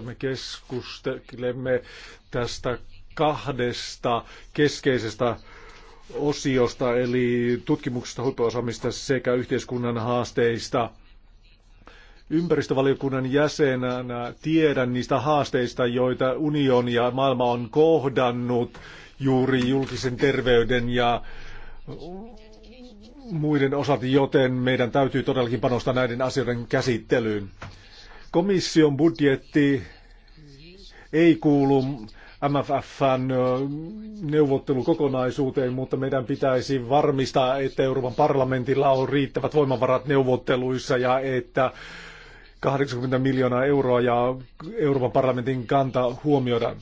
me keskustelemme tästä kahdesta keskeisestä osiosta, eli tutkimuksesta, huippuosaamista sekä yhteiskunnan haasteista. Ympäristövaliokunnan jäsenenä tiedän niistä haasteista, joita union ja maailma on kohdannut juuri julkisen terveyden ja muiden osat joten meidän täytyy todellakin panostaa näiden asioiden käsittelyyn. Komission budjetti ei kuulu MFFn neuvottelukokonaisuuteen, mutta meidän pitäisi varmistaa, että Euroopan parlamentilla on riittävät voimavarat neuvotteluissa ja että 80 miljoonaa euroa ja Euroopan parlamentin kanta huomioidaan.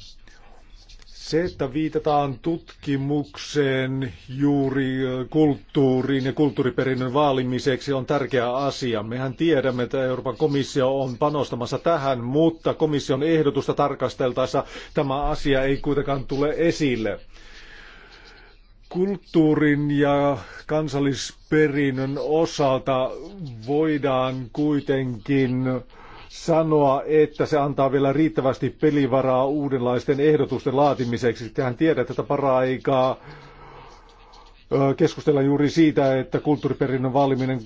Se, että viitataan tutkimukseen juuri kulttuuriin ja kulttuuriperinnön vaalimiseksi on tärkeä asia. Mehän tiedämme, että Euroopan komissio on panostamassa tähän, mutta komission ehdotusta tarkasteltaessa tämä asia ei kuitenkaan tule esille. Kulttuurin ja kansallisperinnön osalta voidaan kuitenkin sanoa, että se antaa vielä riittävästi pelivaraa uudenlaisten ehdotusten laatimiseksi. Tähän tiedät, että para-aikaa keskustellaan juuri siitä, että kulttuuriperinnön vaaliminen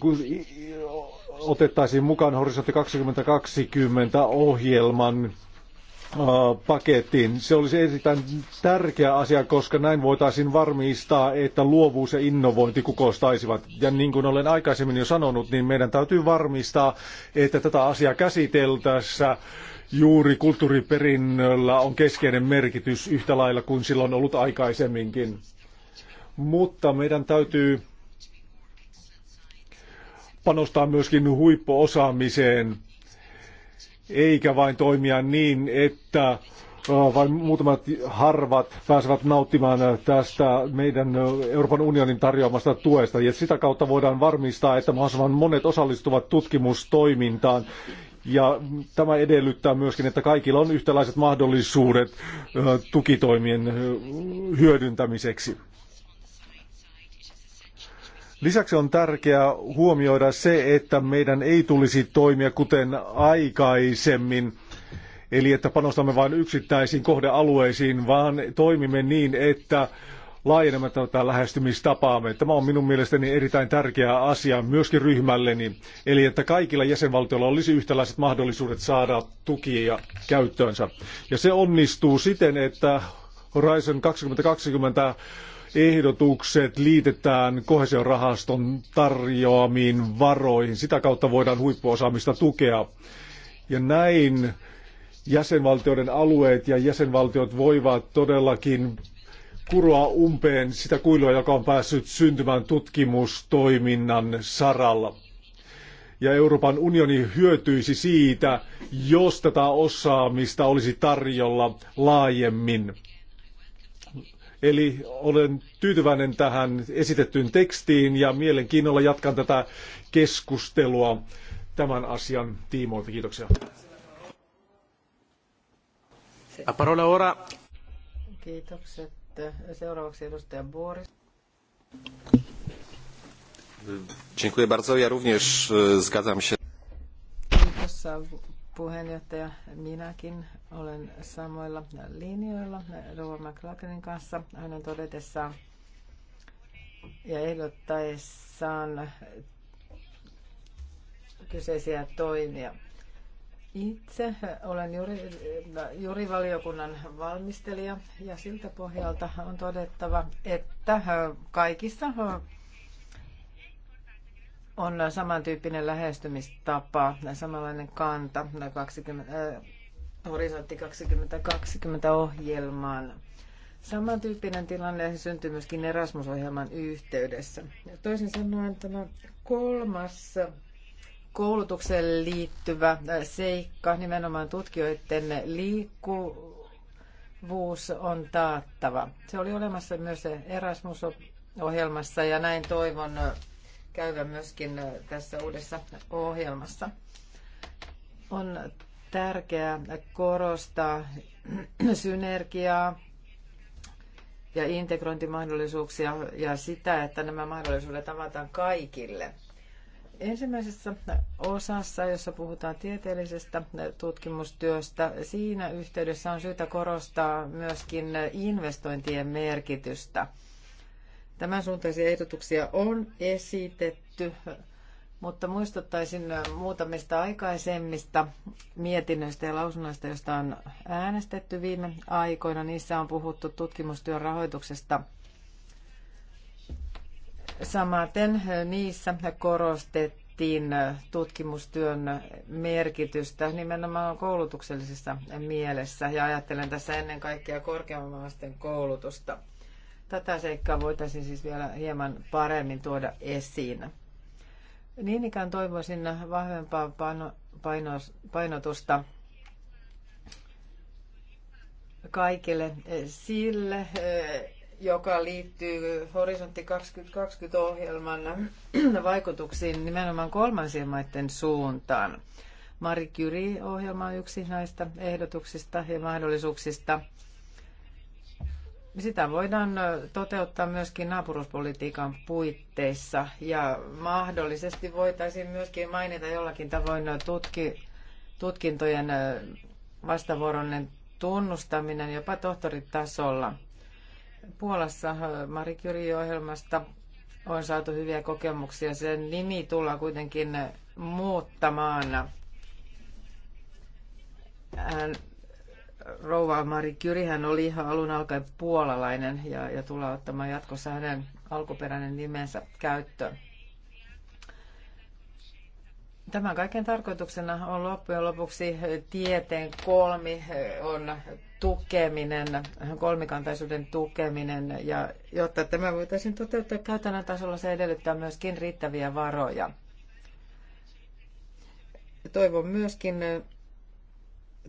otettaisiin mukaan Horisontti 2020 ohjelman Äh, pakettiin. Se olisi erittäin tärkeä asia, koska näin voitaisiin varmistaa, että luovuus ja innovointi kukoistaisivat. Ja niin kuin olen aikaisemmin jo sanonut, niin meidän täytyy varmistaa, että tätä asiaa käsiteltäessä juuri kulttuuriperinnöllä on keskeinen merkitys yhtä lailla kuin sillä on ollut aikaisemminkin. Mutta meidän täytyy panostaa myöskin huippuosaamiseen eikä vain toimia niin, että vain muutamat harvat pääsevät nauttimaan tästä meidän Euroopan unionin tarjoamasta tuesta. Ja sitä kautta voidaan varmistaa, että mahdollisimman monet osallistuvat tutkimustoimintaan. Ja tämä edellyttää myöskin, että kaikilla on yhtäläiset mahdollisuudet tukitoimien hyödyntämiseksi. Lisäksi on tärkeää huomioida se, että meidän ei tulisi toimia kuten aikaisemmin, eli että panostamme vain yksittäisiin kohdealueisiin, vaan toimimme niin, että laajennamme tätä lähestymistapaamme. Tämä on minun mielestäni erittäin tärkeä asia myöskin ryhmälleni, eli että kaikilla jäsenvaltioilla olisi yhtäläiset mahdollisuudet saada tukia käyttöönsä. Ja se onnistuu siten, että Horizon 2020 ehdotukset liitetään kohesiorahaston tarjoamiin varoihin. Sitä kautta voidaan huippuosaamista tukea. Ja näin jäsenvaltioiden alueet ja jäsenvaltiot voivat todellakin kuroa umpeen sitä kuilua, joka on päässyt syntymään tutkimustoiminnan saralla. Ja Euroopan unioni hyötyisi siitä, jos tätä osaamista olisi tarjolla laajemmin. Eli olen tyytyväinen tähän esitettyyn tekstiin ja mielenkiinnolla jatkan tätä keskustelua tämän asian tiimoilta. Kiitoksia. A parola ora. Kiitokset. Seuraavaksi edustaja Boris. Dziękuję bardzo. Ja również e, zgadzam się. Kiitos puheenjohtaja. Minäkin olen samoilla linjoilla Rova McLaughlinin kanssa hänen todetessaan ja ehdottaessaan kyseisiä toimia. Itse olen juri, jurivaliokunnan valmistelija ja siltä pohjalta on todettava, että kaikissa on samantyyppinen lähestymistapa, samanlainen kanta 20, Horisontti 2020 ohjelmaan. Samantyyppinen tilanne syntyi myöskin Erasmus-ohjelman yhteydessä. Ja toisin sanoen tämä kolmas koulutukseen liittyvä äh, seikka, nimenomaan tutkijoiden liikkuvuus on taattava. Se oli olemassa myös Erasmus-ohjelmassa ja näin toivon äh, käyvän myöskin äh, tässä uudessa ohjelmassa. On tärkeää korostaa synergiaa ja integrointimahdollisuuksia ja sitä, että nämä mahdollisuudet avataan kaikille. Ensimmäisessä osassa, jossa puhutaan tieteellisestä tutkimustyöstä, siinä yhteydessä on syytä korostaa myöskin investointien merkitystä. Tämän suuntaisia ehdotuksia on esitetty mutta muistuttaisin muutamista aikaisemmista mietinnöistä ja lausunnoista, joista on äänestetty viime aikoina. Niissä on puhuttu tutkimustyön rahoituksesta. Samaten niissä korostettiin tutkimustyön merkitystä nimenomaan koulutuksellisessa mielessä ja ajattelen tässä ennen kaikkea korkeammanlaisten koulutusta. Tätä seikkaa voitaisiin siis vielä hieman paremmin tuoda esiin. Niin ikään toivoisin vahvempaa paino, paino, painotusta kaikille eh, sille, eh, joka liittyy Horisontti 2020-ohjelman vaikutuksiin nimenomaan kolmansien maiden suuntaan. Marie Curie-ohjelma on yksi näistä ehdotuksista ja mahdollisuuksista – sitä voidaan toteuttaa myöskin naapuruspolitiikan puitteissa ja mahdollisesti voitaisiin myöskin mainita jollakin tavoin tutki, tutkintojen vastavuoroinen tunnustaminen jopa tohtoritasolla. Puolassa Marie Curie-ohjelmasta on saatu hyviä kokemuksia. Sen nimi tullaan kuitenkin muuttamaan rouva Mari Kyrihän oli ihan alun alkaen puolalainen ja, ja tulee ottamaan jatkossa hänen alkuperäinen nimensä käyttöön. Tämän kaiken tarkoituksena on loppujen lopuksi tieteen kolmi on tukeminen, kolmikantaisuuden tukeminen, ja jotta tämä voitaisiin toteuttaa käytännön tasolla, se edellyttää myöskin riittäviä varoja. Toivon myöskin,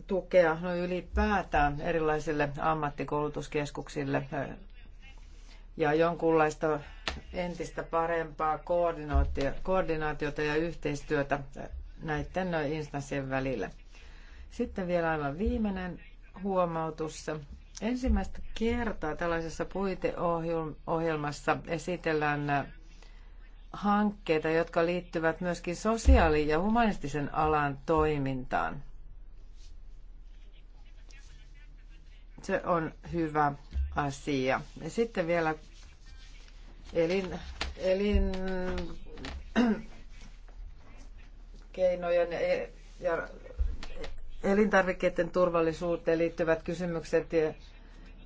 tukea no ylipäätään erilaisille ammattikoulutuskeskuksille ja jonkunlaista entistä parempaa koordinaatiota ja yhteistyötä näiden instanssien välillä. Sitten vielä aivan viimeinen huomautus. Ensimmäistä kertaa tällaisessa puiteohjelmassa esitellään hankkeita, jotka liittyvät myöskin sosiaali- ja humanistisen alan toimintaan. Se on hyvä asia. Ja sitten vielä elin, elin keinojen ja elintarvikkeiden turvallisuuteen liittyvät kysymykset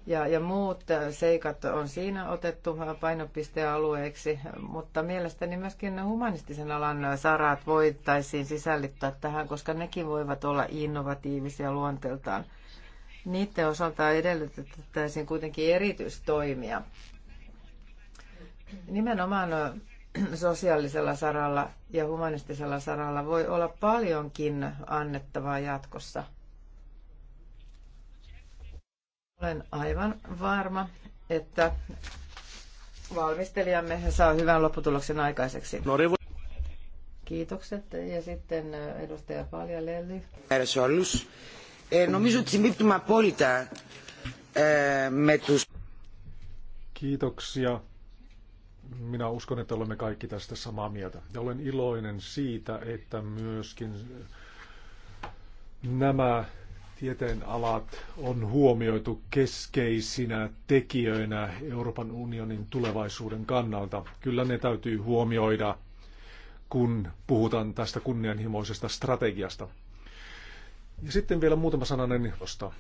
ja, ja muut seikat on siinä otettu painopistealueeksi, mutta mielestäni myöskin humanistisen alan sarat voitaisiin sisällyttää tähän, koska nekin voivat olla innovatiivisia luonteeltaan – niiden osalta edellytettäisiin kuitenkin erityistoimia. Nimenomaan sosiaalisella saralla ja humanistisella saralla voi olla paljonkin annettavaa jatkossa. Olen aivan varma, että valmistelijamme saa hyvän lopputuloksen aikaiseksi. No, Kiitokset ja sitten edustaja Palja Lelli. Ε, νομίζω ότι συμπίπτουμε απόλυτα ε, με τους... Kiitoksia. Minä uskon, että olemme kaikki tästä samaa mieltä. Ja olen iloinen siitä, että myöskin nämä tieteen alat on huomioitu keskeisinä tekijöinä Euroopan unionin tulevaisuuden kannalta. Kyllä ne täytyy huomioida, kun puhutaan tästä kunnianhimoisesta strategiasta. Ja sitten vielä muutama sananen tuosta.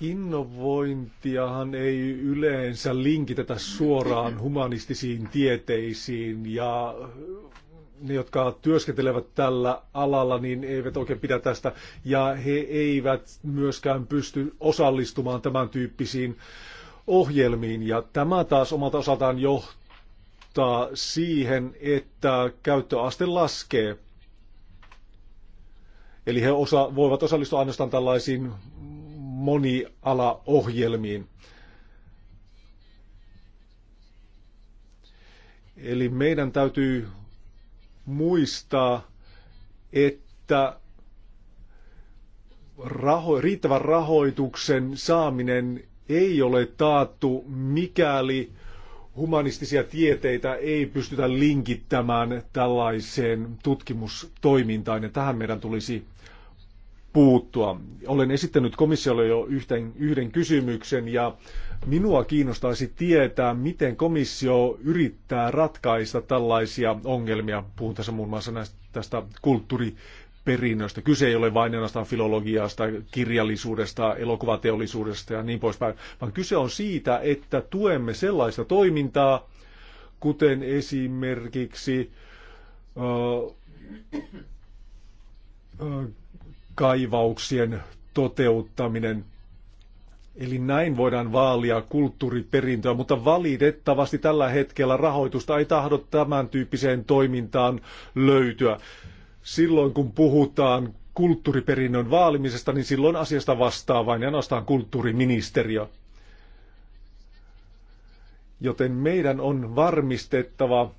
Innovointiahan ei yleensä linkitetä suoraan humanistisiin tieteisiin ja ne, jotka työskentelevät tällä alalla, niin eivät oikein pidä tästä ja he eivät myöskään pysty osallistumaan tämän tyyppisiin ohjelmiin. Ja tämä taas omalta osaltaan johtaa johtaa siihen, että käyttöaste laskee. Eli he osa, voivat osallistua ainoastaan tällaisiin monialaohjelmiin. Eli meidän täytyy muistaa, että raho, riittävän rahoituksen saaminen ei ole taattu, mikäli humanistisia tieteitä ei pystytä linkittämään tällaiseen tutkimustoimintaan, ja tähän meidän tulisi puuttua. Olen esittänyt komissiolle jo yhten, yhden kysymyksen, ja minua kiinnostaisi tietää, miten komissio yrittää ratkaista tällaisia ongelmia. Puhun tässä muun muassa näistä, tästä kulttuuri perinnöstä. Kyse ei ole vain ainoastaan filologiasta, kirjallisuudesta, elokuvateollisuudesta ja niin poispäin, vaan kyse on siitä, että tuemme sellaista toimintaa, kuten esimerkiksi kaivauksien toteuttaminen. Eli näin voidaan vaalia kulttuuriperintöä, mutta valitettavasti tällä hetkellä rahoitusta ei tahdo tämän tyyppiseen toimintaan löytyä silloin kun puhutaan kulttuuriperinnön vaalimisesta, niin silloin asiasta vastaa vain ja ainoastaan kulttuuriministeriö. Joten meidän on varmistettava,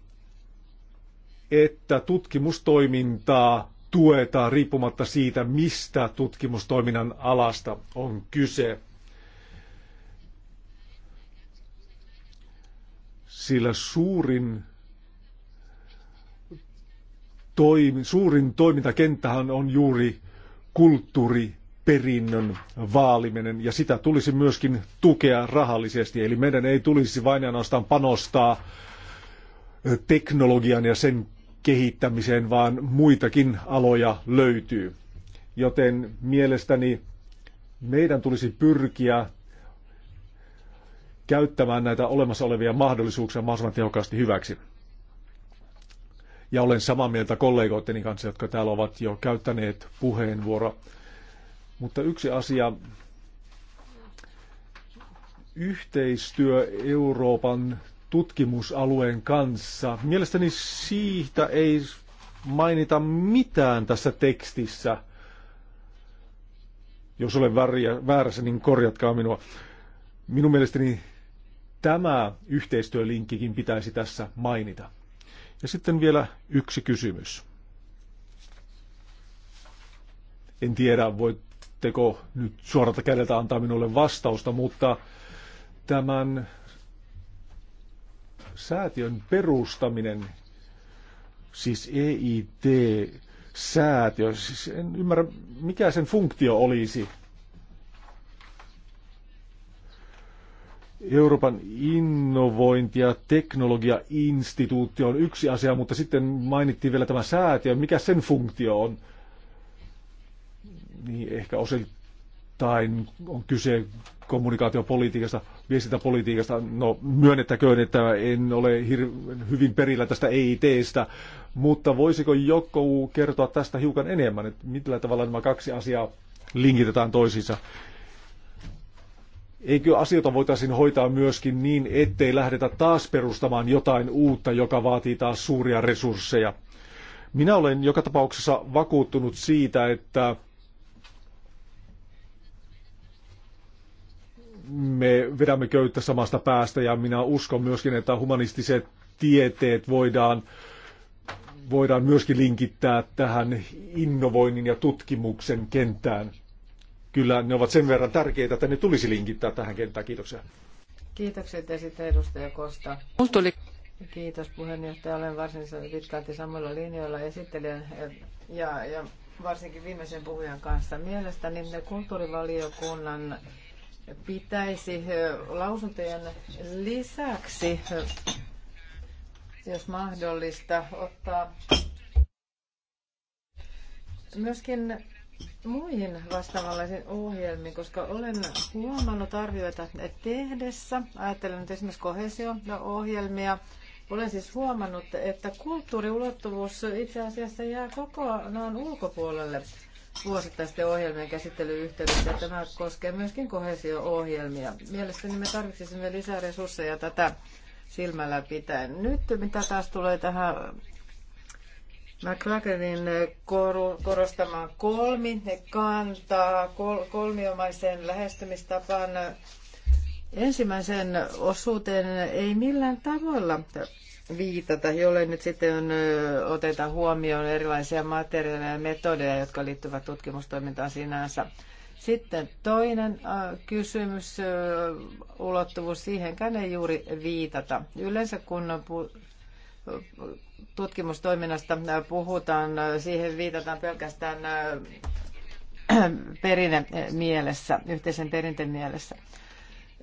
että tutkimustoimintaa tuetaan riippumatta siitä, mistä tutkimustoiminnan alasta on kyse. Sillä suurin toimi, suurin toimintakenttähän on juuri kulttuuriperinnön vaaliminen ja sitä tulisi myöskin tukea rahallisesti. Eli meidän ei tulisi vain ainoastaan panostaa teknologian ja sen kehittämiseen, vaan muitakin aloja löytyy. Joten mielestäni meidän tulisi pyrkiä käyttämään näitä olemassa olevia mahdollisuuksia mahdollisimman tehokkaasti hyväksi. Ja olen samaa mieltä kollegoitteni kanssa, jotka täällä ovat jo käyttäneet puheenvuoro. Mutta yksi asia, yhteistyö Euroopan tutkimusalueen kanssa. Mielestäni siitä ei mainita mitään tässä tekstissä. Jos olen väärässä, niin korjatkaa minua. Minun mielestäni tämä yhteistyölinkkikin pitäisi tässä mainita. Ja sitten vielä yksi kysymys. En tiedä, voitteko nyt suoralta kädeltä antaa minulle vastausta, mutta tämän säätiön perustaminen, siis EIT, säätiö, siis en ymmärrä mikä sen funktio olisi. Euroopan innovointi- ja teknologiainstituutti on yksi asia, mutta sitten mainittiin vielä tämä säätiö. Mikä sen funktio on? Niin ehkä osittain on kyse kommunikaatiopolitiikasta, viestintäpolitiikasta. No myönnettäköön, että en ole hir- hyvin perillä tästä EITstä, mutta voisiko joku kertoa tästä hiukan enemmän, että millä tavalla nämä kaksi asiaa linkitetään toisiinsa. Eikö asioita voitaisiin hoitaa myöskin niin, ettei lähdetä taas perustamaan jotain uutta, joka vaatii taas suuria resursseja? Minä olen joka tapauksessa vakuuttunut siitä, että me vedämme köyttä samasta päästä ja minä uskon myöskin, että humanistiset tieteet voidaan, voidaan myöskin linkittää tähän innovoinnin ja tutkimuksen kenttään kyllä ne ovat sen verran tärkeitä, että ne tulisi linkittää tähän kenttään. Kiitoksia. Kiitokset ja sitten edustaja Kosta. Tuli. Kiitos puheenjohtaja. Olen varsin pitkälti samoilla linjoilla esittelijän ja, ja varsinkin viimeisen puhujan kanssa. Mielestäni kulttuurivaliokunnan pitäisi lausuntojen lisäksi, jos mahdollista, ottaa myöskin muihin vastaavanlaisiin ohjelmiin, koska olen huomannut arvioita tehdessä, ajattelen nyt esimerkiksi kohesio-ohjelmia, olen siis huomannut, että kulttuuriulottuvuus itse asiassa jää kokonaan ulkopuolelle vuosittaisten ohjelmien käsittelyyhteydessä. Tämä koskee myöskin kohesio-ohjelmia. Mielestäni me tarvitsisimme lisää resursseja tätä silmällä pitäen. Nyt mitä taas tulee tähän McLarenin eh, korostamaan kolmi kantaa, kol, kolmiomaisen lähestymistapaan. Ensimmäisen osuuteen ei millään tavalla viitata, jolle nyt sitten eh, otetaan huomioon erilaisia materiaaleja ja metodeja, jotka liittyvät tutkimustoimintaan sinänsä. Sitten toinen eh, kysymys, ulottuvuus, siihenkään ei juuri viitata. Yleensä kun tutkimustoiminnasta äh, puhutaan, äh, siihen viitataan pelkästään äh, perinne mielessä, yhteisen perinteen mielessä.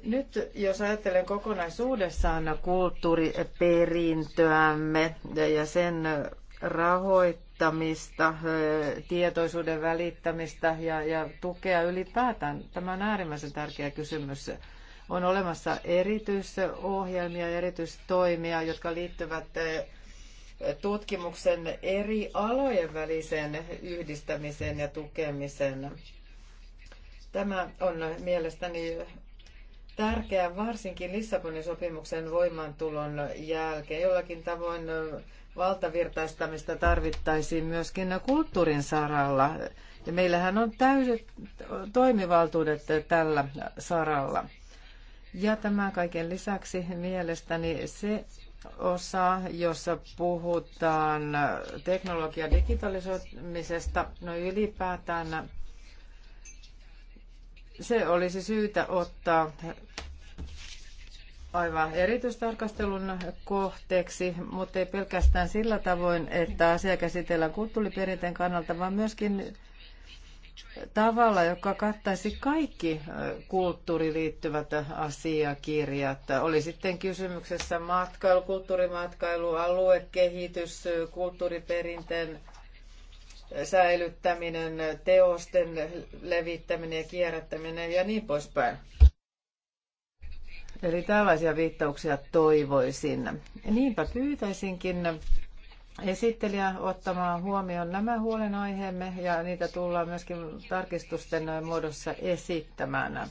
Nyt jos ajattelen kokonaisuudessaan kulttuuriperintöämme ja sen rahoittamista, tietoisuuden välittämistä ja, ja tukea ylipäätään, tämä on äärimmäisen tärkeä kysymys. On olemassa erityisohjelmia, erityistoimia, jotka liittyvät tutkimuksen eri alojen välisen yhdistämisen ja tukemisen. Tämä on mielestäni tärkeää varsinkin Lissabonin sopimuksen voimaantulon jälkeen. Jollakin tavoin valtavirtaistamista tarvittaisiin myöskin kulttuurin saralla. Ja meillähän on täydet toimivaltuudet tällä saralla. Ja tämä kaiken lisäksi mielestäni se osa, jossa puhutaan teknologian digitalisoimisesta, no ylipäätään se olisi syytä ottaa aivan erityistarkastelun kohteeksi, mutta ei pelkästään sillä tavoin, että asia käsitellään kulttuuriperinteen kannalta, vaan myöskin tavalla, joka kattaisi kaikki kulttuuriliittyvät liittyvät asiakirjat. Oli sitten kysymyksessä matkailu, kulttuurimatkailu, aluekehitys, kulttuuriperinteen säilyttäminen, teosten levittäminen ja kierrättäminen ja niin poispäin. Eli tällaisia viittauksia toivoisin. Niinpä pyytäisinkin esittelijä ottamaan huomioon nämä huolenaiheemme ja niitä tullaan myöskin tarkistusten muodossa esittämään.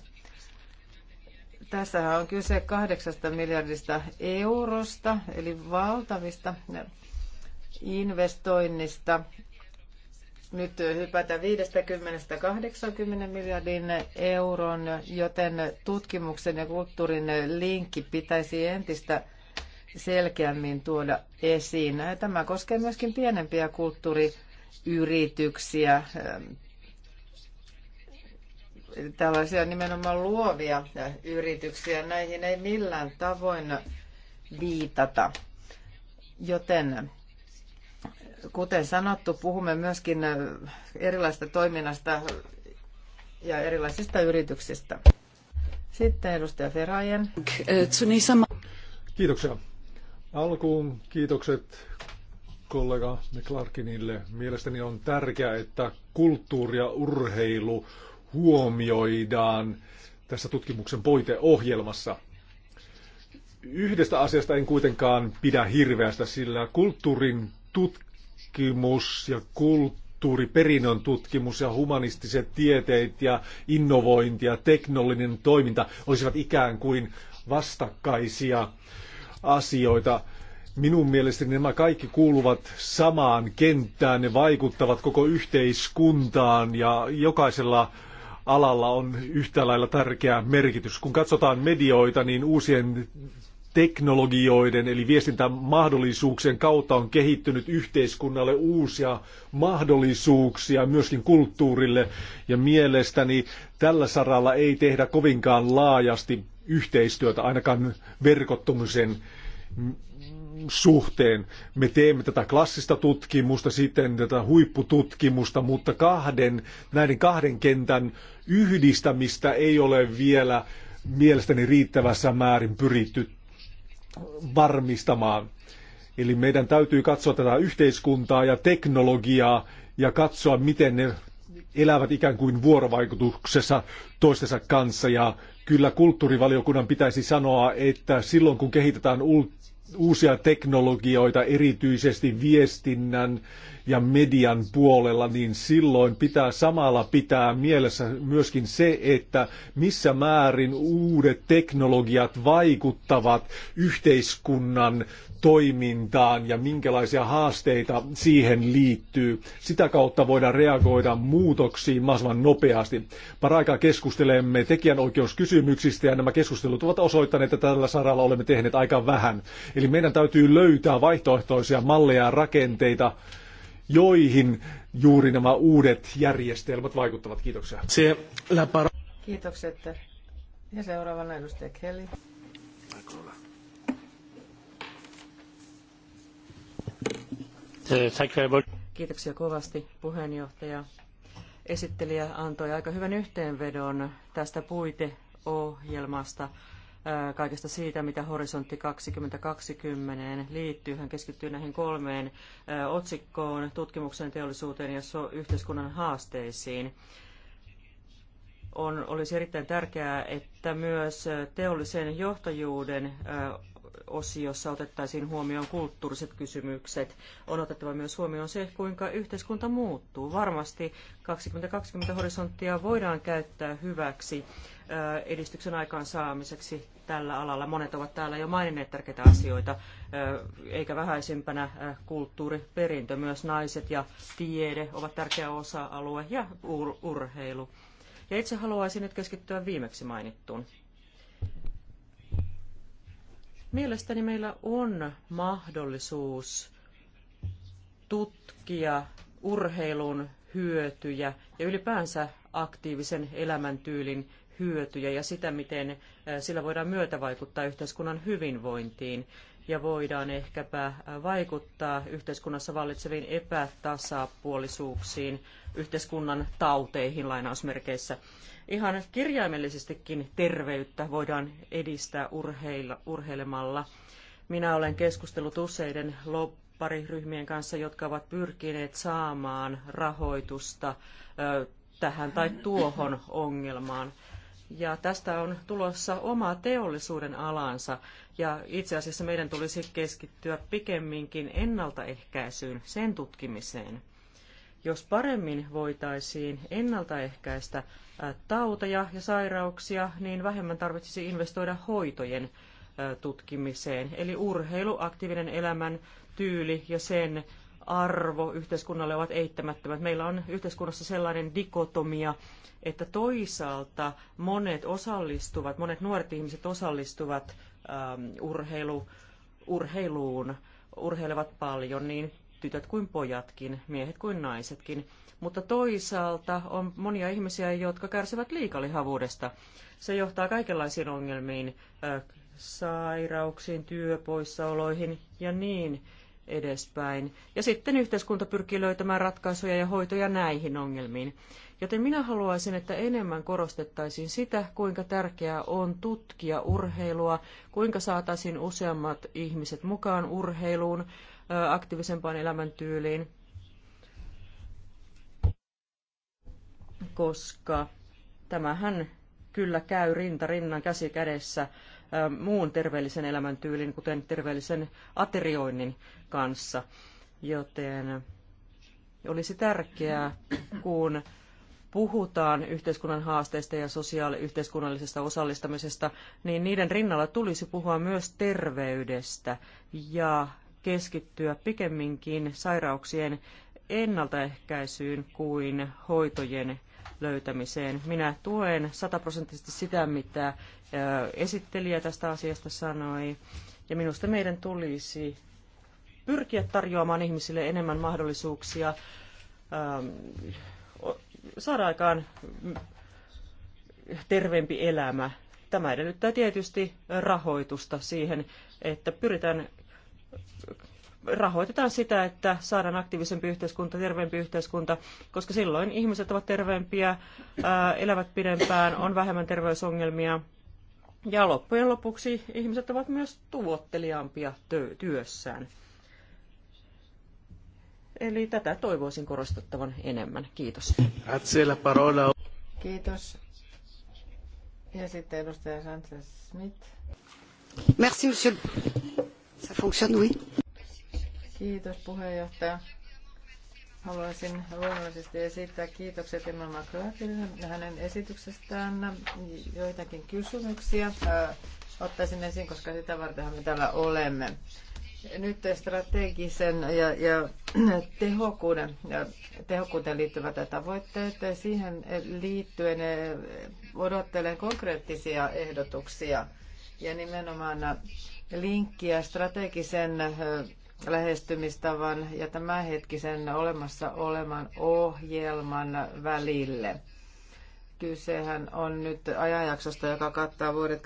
Tässä on kyse kahdeksasta miljardista eurosta, eli valtavista investoinnista. Nyt hypätään 50-80 miljardin euron, joten tutkimuksen ja kulttuurin linkki pitäisi entistä selkeämmin tuoda esiin. Tämä koskee myöskin pienempiä kulttuuriyrityksiä, ähm, tällaisia nimenomaan luovia yrityksiä. Näihin ei millään tavoin viitata. Joten kuten sanottu, puhumme myöskin erilaista toiminnasta ja erilaisista yrityksistä. Sitten edustaja Ferajen. Kiitoksia. Alkuun kiitokset kollega McClarkinille. Mielestäni on tärkeää, että kulttuuri ja urheilu huomioidaan tässä tutkimuksen poiteohjelmassa. Yhdestä asiasta en kuitenkaan pidä hirveästä, sillä kulttuurin tutkimus ja kulttuuriperinnön tutkimus ja humanistiset tieteet ja innovointi ja teknologinen toiminta olisivat ikään kuin vastakkaisia asioita. Minun mielestäni nämä kaikki kuuluvat samaan kenttään, ne vaikuttavat koko yhteiskuntaan ja jokaisella alalla on yhtä lailla tärkeä merkitys. Kun katsotaan medioita, niin uusien teknologioiden eli viestintämahdollisuuksien kautta on kehittynyt yhteiskunnalle uusia mahdollisuuksia myöskin kulttuurille ja mielestäni tällä saralla ei tehdä kovinkaan laajasti yhteistyötä ainakaan verkottumisen suhteen. Me teemme tätä klassista tutkimusta, sitten tätä huippututkimusta, mutta kahden, näiden kahden kentän yhdistämistä ei ole vielä mielestäni riittävässä määrin pyritty varmistamaan. Eli meidän täytyy katsoa tätä yhteiskuntaa ja teknologiaa ja katsoa, miten ne elävät ikään kuin vuorovaikutuksessa toistensa kanssa ja kyllä kulttuurivaliokunnan pitäisi sanoa, että silloin kun kehitetään uusia teknologioita, erityisesti viestinnän ja median puolella, niin silloin pitää samalla pitää mielessä myöskin se, että missä määrin uudet teknologiat vaikuttavat yhteiskunnan toimintaan ja minkälaisia haasteita siihen liittyy. Sitä kautta voidaan reagoida muutoksiin mahdollisimman nopeasti. Paraikaa keskustelemme tekijänoikeuskysymyksistä ja nämä keskustelut ovat osoittaneet, että tällä saralla olemme tehneet aika vähän. Eli meidän täytyy löytää vaihtoehtoisia malleja ja rakenteita, joihin juuri nämä uudet järjestelmät vaikuttavat. Kiitoksia. Kiitokset. Ja seuraavana edustaja Kelly. Eh, Kiitoksia kovasti puheenjohtaja. Esittelijä antoi aika hyvän yhteenvedon tästä puiteohjelmasta kaikesta siitä, mitä Horisontti 2020 liittyy. Hän keskittyy näihin kolmeen otsikkoon, tutkimukseen, teollisuuteen ja yhteiskunnan haasteisiin. On, olisi erittäin tärkeää, että myös teollisen johtajuuden osiossa otettaisiin huomioon kulttuuriset kysymykset. On otettava myös huomioon se, kuinka yhteiskunta muuttuu. Varmasti 2020 horisonttia voidaan käyttää hyväksi edistyksen aikaansaamiseksi tällä alalla. Monet ovat täällä jo maininneet tärkeitä asioita, eikä vähäisimpänä kulttuuriperintö. Myös naiset ja tiede ovat tärkeä osa-alue ja ur- urheilu. Ja itse haluaisin nyt keskittyä viimeksi mainittuun. Mielestäni meillä on mahdollisuus tutkia urheilun hyötyjä ja ylipäänsä aktiivisen elämäntyylin hyötyjä ja sitä, miten sillä voidaan myötävaikuttaa yhteiskunnan hyvinvointiin ja voidaan ehkäpä vaikuttaa yhteiskunnassa vallitseviin epätasapuolisuuksiin, yhteiskunnan tauteihin lainausmerkeissä. Ihan kirjaimellisestikin terveyttä voidaan edistää urheilla, urheilemalla. Minä olen keskustellut useiden lobbariryhmien kanssa, jotka ovat pyrkineet saamaan rahoitusta tähän tai tuohon ongelmaan. Ja tästä on tulossa oma teollisuuden alansa. Ja itse asiassa meidän tulisi keskittyä pikemminkin ennaltaehkäisyyn, sen tutkimiseen. Jos paremmin voitaisiin ennaltaehkäistä tauteja ja sairauksia, niin vähemmän tarvitsisi investoida hoitojen tutkimiseen. Eli urheilu, aktiivinen elämän tyyli ja sen arvo yhteiskunnalle ovat eittämättömät. Meillä on yhteiskunnassa sellainen dikotomia, että toisaalta monet osallistuvat, monet nuoret ihmiset osallistuvat ähm, urheilu, urheiluun, urheilevat paljon, niin tytöt kuin pojatkin, miehet kuin naisetkin. Mutta toisaalta on monia ihmisiä, jotka kärsivät liikalihavuudesta. Se johtaa kaikenlaisiin ongelmiin, äh, sairauksiin, työpoissaoloihin ja niin edespäin. Ja sitten yhteiskunta pyrkii löytämään ratkaisuja ja hoitoja näihin ongelmiin. Joten minä haluaisin, että enemmän korostettaisiin sitä, kuinka tärkeää on tutkia urheilua, kuinka saataisiin useammat ihmiset mukaan urheiluun, aktiivisempaan elämäntyyliin, koska tämähän kyllä käy rinta rinnan käsi kädessä muun terveellisen elämäntyylin, kuten terveellisen aterioinnin kanssa. Joten olisi tärkeää, kun puhutaan yhteiskunnan haasteista ja sosiaali-yhteiskunnallisesta osallistamisesta, niin niiden rinnalla tulisi puhua myös terveydestä ja keskittyä pikemminkin sairauksien ennaltaehkäisyyn kuin hoitojen löytämiseen. Minä tuen sataprosenttisesti sitä, mitä esittelijä tästä asiasta sanoi. Ja minusta meidän tulisi pyrkiä tarjoamaan ihmisille enemmän mahdollisuuksia ähm, saada aikaan terveempi elämä. Tämä edellyttää tietysti rahoitusta siihen, että pyritään rahoitetaan sitä, että saadaan aktiivisempi yhteiskunta, terveempi yhteiskunta, koska silloin ihmiset ovat terveempiä, elävät pidempään, on vähemmän terveysongelmia. Ja loppujen lopuksi ihmiset ovat myös tuotteliaampia työssään. Eli tätä toivoisin korostettavan enemmän. Kiitos. Kiitos. Ja sitten edustaja Sanchez-Smith. Merci, monsieur. Ça fonctionne, oui. Kiitos puheenjohtaja. Haluaisin luonnollisesti esittää kiitokset Emma McClarkinille hänen esityksestään. Joitakin kysymyksiä äh, ottaisin esiin, koska sitä vartenhan me täällä olemme. Nyt strategisen ja, ja tehokkuuden, ja tehokkuuteen liittyvät tavoitteet. Siihen liittyen äh, odottelen konkreettisia ehdotuksia ja nimenomaan linkkiä strategisen äh, lähestymistavan ja hetkisen olemassa olevan ohjelman välille. Kysehän on nyt ajanjaksosta, joka kattaa vuodet 2014-2020.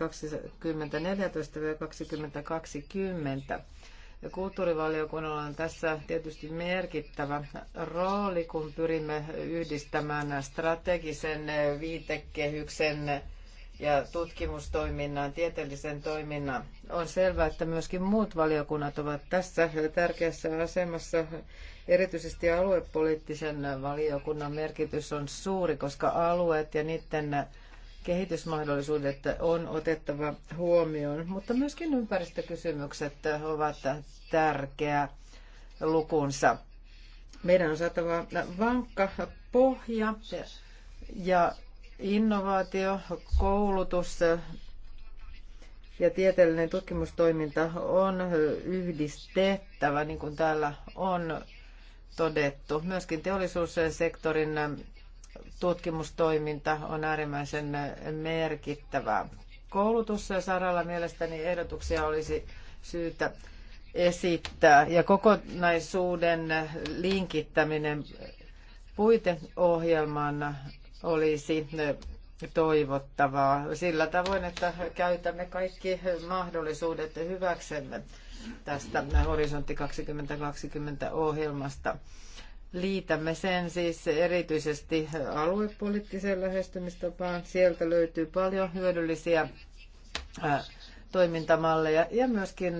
Ja kulttuurivaliokunnalla on tässä tietysti merkittävä rooli, kun pyrimme yhdistämään strategisen viitekehyksen ja tutkimustoiminnan, tieteellisen toiminnan. On selvää, että myöskin muut valiokunnat ovat tässä tärkeässä asemassa. Erityisesti aluepoliittisen valiokunnan merkitys on suuri, koska alueet ja niiden kehitysmahdollisuudet on otettava huomioon, mutta myöskin ympäristökysymykset ovat tärkeä lukunsa. Meidän on saatava vankka pohja ja Innovaatio, koulutus ja tieteellinen tutkimustoiminta on yhdistettävä, niin kuin täällä on todettu. Myöskin teollisuussektorin tutkimustoiminta on äärimmäisen merkittävää. Koulutussaralla mielestäni ehdotuksia olisi syytä esittää ja kokonaisuuden linkittäminen puiteohjelman olisi toivottavaa sillä tavoin, että käytämme kaikki mahdollisuudet hyväksemme tästä Horisontti 2020 ohjelmasta. Liitämme sen siis erityisesti aluepoliittiseen lähestymistapaan. Sieltä löytyy paljon hyödyllisiä toimintamalleja ja myöskin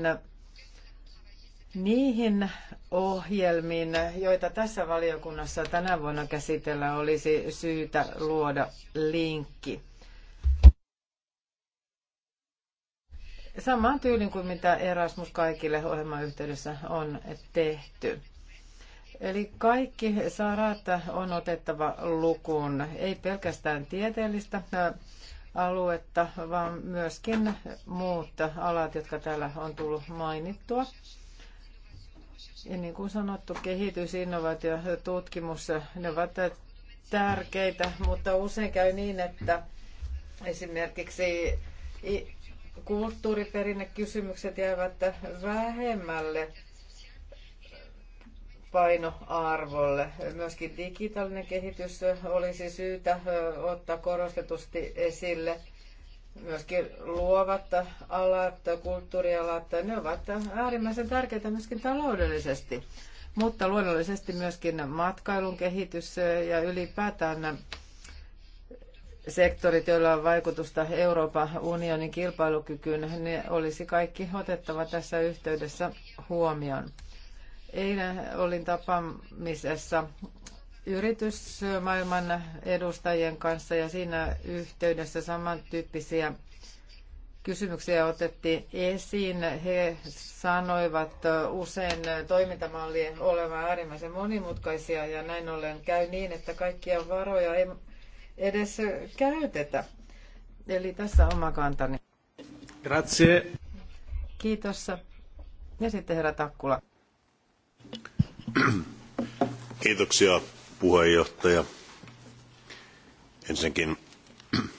Niihin ohjelmiin, joita tässä valiokunnassa tänä vuonna käsitellään, olisi syytä luoda linkki. Samaan tyylin kuin mitä Erasmus kaikille ohjelman yhteydessä on tehty. Eli kaikki sarat on otettava lukuun, ei pelkästään tieteellistä aluetta, vaan myöskin muut alat, jotka täällä on tullut mainittua. Ja niin kuin sanottu, kehitys, innovaatio ja tutkimus, ne ovat tärkeitä, mutta usein käy niin, että esimerkiksi kulttuuriperinnekysymykset jäävät vähemmälle painoarvolle. Myöskin digitaalinen kehitys olisi syytä ottaa korostetusti esille – myöskin luovat alat, kulttuurialat, ne ovat äärimmäisen tärkeitä myöskin taloudellisesti. Mutta luonnollisesti myöskin matkailun kehitys ja ylipäätään sektorit, joilla on vaikutusta Euroopan unionin kilpailukykyyn, ne olisi kaikki otettava tässä yhteydessä huomioon. Eilen olin tapaamisessa yritysmaailman edustajien kanssa ja siinä yhteydessä samantyyppisiä kysymyksiä otettiin esiin. He sanoivat usein toimintamallien olevan äärimmäisen monimutkaisia ja näin ollen käy niin, että kaikkia varoja ei edes käytetä. Eli tässä oma kantani. Grazie. Kiitos. Ja sitten herra Takkula. Kiitoksia puheenjohtaja. Ensinnäkin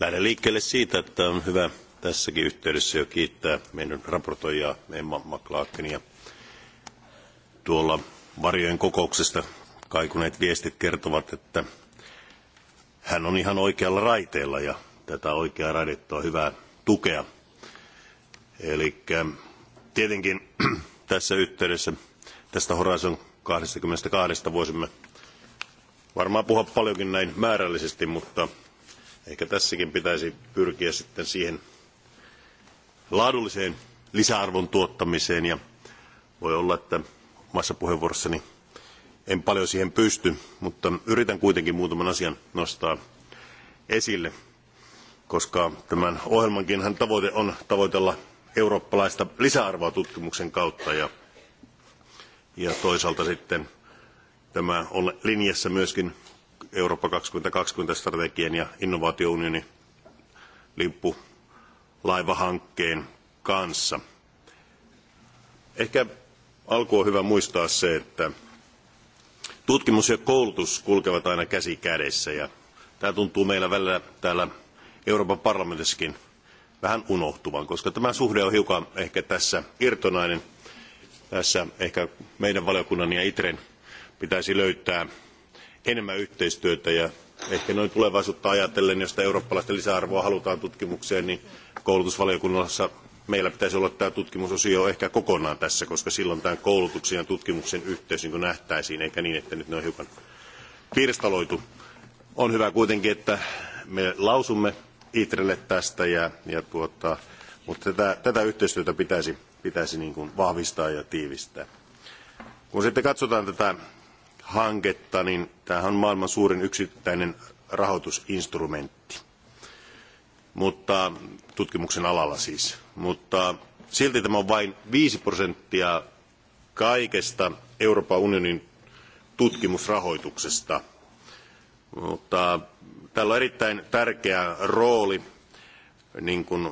lähden liikkeelle siitä, että on hyvä tässäkin yhteydessä jo kiittää meidän raportoijaa Emma McLaakinia. Tuolla varjojen kokouksesta kaikuneet viestit kertovat, että hän on ihan oikealla raiteella ja tätä oikeaa raidetta on hyvä tukea. Eli tietenkin tässä yhteydessä tästä Horizon 22 voisimme varmaan puhua paljonkin näin määrällisesti, mutta ehkä tässäkin pitäisi pyrkiä sitten siihen laadulliseen lisäarvon tuottamiseen ja voi olla, että omassa puheenvuorossani en paljon siihen pysty, mutta yritän kuitenkin muutaman asian nostaa esille, koska tämän ohjelmankinhan tavoite on tavoitella eurooppalaista lisäarvoa tutkimuksen kautta ja, ja toisaalta sitten tämä on linjassa myöskin Eurooppa 2020-strategian ja innovaatiounionin lippulaivahankkeen kanssa. Ehkä alkuun on hyvä muistaa se, että tutkimus ja koulutus kulkevat aina käsi kädessä ja tämä tuntuu meillä välillä täällä Euroopan parlamentissakin vähän unohtuvan, koska tämä suhde on hiukan ehkä tässä irtonainen tässä ehkä meidän valiokunnan ja ITREn pitäisi löytää enemmän yhteistyötä ja ehkä noin tulevaisuutta ajatellen, jos eurooppalaista lisäarvoa halutaan tutkimukseen, niin koulutusvaliokunnassa meillä pitäisi olla tämä tutkimusosio ehkä kokonaan tässä, koska silloin tämän koulutuksen ja tutkimuksen yhteys niin nähtäisiin, eikä niin, että nyt ne on hiukan pirstaloitu. On hyvä kuitenkin, että me lausumme Itrelle tästä, ja, ja tuota, mutta tätä, tätä, yhteistyötä pitäisi, pitäisi niin vahvistaa ja tiivistää. Kun sitten katsotaan tätä hanketta, niin tämähän on maailman suurin yksittäinen rahoitusinstrumentti. Mutta tutkimuksen alalla siis. Mutta silti tämä on vain 5 prosenttia kaikesta Euroopan unionin tutkimusrahoituksesta. Mutta tällä on erittäin tärkeä rooli niin kuin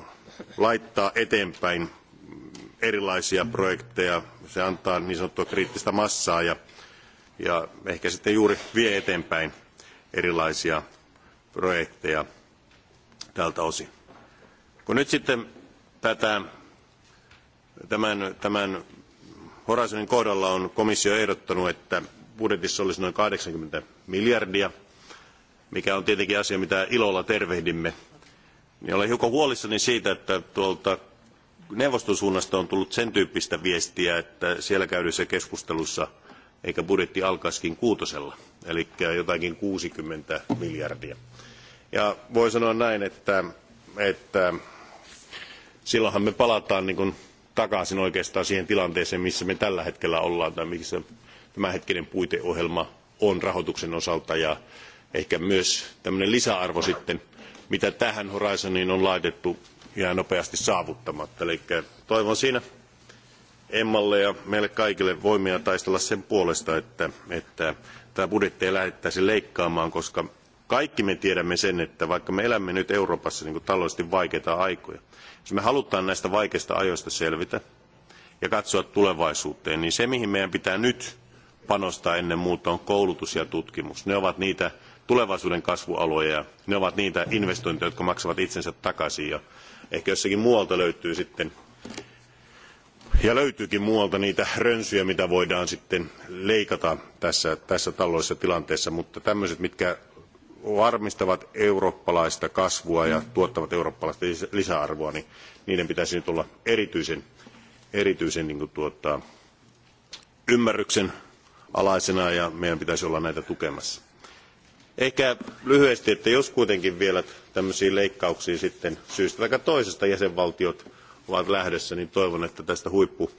laittaa eteenpäin erilaisia projekteja. Se antaa niin sanottua kriittistä massaa ja ja ehkä sitten juuri vie eteenpäin erilaisia projekteja tältä osin. Kun nyt sitten tätä, tämän, tämän Horizonin kohdalla on komissio ehdottanut, että budjetissa olisi noin 80 miljardia, mikä on tietenkin asia, mitä ilolla tervehdimme. Niin olen hiukan huolissani siitä, että tuolta neuvoston suunnasta on tullut sen tyyppistä viestiä, että siellä käydyissä keskustelussa – eikä budjetti alkaisikin kuutosella, eli jotakin 60 miljardia. Ja voi sanoa näin, että, että silloinhan me palataan niin kuin takaisin oikeastaan siihen tilanteeseen, missä me tällä hetkellä ollaan tai missä tämänhetkinen puiteohjelma on rahoituksen osalta ja ehkä myös tämmöinen lisäarvo sitten, mitä tähän Horizoniin on laitettu jää nopeasti saavuttamatta. Eli toivon siinä Emmalle ja meille kaikille voimia taistella sen puolesta, että, että tämä budjetti ei lähdettäisi leikkaamaan, koska kaikki me tiedämme sen, että vaikka me elämme nyt Euroopassa niin kuin taloudellisesti vaikeita aikoja, jos me halutaan näistä vaikeista ajoista selvitä ja katsoa tulevaisuuteen, niin se mihin meidän pitää nyt panostaa ennen muuta on koulutus ja tutkimus. Ne ovat niitä tulevaisuuden kasvualoja ja ne ovat niitä investointeja, jotka maksavat itsensä takaisin ja ehkä jossakin muualta löytyy sitten ja löytyykin muualta niitä rönsyjä, mitä voidaan sitten leikata tässä, tässä taloudellisessa tilanteessa, mutta tämmöiset, mitkä varmistavat eurooppalaista kasvua ja tuottavat eurooppalaista lisäarvoa, niin niiden pitäisi nyt olla erityisen, erityisen niin kuin tuota, ymmärryksen alaisena ja meidän pitäisi olla näitä tukemassa. Ehkä lyhyesti, että jos kuitenkin vielä tämmöisiin leikkauksiin sitten syystä tai toisesta jäsenvaltiot ovat lähdössä, niin toivon, että tästä huippu,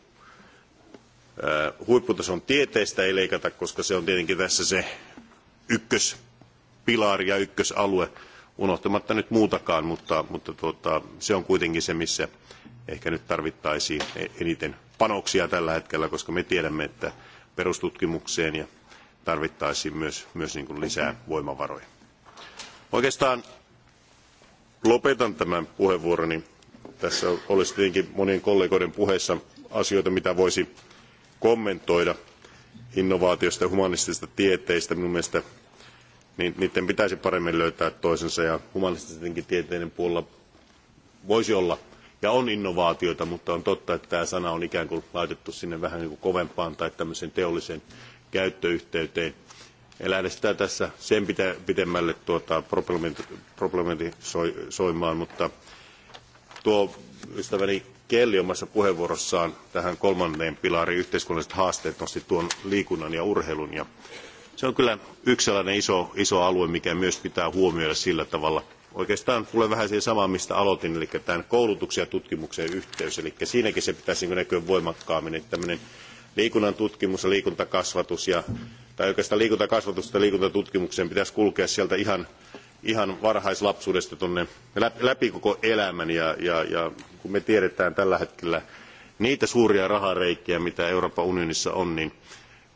äh, huipputason tieteestä ei leikata, koska se on tietenkin tässä se ykköspilari ja ykkösalue, unohtamatta nyt muutakaan, mutta, mutta tuota, se on kuitenkin se, missä ehkä nyt tarvittaisiin eniten panoksia tällä hetkellä, koska me tiedämme, että perustutkimukseen ja tarvittaisiin myös, myös niin kuin lisää voimavaroja. Oikeastaan lopetan tämän puheenvuoroni tässä olisi tietenkin monien kollegoiden puheissa asioita, mitä voisi kommentoida innovaatioista ja humanistisista tieteistä. Minun mielestä niin niiden pitäisi paremmin löytää toisensa ja humanististen tieteiden puolella voisi olla ja on innovaatioita, mutta on totta, että tämä sana on ikään kuin laitettu sinne vähän niin kuin kovempaan tai tämmöiseen teolliseen käyttöyhteyteen. En lähde sitä tässä sen pitä, pitemmälle tuota problematisoimaan, mutta Tuo ystäväni Kelli omassa puheenvuorossaan tähän kolmanneen pilariin yhteiskunnalliset haasteet nosti tuon liikunnan ja urheilun. Ja se on kyllä yksi sellainen iso, iso alue, mikä myös pitää huomioida sillä tavalla. Oikeastaan tulee vähän siihen samaan, mistä aloitin, eli tämän koulutuksen ja tutkimuksen yhteys. Eli siinäkin se pitäisi niin näkyä voimakkaammin, että tämmöinen liikunnan tutkimus ja liikuntakasvatus, ja, tai oikeastaan liikuntakasvatusta ja liikuntatutkimuksen pitäisi kulkea sieltä ihan ihan varhaislapsuudesta tuonne läpi koko elämän ja, ja, ja kun me tiedetään tällä hetkellä niitä suuria rahareikiä, mitä Euroopan unionissa on, niin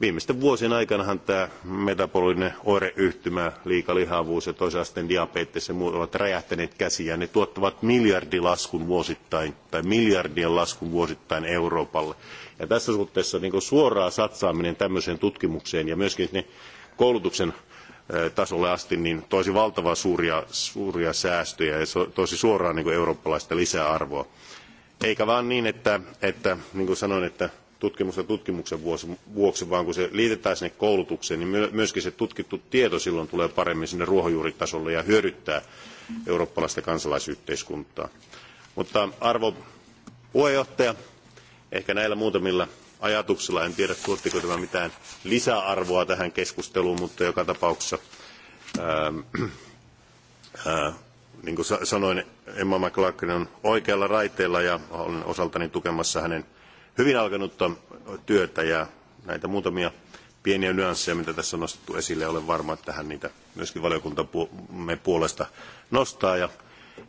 viimeisten vuosien aikanahan tämä metabolinen oireyhtymä, liikalihavuus ja toisen asteen diabetes ja muut ovat räjähtäneet käsiä. Ne tuottavat miljardilaskun vuosittain tai miljardien laskun vuosittain Euroopalle. Ja tässä suhteessa niin suoraa satsaaminen tämmöiseen tutkimukseen ja myöskin ne koulutuksen tasolle asti, niin toisi valtavan suuria, suuria säästöjä ja toisi suoraan niin kuin eurooppalaista lisäarvoa. Eikä vaan niin, että, että niin kuin sanoin, että tutkimusta tutkimuksen vuoksi, vaan kun se liitetään sinne koulutukseen, niin myöskin se tutkittu tieto silloin tulee paremmin sinne ruohonjuuritasolle ja hyödyttää eurooppalaista kansalaisyhteiskuntaa. Mutta arvo puheenjohtaja, ehkä näillä muutamilla ajatuksella. En tiedä, tuottiko tämä mitään lisäarvoa tähän keskusteluun, mutta joka tapauksessa, ää, ähm, ää, äh, niin kuin sanoin, Emma McLaughlin on oikealla raiteella ja olen osaltani tukemassa hänen hyvin alkanutta työtä ja näitä muutamia pieniä nyansseja, mitä tässä on nostettu esille. Olen varma, että hän niitä myöskin valiokuntamme puolesta nostaa ja,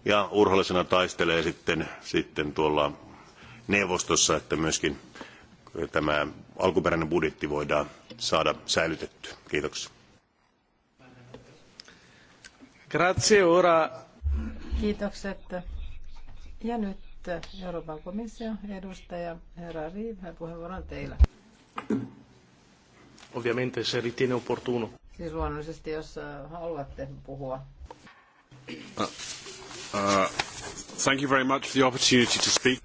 ja urhollisena taistelee sitten, sitten tuolla neuvostossa, että myöskin tämä alkuperäinen budjetti voidaan saada säilytettyä. Kiitoksia. Grazie ora. Kiitokset. Ja nyt Euroopan komission edustaja herra Riive, puheenvuoro on teillä. Ovviamente se ritiene opportuno. Siis luonnollisesti, jos äh, haluatte puhua. Uh, uh, thank you very much for the opportunity to speak.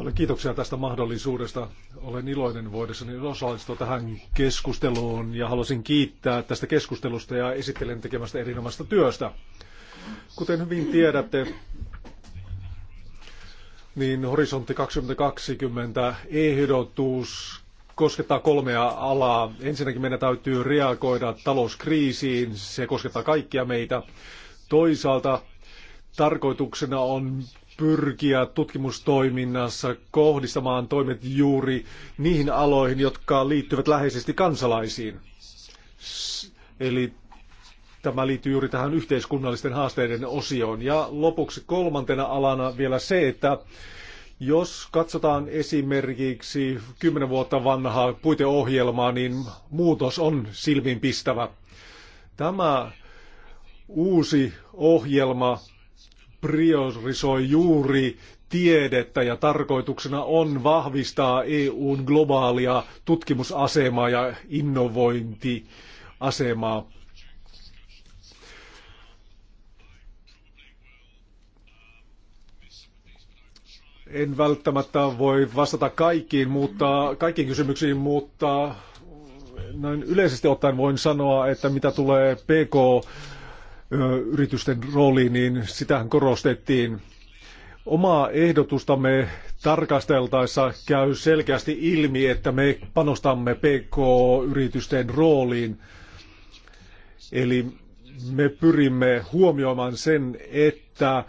Paljon kiitoksia tästä mahdollisuudesta. Olen iloinen voidessani osallistua tähän keskusteluun ja haluaisin kiittää tästä keskustelusta ja esittelen tekemästä erinomaista työstä. Kuten hyvin tiedätte, niin Horisontti 2020 ehdotus koskettaa kolmea alaa. Ensinnäkin meidän täytyy reagoida talouskriisiin, se koskettaa kaikkia meitä. Toisaalta tarkoituksena on pyrkiä tutkimustoiminnassa kohdistamaan toimet juuri niihin aloihin, jotka liittyvät läheisesti kansalaisiin. Eli tämä liittyy juuri tähän yhteiskunnallisten haasteiden osioon. Ja lopuksi kolmantena alana vielä se, että jos katsotaan esimerkiksi kymmenen vuotta vanhaa puiteohjelmaa, niin muutos on silmiinpistävä. Tämä uusi ohjelma priorisoi juuri tiedettä ja tarkoituksena on vahvistaa EUn globaalia tutkimusasemaa ja innovointiasemaa. En välttämättä voi vastata kaikkiin, mutta, kaikkiin kysymyksiin, mutta noin yleisesti ottaen voin sanoa, että mitä tulee PK yritysten rooli, niin sitähän korostettiin. Omaa ehdotustamme tarkasteltaessa käy selkeästi ilmi, että me panostamme PK-yritysten rooliin. Eli me pyrimme huomioimaan sen, että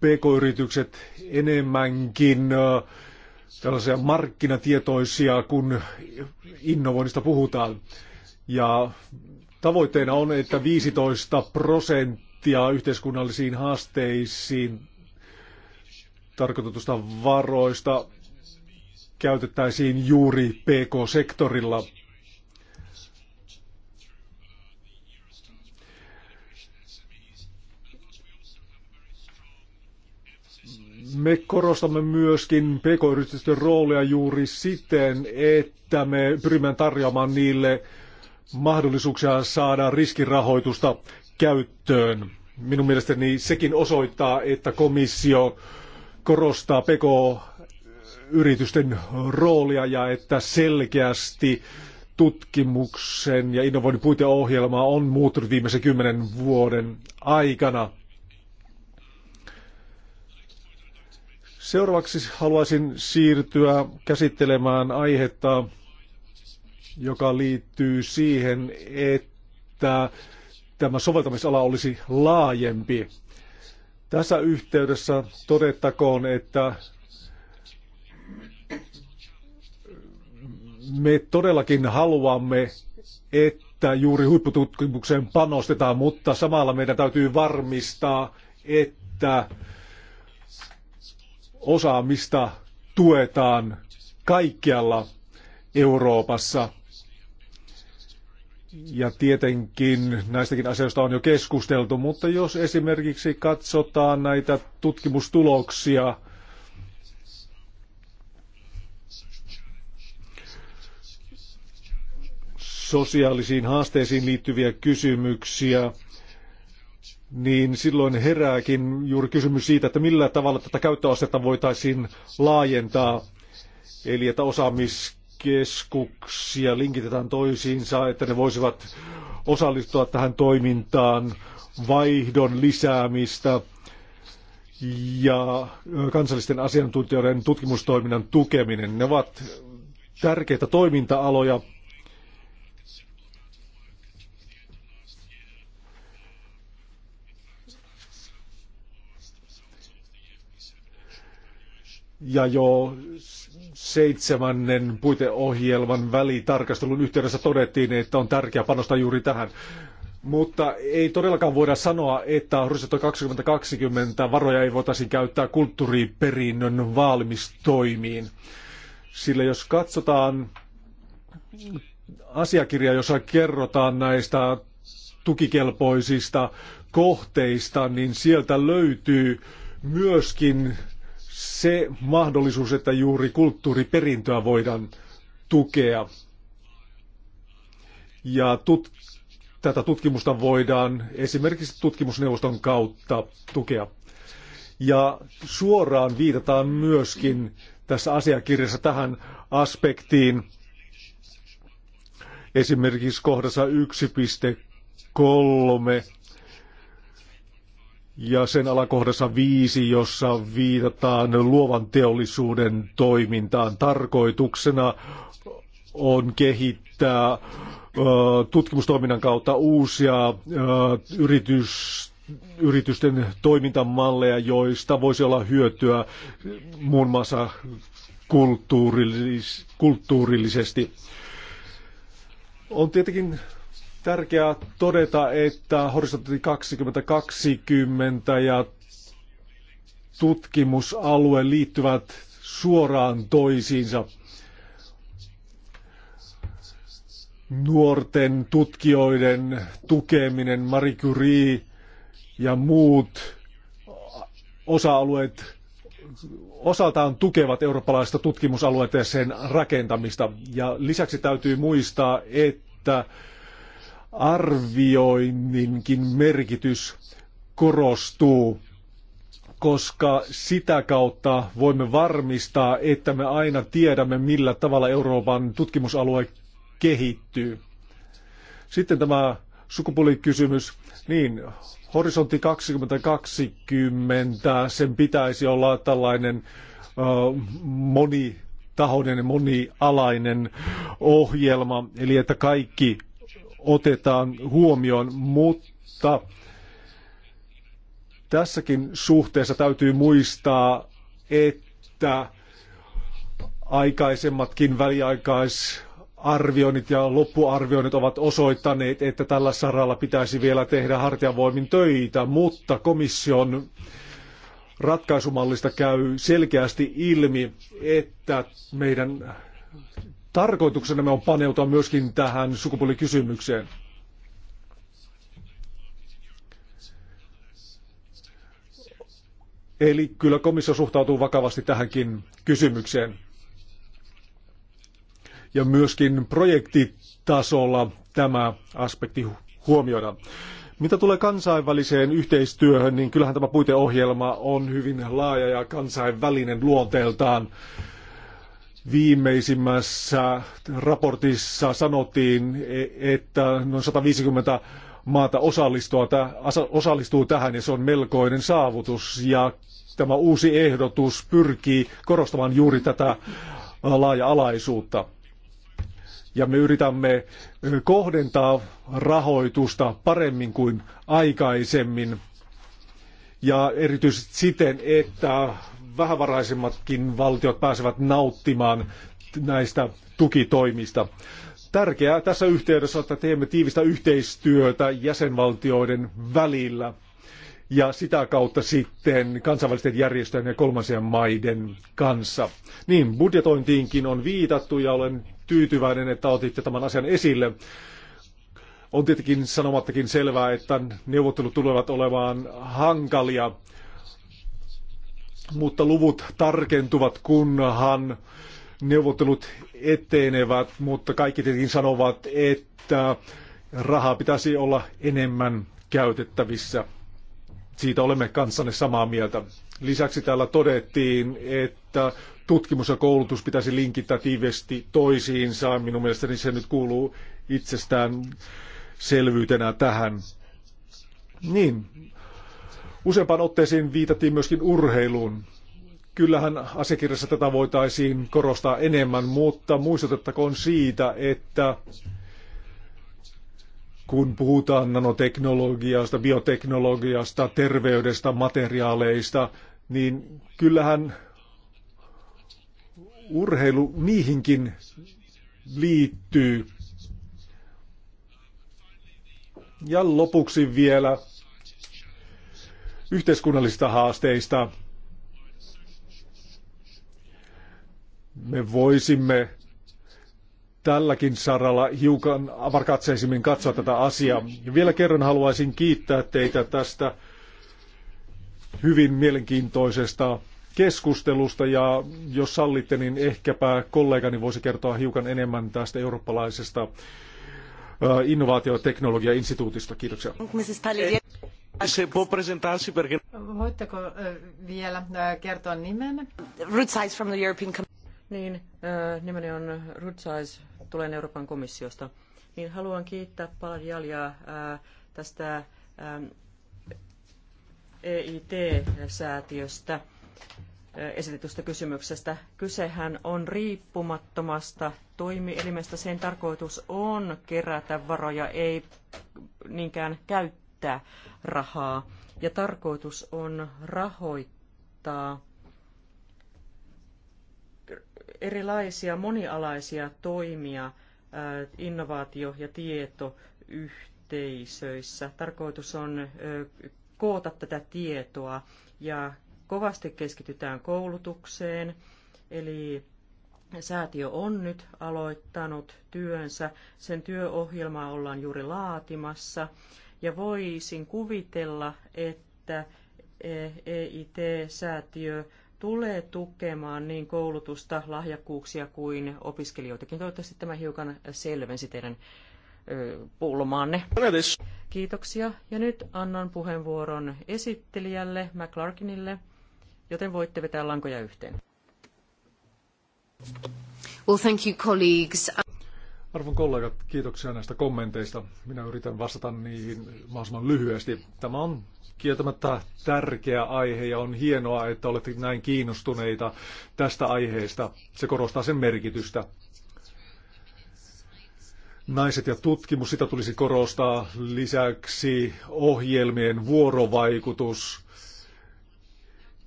PK-yritykset enemmänkin tällaisia markkinatietoisia, kun innovoinnista puhutaan. Ja Tavoitteena on, että 15 prosenttia yhteiskunnallisiin haasteisiin tarkoitetusta varoista käytettäisiin juuri PK-sektorilla. Me korostamme myöskin PK-yritysten roolia juuri siten, että me pyrimme tarjoamaan niille mahdollisuuksia saada riskirahoitusta käyttöön. Minun mielestäni sekin osoittaa, että komissio korostaa PK-yritysten roolia ja että selkeästi tutkimuksen ja innovoinnin puiteohjelma on muuttunut viimeisen kymmenen vuoden aikana. Seuraavaksi haluaisin siirtyä käsittelemään aihetta, joka liittyy siihen, että tämä soveltamisala olisi laajempi. Tässä yhteydessä todettakoon, että me todellakin haluamme, että juuri huippututkimukseen panostetaan, mutta samalla meidän täytyy varmistaa, että osaamista tuetaan kaikkialla Euroopassa – ja tietenkin näistäkin asioista on jo keskusteltu, mutta jos esimerkiksi katsotaan näitä tutkimustuloksia, sosiaalisiin haasteisiin liittyviä kysymyksiä, niin silloin herääkin juuri kysymys siitä, että millä tavalla tätä käyttöasetta voitaisiin laajentaa, eli että osaamis keskuksia linkitetään toisiinsa, että ne voisivat osallistua tähän toimintaan, vaihdon lisäämistä ja kansallisten asiantuntijoiden tutkimustoiminnan tukeminen. Ne ovat tärkeitä toiminta-aloja. Ja jo seitsemännen puiteohjelman välitarkastelun yhteydessä todettiin, että on tärkeää panostaa juuri tähän. Mutta ei todellakaan voida sanoa, että Horisontti 2020 varoja ei voitaisi käyttää kulttuuriperinnön valmistoimiin. Sillä jos katsotaan asiakirjaa, jossa kerrotaan näistä tukikelpoisista kohteista, niin sieltä löytyy myöskin se mahdollisuus, että juuri kulttuuriperintöä voidaan tukea. Ja tut- tätä tutkimusta voidaan esimerkiksi tutkimusneuvoston kautta tukea. Ja suoraan viitataan myöskin tässä asiakirjassa tähän aspektiin, esimerkiksi kohdassa 1.3 ja sen alakohdassa viisi, jossa viitataan luovan teollisuuden toimintaan. Tarkoituksena on kehittää tutkimustoiminnan kautta uusia yritys, yritysten toimintamalleja, joista voisi olla hyötyä muun muassa kulttuurillis, kulttuurillisesti. On tietenkin Tärkeää todeta, että horisontti 2020 ja tutkimusalue liittyvät suoraan toisiinsa. Nuorten tutkijoiden tukeminen, Marie Curie ja muut osa-alueet osaltaan tukevat eurooppalaista tutkimusalueita ja sen rakentamista. Ja lisäksi täytyy muistaa, että arvioinninkin merkitys korostuu, koska sitä kautta voimme varmistaa, että me aina tiedämme, millä tavalla Euroopan tutkimusalue kehittyy. Sitten tämä sukupuolikysymys. Niin, horisontti 2020, sen pitäisi olla tällainen uh, monitahoinen ja monialainen ohjelma, eli että kaikki otetaan huomioon, mutta tässäkin suhteessa täytyy muistaa, että aikaisemmatkin väliaikaisarvioinnit ja loppuarvioinnit ovat osoittaneet, että tällä saralla pitäisi vielä tehdä hartiavoimin töitä, mutta komission ratkaisumallista käy selkeästi ilmi, että meidän Tarkoituksena me on paneutua myöskin tähän sukupuolikysymykseen. Eli kyllä komissio suhtautuu vakavasti tähänkin kysymykseen. Ja myöskin projektitasolla tämä aspekti huomioidaan. Mitä tulee kansainväliseen yhteistyöhön, niin kyllähän tämä puiteohjelma on hyvin laaja ja kansainvälinen luonteeltaan viimeisimmässä raportissa sanottiin, e, että noin 150 maata osallistuu tähän ja se on melkoinen saavutus. Ja tämä uusi ehdotus pyrkii korostamaan juuri tätä laaja-alaisuutta. Ja me yritämme e, kohdentaa rahoitusta paremmin kuin aikaisemmin ja erityisesti siten, että vähävaraisimmatkin valtiot pääsevät nauttimaan näistä tukitoimista. Tärkeää tässä yhteydessä, että teemme tiivistä yhteistyötä jäsenvaltioiden välillä ja sitä kautta sitten kansainvälisten järjestöjen ja kolmansien maiden kanssa. Niin, budjetointiinkin on viitattu ja olen tyytyväinen, että otitte tämän asian esille. On tietenkin sanomattakin selvää, että neuvottelut tulevat olemaan hankalia mutta luvut tarkentuvat, kunhan neuvottelut etenevät, mutta kaikki tietenkin sanovat, että rahaa pitäisi olla enemmän käytettävissä. Siitä olemme kanssanne samaa mieltä. Lisäksi täällä todettiin, että tutkimus ja koulutus pitäisi linkittää tiiviisti toisiinsa. Minun mielestäni se nyt kuuluu itsestään selvyytenä tähän. Niin, Useampaan otteeseen viitattiin myöskin urheiluun. Kyllähän asiakirjassa tätä voitaisiin korostaa enemmän, mutta muistutettakoon siitä, että kun puhutaan nanoteknologiasta, bioteknologiasta, terveydestä, materiaaleista, niin kyllähän urheilu niihinkin liittyy. Ja lopuksi vielä yhteiskunnallisista haasteista. Me voisimme tälläkin saralla hiukan avarkatseisimmin katsoa tätä asiaa. Ja vielä kerran haluaisin kiittää teitä tästä hyvin mielenkiintoisesta keskustelusta ja jos sallitte, niin ehkäpä kollegani voisi kertoa hiukan enemmän tästä eurooppalaisesta innovaatio- ja teknologiainstituutista. Kiitoksia. Se er può presentarsi perché... Voitteko vielä kertoa nimen? Rutsais from the European Niin, nimeni on Rutsais, tulen Euroopan komissiosta. Niin haluan kiittää Paljaljaa tästä EIT-säätiöstä esitetystä kysymyksestä. Kysehän on riippumattomasta toimielimestä. Sen tarkoitus on kerätä varoja, ei niinkään käyttää sitä rahaa. Ja tarkoitus on rahoittaa erilaisia monialaisia toimia äh, innovaatio- ja tietoyhteisöissä. Tarkoitus on äh, koota tätä tietoa ja kovasti keskitytään koulutukseen, eli Säätiö on nyt aloittanut työnsä, sen työohjelmaa ollaan juuri laatimassa ja voisin kuvitella, että EIT-säätiö tulee tukemaan niin koulutusta, lahjakkuuksia kuin opiskelijoitakin. Toivottavasti tämä hiukan selvensi teidän pulmaanne. Kiitoksia. Ja nyt annan puheenvuoron esittelijälle McClarkinille, joten voitte vetää lankoja yhteen. Well, thank you, colleagues. Arvon kollegat, kiitoksia näistä kommenteista. Minä yritän vastata niihin mahdollisimman lyhyesti. Tämä on kieltämättä tärkeä aihe ja on hienoa, että olette näin kiinnostuneita tästä aiheesta. Se korostaa sen merkitystä. Naiset ja tutkimus, sitä tulisi korostaa. Lisäksi ohjelmien vuorovaikutus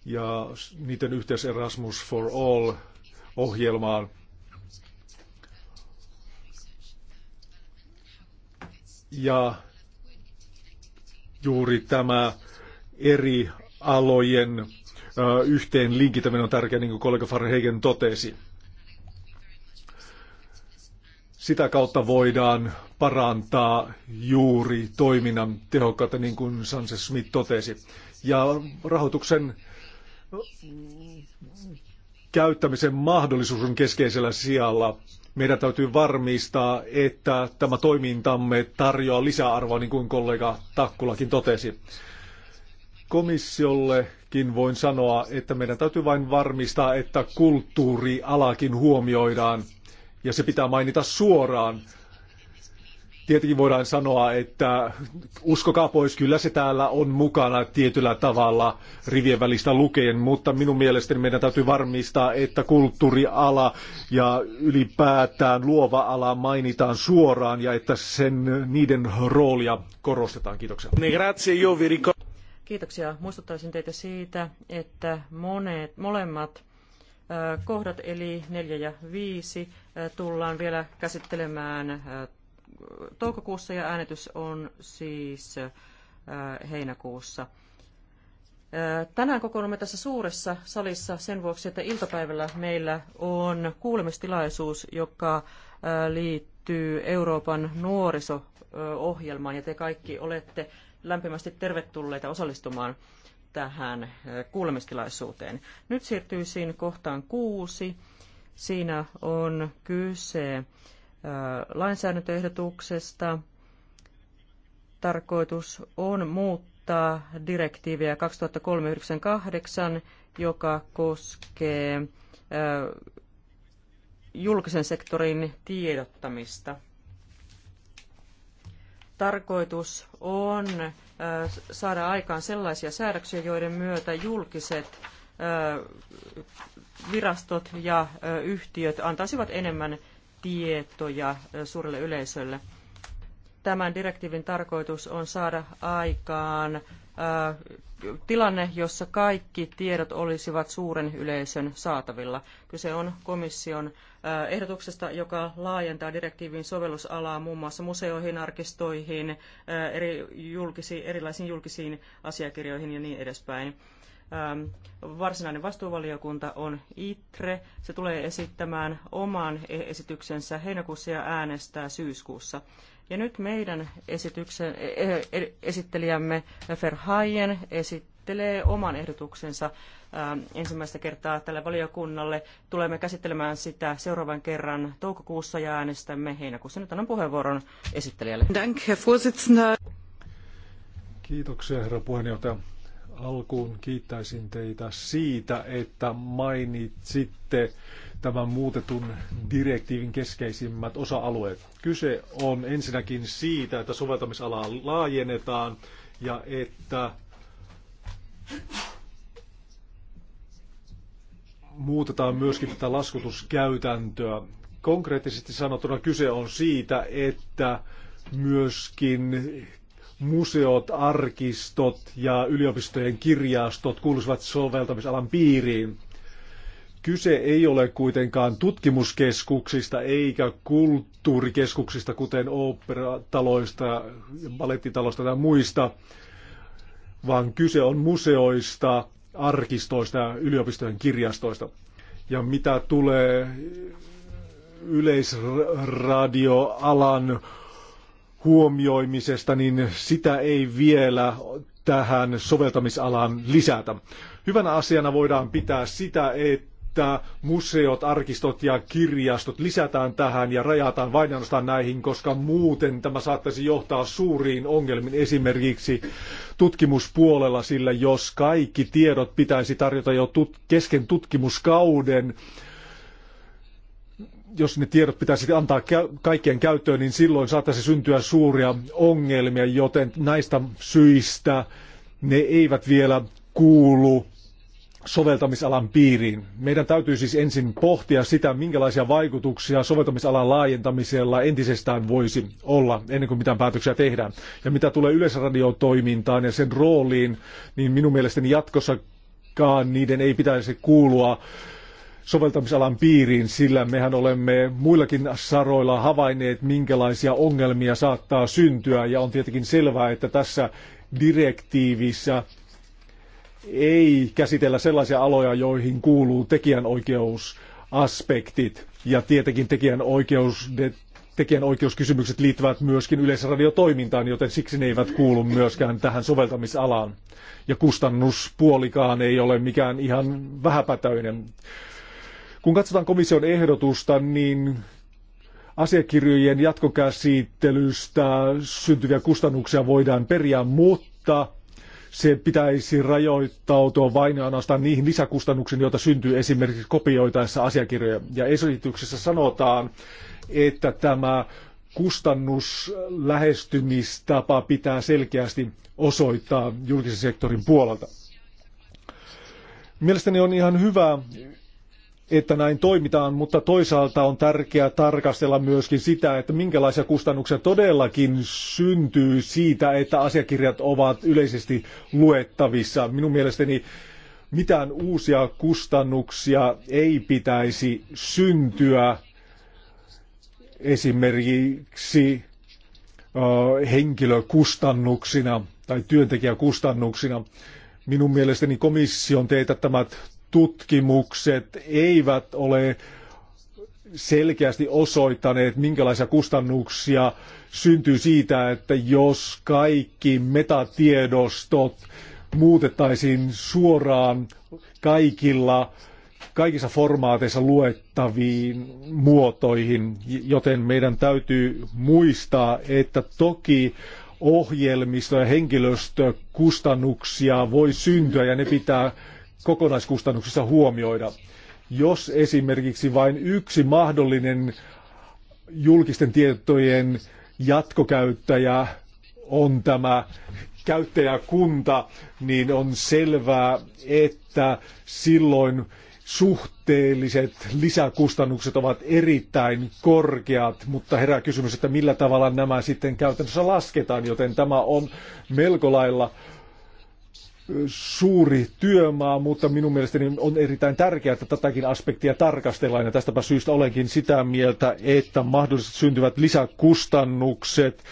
ja niiden yhteys Erasmus for All ohjelmaan. ja juuri tämä eri alojen yhteen linkittäminen on tärkeää, niin kuin kollega Farhegen totesi. Sitä kautta voidaan parantaa juuri toiminnan tehokkaita, niin kuin Sanse Smith totesi. Ja rahoituksen käyttämisen mahdollisuus on keskeisellä sijalla meidän täytyy varmistaa, että tämä toimintamme tarjoaa lisäarvoa, niin kuin kollega Takkulakin totesi. Komissiollekin voin sanoa, että meidän täytyy vain varmistaa, että kulttuurialakin huomioidaan, ja se pitää mainita suoraan Tietenkin voidaan sanoa, että uskokaa pois, kyllä se täällä on mukana tietyllä tavalla rivien välistä lukeen, mutta minun mielestäni meidän täytyy varmistaa, että kulttuuriala ja ylipäätään luova ala mainitaan suoraan ja että sen, niiden roolia korostetaan. Kiitoksia. Kiitoksia. Muistuttaisin teitä siitä, että monet, molemmat kohdat eli neljä ja viisi tullaan vielä käsittelemään toukokuussa ja äänitys on siis äh, heinäkuussa. Äh, tänään kokoonnumme tässä suuressa salissa sen vuoksi, että iltapäivällä meillä on kuulemistilaisuus, joka äh, liittyy Euroopan nuoriso-ohjelmaan, ja te kaikki olette lämpimästi tervetulleita osallistumaan tähän kuulemistilaisuuteen. Nyt siirtyisin kohtaan kuusi. Siinä on kyse lainsäädäntöehdotuksesta. Tarkoitus on muuttaa direktiiviä 2003-98, joka koskee julkisen sektorin tiedottamista. Tarkoitus on saada aikaan sellaisia säädöksiä, joiden myötä julkiset virastot ja yhtiöt antaisivat enemmän tietoja suurelle yleisölle. Tämän direktiivin tarkoitus on saada aikaan tilanne, jossa kaikki tiedot olisivat suuren yleisön saatavilla. Kyse on komission ehdotuksesta, joka laajentaa direktiivin sovellusalaa muun muassa museoihin, arkistoihin, eri julkisiin, erilaisiin julkisiin asiakirjoihin ja niin edespäin. Ähm, varsinainen vastuuvaliokunta on ITRE. Se tulee esittämään oman e- esityksensä heinäkuussa ja äänestää syyskuussa. Ja nyt meidän esityksen, e- e- esittelijämme Ferhaien esittelee oman ehdotuksensa ähm, ensimmäistä kertaa tälle valiokunnalle. Tulemme käsittelemään sitä seuraavan kerran toukokuussa ja äänestämme heinäkuussa. Nyt annan puheenvuoron esittelijälle. Dank, Herr Kiitoksia, herra puheenjohtaja alkuun kiittäisin teitä siitä, että mainitsitte tämän muutetun direktiivin keskeisimmät osa-alueet. Kyse on ensinnäkin siitä, että soveltamisalaa laajennetaan ja että muutetaan myöskin tätä laskutuskäytäntöä. Konkreettisesti sanottuna kyse on siitä, että myöskin museot, arkistot ja yliopistojen kirjastot kuuluisivat soveltamisalan piiriin. Kyse ei ole kuitenkaan tutkimuskeskuksista eikä kulttuurikeskuksista, kuten oopperataloista, balettitaloista tai muista, vaan kyse on museoista, arkistoista ja yliopistojen kirjastoista. Ja mitä tulee yleisradioalan huomioimisesta, niin sitä ei vielä tähän soveltamisalaan lisätä. Hyvänä asiana voidaan pitää sitä, että museot, arkistot ja kirjastot lisätään tähän ja rajataan vain ainoastaan näihin, koska muuten tämä saattaisi johtaa suuriin ongelmiin esimerkiksi tutkimuspuolella, sillä jos kaikki tiedot pitäisi tarjota jo tut- kesken tutkimuskauden, jos ne tiedot pitäisi antaa kaikkien käyttöön, niin silloin saattaisi syntyä suuria ongelmia, joten näistä syistä ne eivät vielä kuulu soveltamisalan piiriin. Meidän täytyy siis ensin pohtia sitä, minkälaisia vaikutuksia soveltamisalan laajentamisella entisestään voisi olla ennen kuin mitään päätöksiä tehdään. Ja mitä tulee yleisradiotoimintaan ja sen rooliin, niin minun mielestäni jatkossakaan niiden ei pitäisi kuulua soveltamisalan piiriin, sillä mehän olemme muillakin saroilla havainneet, minkälaisia ongelmia saattaa syntyä, ja on tietenkin selvää, että tässä direktiivissä ei käsitellä sellaisia aloja, joihin kuuluu tekijänoikeusaspektit. Ja tietenkin tekijänoikeus, tekijänoikeuskysymykset liittyvät myöskin yleisradiotoimintaan, joten siksi ne eivät kuulu myöskään tähän soveltamisalaan. Ja kustannuspuolikaan ei ole mikään ihan vähäpätöinen. Kun katsotaan komission ehdotusta, niin asiakirjojen jatkokäsittelystä syntyviä kustannuksia voidaan periä, mutta se pitäisi rajoittautua vain ainoastaan niihin lisäkustannuksiin, joita syntyy esimerkiksi kopioitaessa asiakirjoja. Ja esityksessä sanotaan, että tämä kustannuslähestymistapa pitää selkeästi osoittaa julkisen sektorin puolelta. Mielestäni on ihan hyvä, että näin toimitaan, mutta toisaalta on tärkeää tarkastella myöskin sitä, että minkälaisia kustannuksia todellakin syntyy siitä, että asiakirjat ovat yleisesti luettavissa. Minun mielestäni mitään uusia kustannuksia ei pitäisi syntyä esimerkiksi henkilökustannuksina tai työntekijäkustannuksina. Minun mielestäni komission teetättämät tutkimukset eivät ole selkeästi osoittaneet, minkälaisia kustannuksia syntyy siitä, että jos kaikki metatiedostot muutettaisiin suoraan kaikilla kaikissa formaateissa luettaviin muotoihin, joten meidän täytyy muistaa, että toki ohjelmisto- ja henkilöstökustannuksia voi syntyä ja ne pitää kokonaiskustannuksissa huomioida. Jos esimerkiksi vain yksi mahdollinen julkisten tietojen jatkokäyttäjä on tämä käyttäjäkunta, niin on selvää, että silloin suhteelliset lisäkustannukset ovat erittäin korkeat, mutta herää kysymys, että millä tavalla nämä sitten käytännössä lasketaan, joten tämä on melko lailla suuri työmaa, mutta minun mielestäni on erittäin tärkeää, että tätäkin aspektia tarkastellaan. Ja tästäpä syystä olenkin sitä mieltä, että mahdollisesti syntyvät lisäkustannukset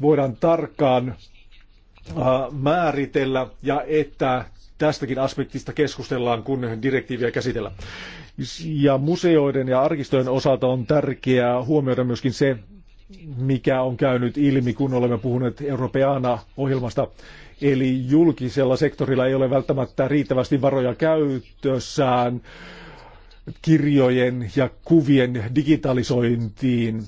voidaan tarkkaan määritellä ja että tästäkin aspektista keskustellaan, kun direktiiviä käsitellään. Ja museoiden ja arkistojen osalta on tärkeää huomioida myöskin se, mikä on käynyt ilmi, kun olemme puhuneet Europeana ohjelmasta. Eli julkisella sektorilla ei ole välttämättä riittävästi varoja käytössään kirjojen ja kuvien digitalisointiin.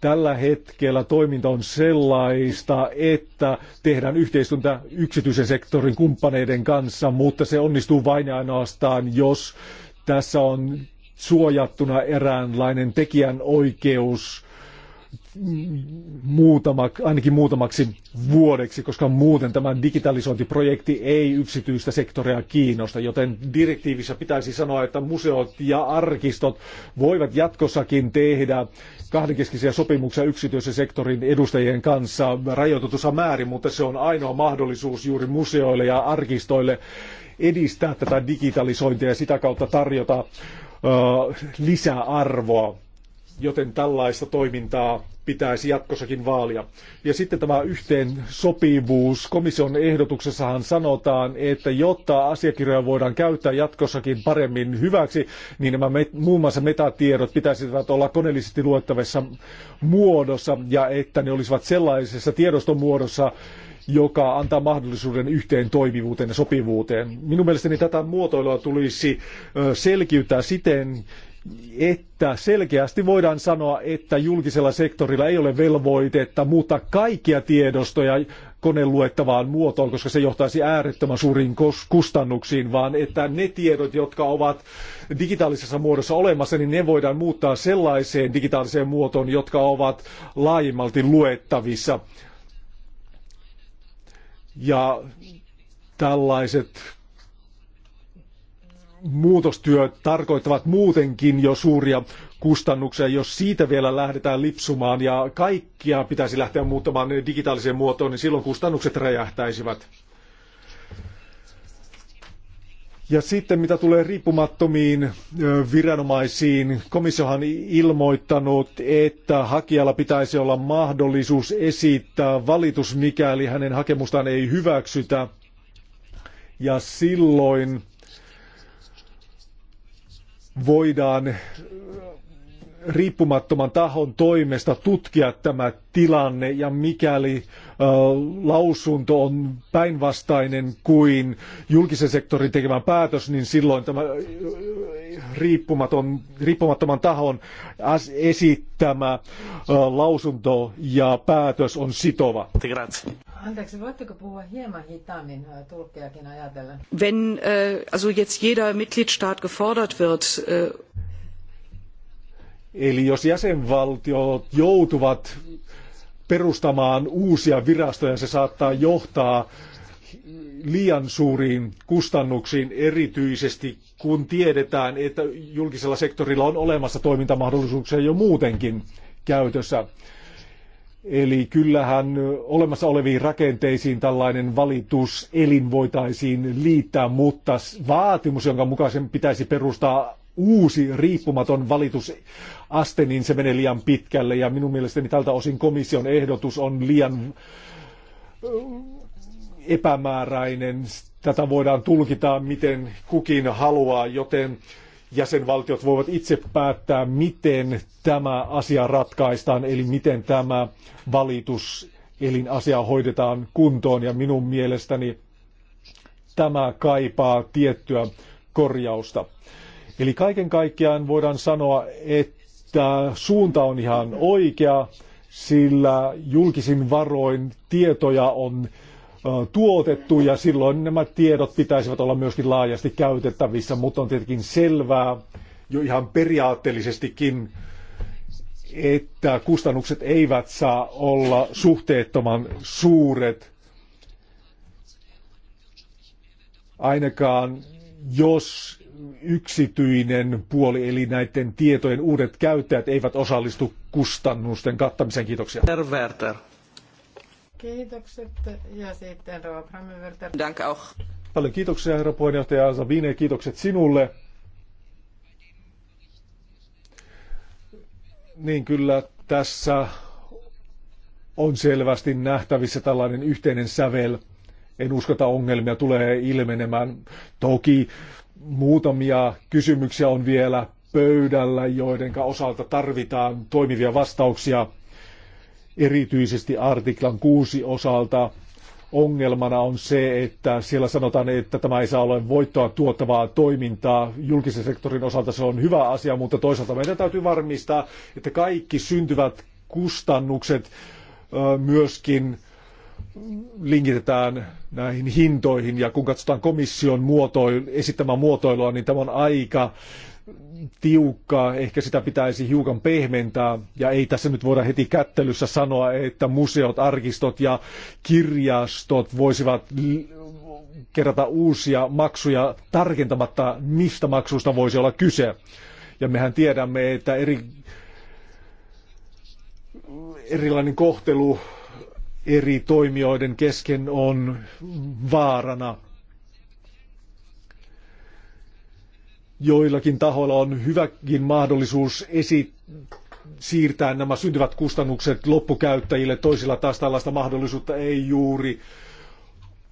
Tällä hetkellä toiminta on sellaista, että tehdään yhteistyötä yksityisen sektorin kumppaneiden kanssa, mutta se onnistuu vain ainoastaan, jos tässä on suojattuna eräänlainen tekijänoikeus muutama, ainakin muutamaksi vuodeksi, koska muuten tämä digitalisointiprojekti ei yksityistä sektoria kiinnosta, joten direktiivissä pitäisi sanoa, että museot ja arkistot voivat jatkossakin tehdä kahdenkeskisiä sopimuksia yksityisen sektorin edustajien kanssa rajoitetussa määrin, mutta se on ainoa mahdollisuus juuri museoille ja arkistoille edistää tätä digitalisointia ja sitä kautta tarjota lisäarvoa joten tällaista toimintaa pitäisi jatkossakin vaalia. Ja sitten tämä yhteen sopivuus. Komission ehdotuksessahan sanotaan, että jotta asiakirjoja voidaan käyttää jatkossakin paremmin hyväksi, niin nämä met, muun muassa metatiedot pitäisi olla koneellisesti luettavassa muodossa ja että ne olisivat sellaisessa tiedostomuodossa, joka antaa mahdollisuuden yhteen toimivuuteen ja sopivuuteen. Minun mielestäni tätä muotoilua tulisi selkiyttää siten, että selkeästi voidaan sanoa, että julkisella sektorilla ei ole velvoitetta muuttaa kaikkia tiedostoja koneluettavaan muotoon, koska se johtaisi äärettömän suuriin kustannuksiin, vaan että ne tiedot, jotka ovat digitaalisessa muodossa olemassa, niin ne voidaan muuttaa sellaiseen digitaaliseen muotoon, jotka ovat laajemmalti luettavissa. Ja tällaiset muutostyöt tarkoittavat muutenkin jo suuria kustannuksia, jos siitä vielä lähdetään lipsumaan ja kaikkia pitäisi lähteä muuttamaan digitaaliseen muotoon, niin silloin kustannukset räjähtäisivät. Ja sitten mitä tulee riippumattomiin viranomaisiin, komissiohan ilmoittanut, että hakijalla pitäisi olla mahdollisuus esittää valitus, mikäli hänen hakemustaan ei hyväksytä. Ja silloin voidaan riippumattoman tahon toimesta tutkia tämä tilanne ja mikäli ö, lausunto on päinvastainen kuin julkisen sektorin tekemä päätös, niin silloin tämä riippumaton, riippumattoman tahon esittämä ö, lausunto ja päätös on sitova. Grazie. Anteeksi, voitteko puhua hieman hitaammin tulkkejakin ajatellen? Wenn äh, also jetzt jeder Mitgliedstaat gefordert wird, äh... Eli jos jäsenvaltiot joutuvat perustamaan uusia virastoja, se saattaa johtaa liian suuriin kustannuksiin, erityisesti kun tiedetään, että julkisella sektorilla on olemassa toimintamahdollisuuksia jo muutenkin käytössä. Eli kyllähän olemassa oleviin rakenteisiin tällainen valitus elin voitaisiin liittää, mutta vaatimus, jonka mukaisen pitäisi perustaa uusi riippumaton valitusaste, niin se menee liian pitkälle. Ja minun mielestäni tältä osin komission ehdotus on liian äh, epämääräinen. Tätä voidaan tulkita, miten kukin haluaa, joten jäsenvaltiot voivat itse päättää, miten tämä asia ratkaistaan, eli miten tämä valitus asia hoidetaan kuntoon ja minun mielestäni tämä kaipaa tiettyä korjausta. Eli kaiken kaikkiaan voidaan sanoa, että suunta on ihan oikea, sillä julkisin varoin tietoja on tuotettu ja silloin nämä tiedot pitäisivät olla myöskin laajasti käytettävissä, mutta on tietenkin selvää jo ihan periaatteellisestikin, että kustannukset eivät saa olla suhteettoman suuret, ainakaan jos yksityinen puoli, eli näiden tietojen uudet käyttäjät eivät osallistu kustannusten kattamiseen. Kiitoksia. Herr Werther. Kiitokset ja sitten Rova Brammenwerter. Dank auch. Paljon kiitoksia herra puheenjohtaja Sabine, kiitokset sinulle. Niin kyllä tässä on selvästi nähtävissä tällainen yhteinen sävel. En uskota ongelmia tulee ilmenemään. Toki muutamia kysymyksiä on vielä pöydällä, joidenka osalta tarvitaan toimivia vastauksia erityisesti artiklan 6 osalta ongelmana on se, että siellä sanotaan, että tämä ei saa olla voittoa tuottavaa toimintaa. Julkisen sektorin osalta se on hyvä asia, mutta toisaalta meidän täytyy varmistaa, että kaikki syntyvät kustannukset myöskin linkitetään näihin hintoihin ja kun katsotaan komission muotoil, esittämää muotoilua, niin tämä on aika tiukkaa, ehkä sitä pitäisi hiukan pehmentää, ja ei tässä nyt voida heti kättelyssä sanoa, että museot, arkistot ja kirjastot voisivat kerätä uusia maksuja tarkentamatta, mistä maksusta voisi olla kyse. Ja mehän tiedämme, että eri, erilainen kohtelu eri toimijoiden kesken on vaarana. joillakin tahoilla on hyväkin mahdollisuus esi- siirtää nämä syntyvät kustannukset loppukäyttäjille, toisilla taas tällaista mahdollisuutta ei juuri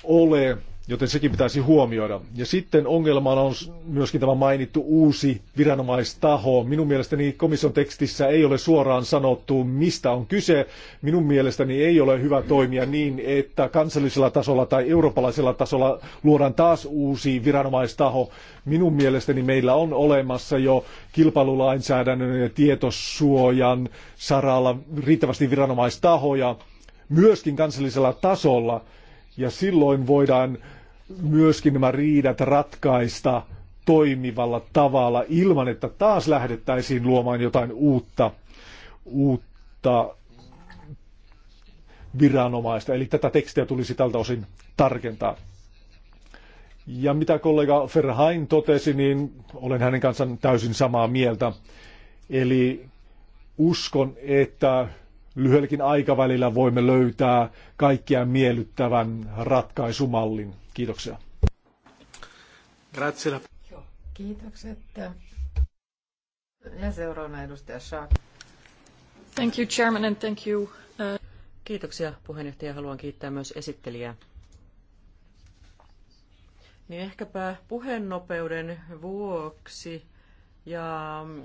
ole joten sekin pitäisi huomioida. Ja sitten ongelmana on myöskin tämä mainittu uusi viranomaistaho. Minun mielestäni komission tekstissä ei ole suoraan sanottu, mistä on kyse. Minun mielestäni ei ole hyvä toimia niin, että kansallisella tasolla tai eurooppalaisella tasolla luodaan taas uusi viranomaistaho. Minun mielestäni meillä on olemassa jo kilpailulainsäädännön ja tietosuojan saralla riittävästi viranomaistahoja, myöskin kansallisella tasolla – ja silloin voidaan myöskin nämä riidat ratkaista toimivalla tavalla ilman, että taas lähdettäisiin luomaan jotain uutta, uutta viranomaista. Eli tätä tekstiä tulisi tältä osin tarkentaa. Ja mitä kollega Ferhain totesi, niin olen hänen kanssaan täysin samaa mieltä. Eli uskon, että lyhyelläkin aikavälillä voimme löytää kaikkia miellyttävän ratkaisumallin. Kiitoksia. Grazie. Kiitokset. Ja seuraavana edustaja Thank you, Chairman, and thank you. Uh, Kiitoksia puheenjohtaja. Haluan kiittää myös esittelijää. Niin ehkäpä puheennopeuden vuoksi ja mm,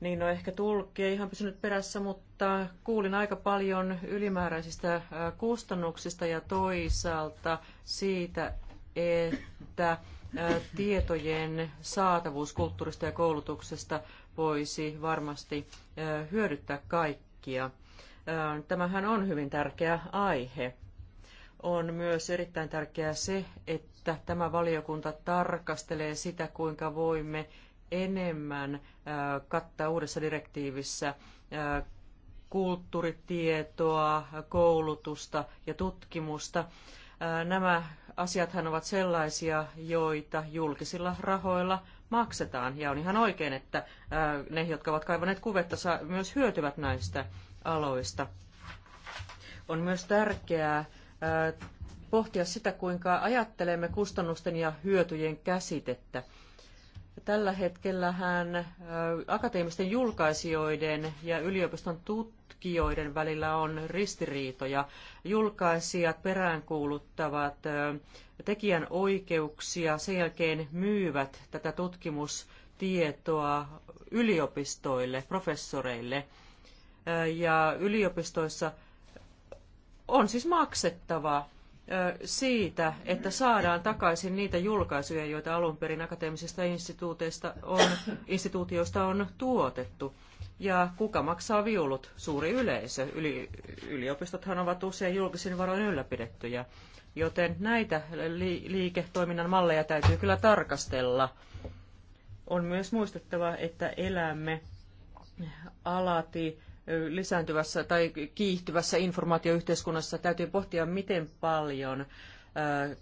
niin, no ehkä tulkki ei ihan pysynyt perässä, mutta kuulin aika paljon ylimääräisistä äh, kustannuksista ja toisaalta siitä, että äh, tietojen saatavuus kulttuurista ja koulutuksesta voisi varmasti äh, hyödyttää kaikkia. Tämähän on hyvin tärkeä aihe. On myös erittäin tärkeää se, että tämä valiokunta tarkastelee sitä, kuinka voimme enemmän äh, kattaa uudessa direktiivissä äh, kulttuuritietoa, koulutusta ja tutkimusta. Äh, nämä asiathan ovat sellaisia, joita julkisilla rahoilla maksetaan. Ja on ihan oikein, että ne, jotka ovat kaivaneet kuvetta, myös hyötyvät näistä aloista. On myös tärkeää pohtia sitä, kuinka ajattelemme kustannusten ja hyötyjen käsitettä – Tällä hetkellä hän akateemisten julkaisijoiden ja yliopiston tutkijoiden välillä on ristiriitoja. Julkaisijat peräänkuuluttavat tekijän oikeuksia, sen jälkeen myyvät tätä tutkimustietoa yliopistoille, professoreille. Ja yliopistoissa on siis maksettava siitä, että saadaan takaisin niitä julkaisuja, joita alun perin akateemisista on, instituutioista on tuotettu. Ja kuka maksaa viulut? Suuri yleisö. Yli, yliopistothan ovat usein julkisin varoin ylläpidettyjä. Joten näitä li, liiketoiminnan malleja täytyy kyllä tarkastella. On myös muistettava, että elämme alati lisääntyvässä tai kiihtyvässä informaatioyhteiskunnassa täytyy pohtia, miten paljon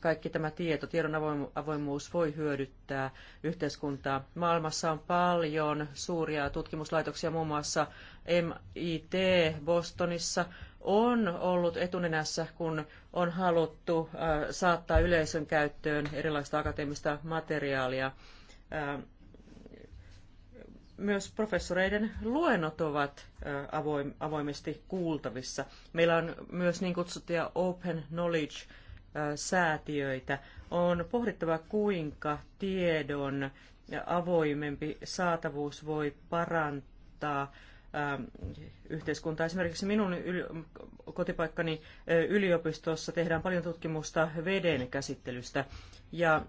kaikki tämä tieto, tiedon avoimuus voi hyödyttää yhteiskuntaa. Maailmassa on paljon suuria tutkimuslaitoksia, muun muassa MIT Bostonissa on ollut etunenässä, kun on haluttu saattaa yleisön käyttöön erilaista akateemista materiaalia myös professoreiden luennot ovat avoim, avoimesti kuultavissa. Meillä on myös niin kutsuttuja Open Knowledge-säätiöitä. On pohdittava, kuinka tiedon avoimempi saatavuus voi parantaa yhteiskuntaa. Esimerkiksi minun kotipaikkani yliopistossa tehdään paljon tutkimusta veden käsittelystä ja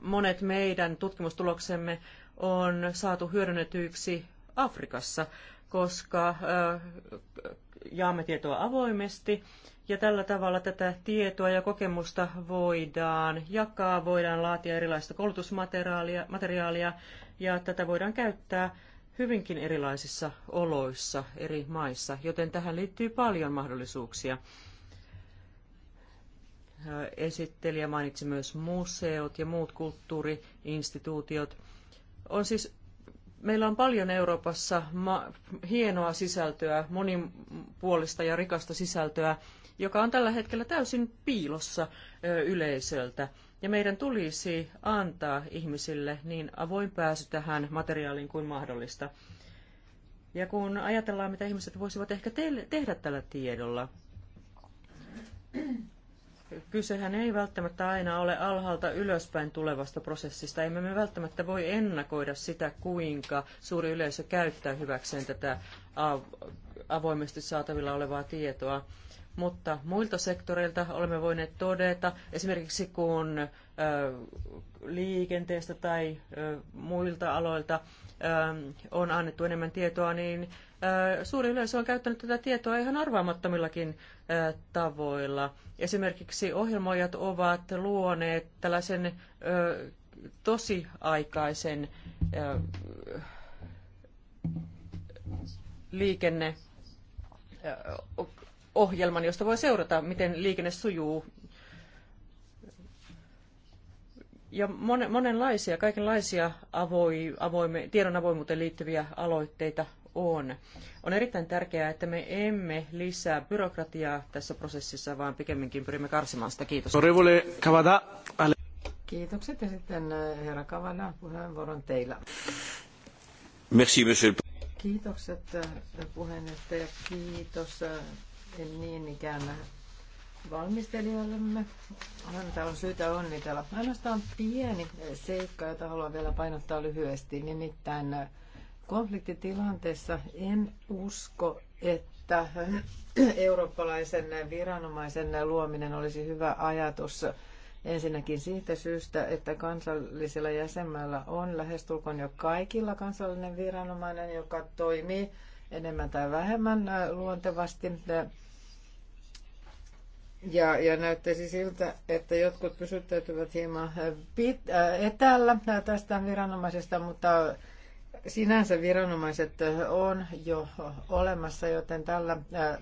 monet meidän tutkimustuloksemme on saatu hyödynnetyiksi Afrikassa, koska jaamme tietoa avoimesti ja tällä tavalla tätä tietoa ja kokemusta voidaan jakaa, voidaan laatia erilaista koulutusmateriaalia materiaalia, ja tätä voidaan käyttää hyvinkin erilaisissa oloissa eri maissa, joten tähän liittyy paljon mahdollisuuksia. Esittelijä mainitsi myös museot ja muut kulttuuriinstituutiot – on siis, meillä on paljon Euroopassa hienoa sisältöä, monipuolista ja rikasta sisältöä, joka on tällä hetkellä täysin piilossa yleisöltä. Ja meidän tulisi antaa ihmisille niin avoin pääsy tähän materiaaliin kuin mahdollista. Ja kun ajatellaan, mitä ihmiset voisivat ehkä tehdä tällä tiedolla, kysehän ei välttämättä aina ole alhaalta ylöspäin tulevasta prosessista. Emme me välttämättä voi ennakoida sitä, kuinka suuri yleisö käyttää hyväkseen tätä avoimesti saatavilla olevaa tietoa mutta muilta sektoreilta olemme voineet todeta, esimerkiksi kun liikenteestä tai muilta aloilta on annettu enemmän tietoa, niin suuri yleisö on käyttänyt tätä tietoa ihan arvaamattomillakin tavoilla. Esimerkiksi ohjelmoijat ovat luoneet tällaisen tosiaikaisen liikenne ohjelman, josta voi seurata, miten liikenne sujuu. Ja monenlaisia, kaikenlaisia avoi, avoime, tiedon avoimuuteen liittyviä aloitteita on. On erittäin tärkeää, että me emme lisää byrokratiaa tässä prosessissa, vaan pikemminkin pyrimme karsimaan sitä. Kiitos. Kiitokset ja sitten eh, herra Kavana, puheenvuoron teillä. Merci, monsieur. Kiitokset eh, puheenjohtaja. Kiitos eh, niin ikään valmistelijallemme. Häntä on syytä onnitella. Ainoastaan pieni seikka, jota haluan vielä painottaa lyhyesti, nimittäin konfliktitilanteessa en usko, että eurooppalaisen viranomaisen luominen olisi hyvä ajatus. Ensinnäkin siitä syystä, että kansallisilla jäsenmailla on lähestulkoon jo kaikilla kansallinen viranomainen, joka toimii enemmän tai vähemmän luontevasti ja, ja näyttäisi siltä, että jotkut pysyttäytyvät hieman äh, pit, äh, etäällä äh, tästä viranomaisesta, mutta sinänsä viranomaiset äh, on jo olemassa, joten tällä, äh,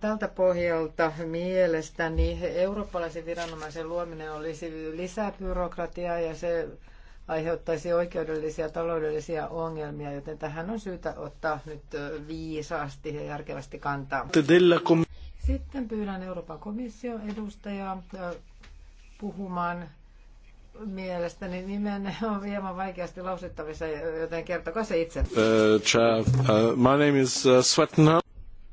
tältä pohjalta mielestäni eurooppalaisen viranomaisen luominen olisi lisää byrokratiaa ja se aiheuttaisi oikeudellisia ja taloudellisia ongelmia, joten tähän on syytä ottaa nyt viisaasti ja järkevästi kantaa. Sitten pyydän Euroopan komission edustajaa äh, puhumaan mielestäni nimen on hieman vaikeasti lausuttavissa, joten kertokaa se itse. Uh, uh, my name is uh, Svetnam.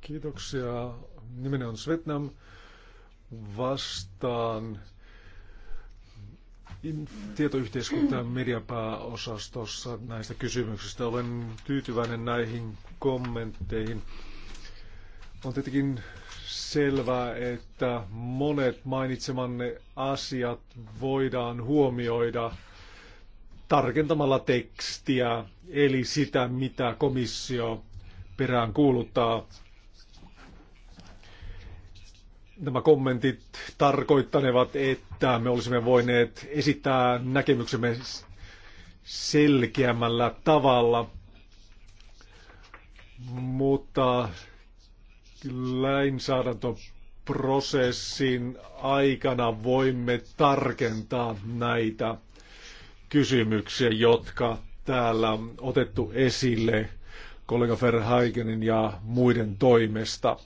Kiitoksia. Nimeni on Svetnam. Vastaan tietoyhteiskunta- ja mediapääosastossa näistä kysymyksistä. Olen tyytyväinen näihin kommentteihin. On tietenkin selvää, että monet mainitsemanne asiat voidaan huomioida tarkentamalla tekstiä, eli sitä, mitä komissio perään kuuluttaa. Nämä kommentit tarkoittanevat, että me olisimme voineet esittää näkemyksemme selkeämmällä tavalla, mutta lainsäädäntöprosessin aikana voimme tarkentaa näitä kysymyksiä, jotka täällä on otettu esille kollega Verhaigenin ja muiden toimesta.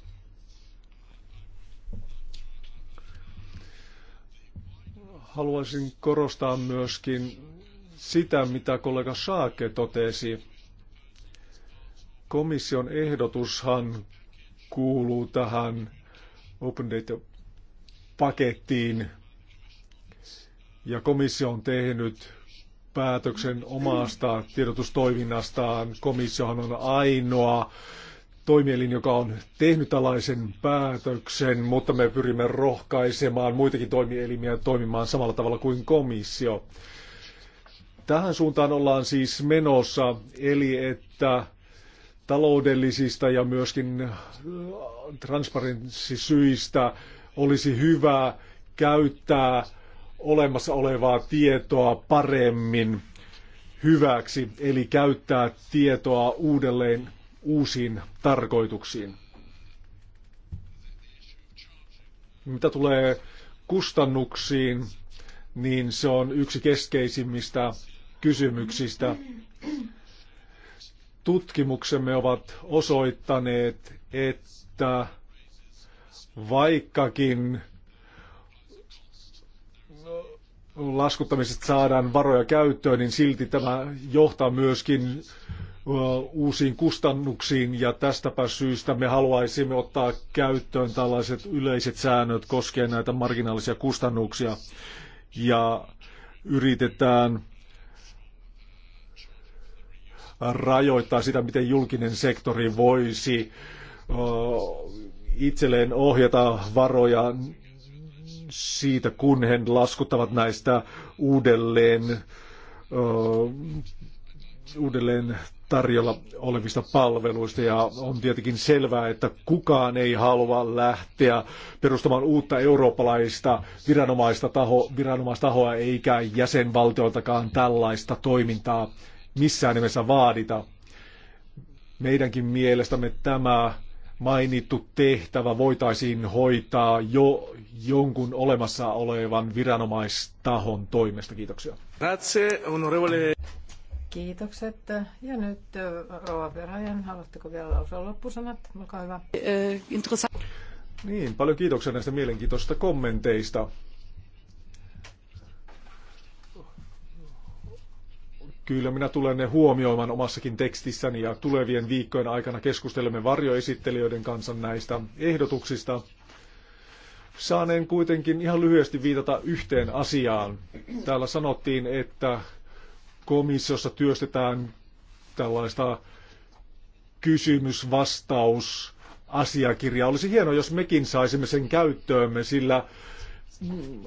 Haluaisin korostaa myöskin sitä, mitä kollega Saake totesi. Komission ehdotushan kuuluu tähän Open Data-pakettiin. Ja komissio on tehnyt päätöksen omasta tiedotustoiminnastaan. Komissiohan on ainoa toimielin, joka on tehnyt tällaisen päätöksen, mutta me pyrimme rohkaisemaan muitakin toimielimiä toimimaan samalla tavalla kuin komissio. Tähän suuntaan ollaan siis menossa, eli että taloudellisista ja myöskin äh, transparenssisyistä olisi hyvä käyttää olemassa olevaa tietoa paremmin hyväksi, eli käyttää tietoa uudelleen uusiin tarkoituksiin. Mitä tulee kustannuksiin, niin se on yksi keskeisimmistä kysymyksistä tutkimuksemme ovat osoittaneet, että vaikkakin laskuttamisesta saadaan varoja käyttöön, niin silti tämä johtaa myöskin uusiin kustannuksiin ja tästäpä syystä me haluaisimme ottaa käyttöön tällaiset yleiset säännöt koskien näitä marginaalisia kustannuksia ja yritetään rajoittaa sitä, miten julkinen sektori voisi itselleen ohjata varoja siitä, kun he laskuttavat näistä uudelleen, uudelleen tarjolla olevista palveluista ja on tietenkin selvää, että kukaan ei halua lähteä perustamaan uutta eurooppalaista viranomaista taho, viranomaistahoa eikä jäsenvaltioiltakaan tällaista toimintaa missään nimessä vaadita. Meidänkin mielestämme tämä mainittu tehtävä voitaisiin hoitaa jo jonkun olemassa olevan viranomaistahon toimesta. Kiitoksia. Grazie, onorevole. Kiitokset. Ja nyt Rova Verhaen, haluatteko vielä lausua loppusanat? Olkaa hyvä. Niin, paljon kiitoksia näistä mielenkiintoisista kommenteista. Kyllä minä tulen ne huomioimaan omassakin tekstissäni ja tulevien viikkojen aikana keskustelemme varjoesittelijöiden kanssa näistä ehdotuksista. Saaneen kuitenkin ihan lyhyesti viitata yhteen asiaan. Täällä sanottiin, että komissiossa työstetään tällaista kysymysvastausasiakirjaa. Olisi hienoa, jos mekin saisimme sen käyttöömme, sillä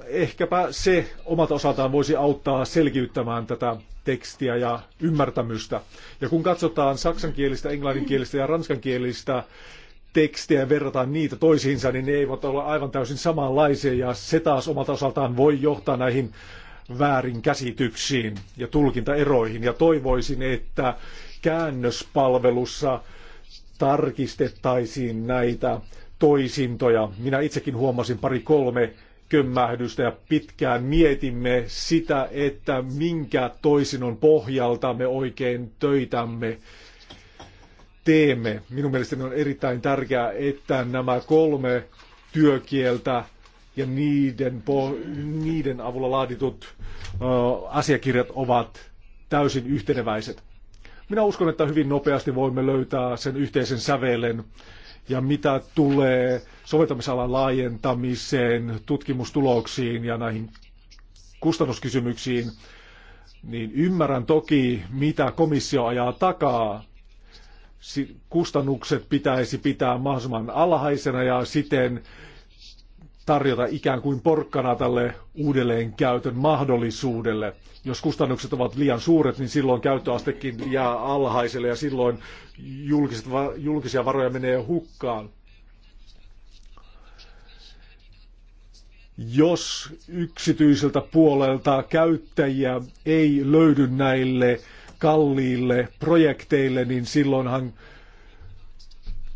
ehkäpä se omalta osaltaan voisi auttaa selkiyttämään tätä tekstiä ja ymmärtämystä. Ja kun katsotaan saksankielistä, englanninkielistä ja ranskankielistä tekstiä ja verrataan niitä toisiinsa, niin ne eivät ole aivan täysin samanlaisia ja se taas omalta osaltaan voi johtaa näihin väärinkäsityksiin ja tulkintaeroihin. Ja toivoisin, että käännöspalvelussa tarkistettaisiin näitä toisintoja. Minä itsekin huomasin pari kolme kömmähdystä ja pitkään mietimme sitä, että minkä toisinon pohjalta me oikein töitämme teemme. Minun mielestäni on erittäin tärkeää, että nämä kolme työkieltä ja niiden, niiden avulla laaditut asiakirjat ovat täysin yhteneväiset. Minä uskon, että hyvin nopeasti voimme löytää sen yhteisen sävelen ja mitä tulee soveltamisalan laajentamiseen, tutkimustuloksiin ja näihin kustannuskysymyksiin, niin ymmärrän toki, mitä komissio ajaa takaa. Kustannukset pitäisi pitää mahdollisimman alhaisena ja siten tarjota ikään kuin porkkana tälle uudelleen käytön mahdollisuudelle. Jos kustannukset ovat liian suuret, niin silloin käyttöastekin jää alhaiselle ja silloin julkiset, julkisia varoja menee hukkaan. Jos yksityiseltä puolelta käyttäjiä ei löydy näille kalliille projekteille, niin silloinhan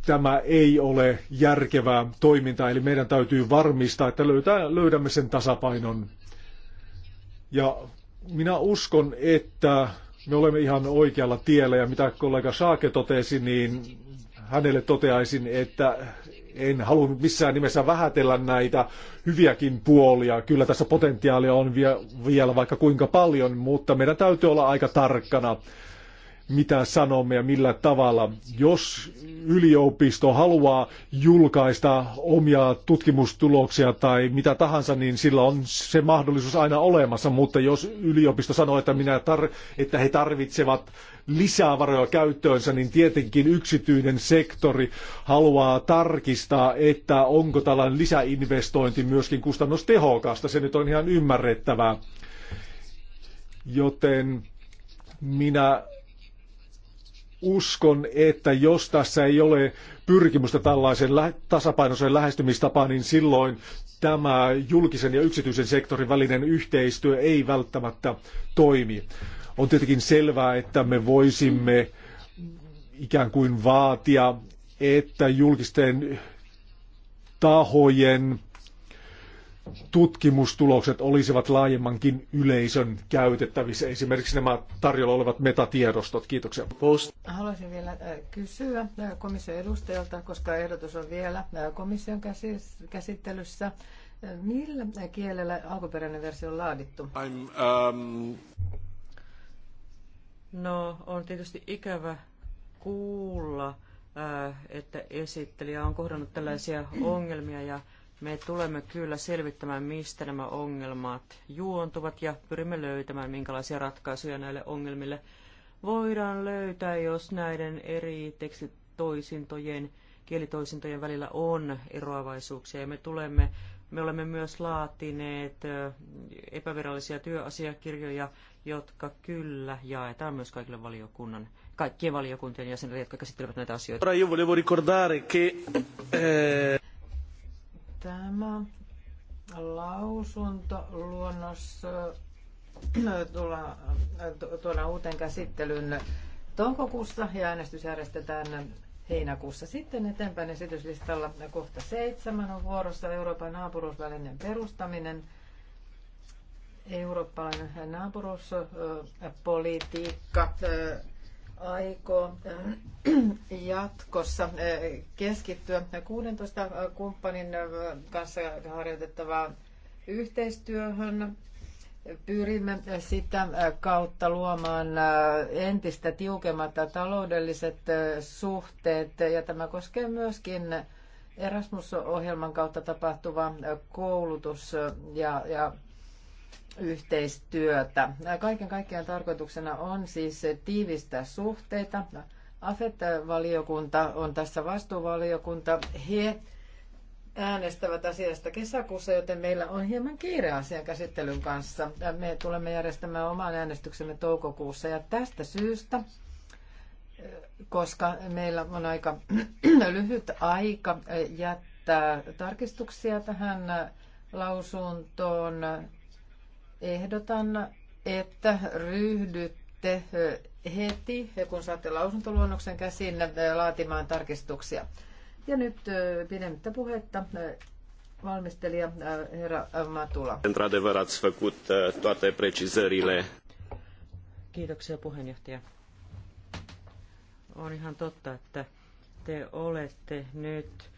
tämä ei ole järkevää toimintaa, eli meidän täytyy varmistaa, että löytää, löydämme sen tasapainon. Ja minä uskon, että me olemme ihan oikealla tiellä, ja mitä kollega Saake totesi, niin hänelle toteaisin, että en halunnut missään nimessä vähätellä näitä hyviäkin puolia. Kyllä tässä potentiaalia on vielä vaikka kuinka paljon, mutta meidän täytyy olla aika tarkkana mitä sanomme ja millä tavalla. Jos yliopisto haluaa julkaista omia tutkimustuloksia tai mitä tahansa, niin sillä on se mahdollisuus aina olemassa, mutta jos yliopisto sanoo, että, minä tar- että he tarvitsevat lisää varoja käyttöönsä, niin tietenkin yksityinen sektori haluaa tarkistaa, että onko tällainen lisäinvestointi myöskin kustannustehokasta. Se nyt on ihan ymmärrettävää. Joten minä uskon, että jos tässä ei ole pyrkimystä tällaiseen tasapainoiseen lähestymistapaan, niin silloin tämä julkisen ja yksityisen sektorin välinen yhteistyö ei välttämättä toimi. On tietenkin selvää, että me voisimme ikään kuin vaatia, että julkisten tahojen tutkimustulokset olisivat laajemmankin yleisön käytettävissä, esimerkiksi nämä tarjolla olevat metatiedostot. Kiitoksia. Post. Haluaisin vielä äh, kysyä äh, komission edustajalta, koska ehdotus on vielä äh, komission käsittelyssä. Millä kielellä alkuperäinen versio on laadittu? Um... No, on tietysti ikävä kuulla, että esittelijä on kohdannut tällaisia ongelmia ja me tulemme kyllä selvittämään, mistä nämä ongelmat juontuvat ja pyrimme löytämään, minkälaisia ratkaisuja näille ongelmille voidaan löytää, jos näiden eri tekstitoisintojen, kielitoisintojen välillä on eroavaisuuksia. Ja me tulemme me olemme myös laatineet epävirallisia työasiakirjoja, jotka kyllä jaetaan myös kaikille valiokunnan, kaikkien valiokuntien jäsenille, jotka käsittelevät näitä asioita. Tämä lausunto äh, tullaan, äh, tuona uuteen käsittelyyn toukokuussa ja äänestys järjestetään heinäkuussa. Sitten eteenpäin esityslistalla kohta seitsemän on vuorossa Euroopan naapuruusvälinen perustaminen. Eurooppalainen naapuruuspolitiikka äh, aikoo äh, jatkossa äh, keskittyä 16 äh, kumppanin kanssa harjoitettavaan yhteistyöhön. Pyrimme sitä kautta luomaan entistä tiukemmat taloudelliset suhteet ja tämä koskee myöskin Erasmus-ohjelman kautta tapahtuvaa koulutus- ja, ja yhteistyötä. Kaiken kaikkiaan tarkoituksena on siis tiivistää suhteita. AFET-valiokunta on tässä vastuuvaliokunta. He äänestävät asiasta kesäkuussa, joten meillä on hieman kiire asian käsittelyn kanssa. Me tulemme järjestämään oman äänestyksemme toukokuussa ja tästä syystä, koska meillä on aika lyhyt aika jättää tarkistuksia tähän lausuntoon, ehdotan, että ryhdytte heti, kun saatte lausuntoluonnoksen käsin, laatimaan tarkistuksia. Ja nyt pidemmittä puhetta valmistelija herra Matula. Într-adevăr ați făcut toate precizările. Kiitoksia puheenjohtaja. On ihan totta, että te olette nyt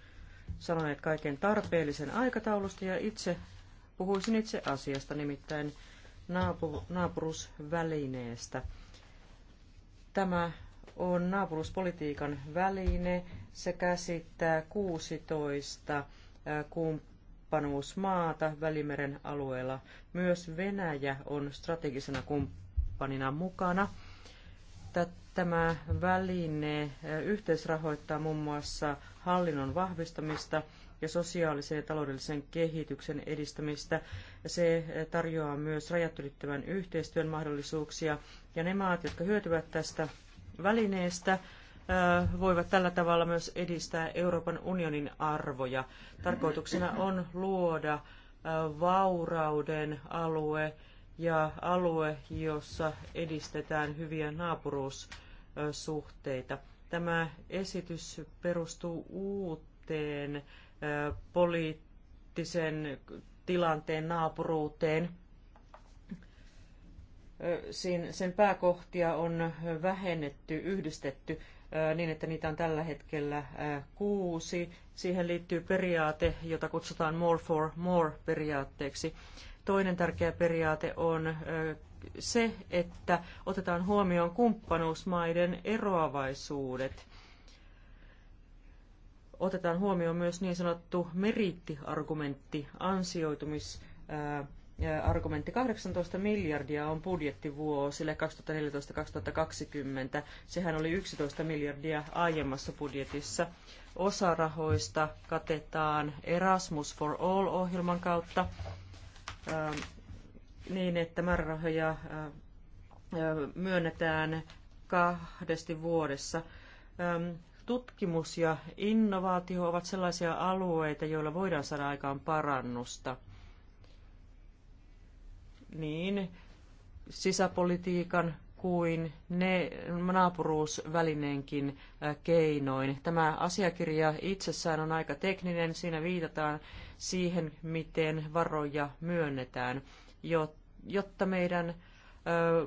sanoneet kaiken tarpeellisen aikataulusta ja itse Puhuisin itse asiasta, nimittäin naapur- naapurusvälineestä. Tämä on naapuruspolitiikan väline. Se käsittää 16 kumppanuusmaata Välimeren alueella. Myös Venäjä on strategisena kumppanina mukana. Tämä väline yhteisrahoittaa muun muassa hallinnon vahvistamista – ja sosiaalisen ja taloudellisen kehityksen edistämistä. Se tarjoaa myös rajat ylittävän yhteistyön mahdollisuuksia ja ne maat, jotka hyötyvät tästä välineestä, voivat tällä tavalla myös edistää Euroopan unionin arvoja. Tarkoituksena on luoda vaurauden alue ja alue, jossa edistetään hyviä naapuruussuhteita. Tämä esitys perustuu uuteen poliittisen tilanteen naapuruuteen. Sen pääkohtia on vähennetty, yhdistetty niin, että niitä on tällä hetkellä kuusi. Siihen liittyy periaate, jota kutsutaan more for more periaatteeksi. Toinen tärkeä periaate on se, että otetaan huomioon kumppanuusmaiden eroavaisuudet otetaan huomioon myös niin sanottu meriittiargumentti, ansioitumisargumentti. 18 miljardia on budjetti vuosille 2014-2020. Sehän oli 11 miljardia aiemmassa budjetissa. Osa rahoista katetaan Erasmus for All-ohjelman kautta niin, että määrärahoja myönnetään kahdesti vuodessa tutkimus ja innovaatio ovat sellaisia alueita, joilla voidaan saada aikaan parannusta. Niin sisäpolitiikan kuin ne naapuruusvälineenkin keinoin. Tämä asiakirja itsessään on aika tekninen. Siinä viitataan siihen, miten varoja myönnetään, jotta meidän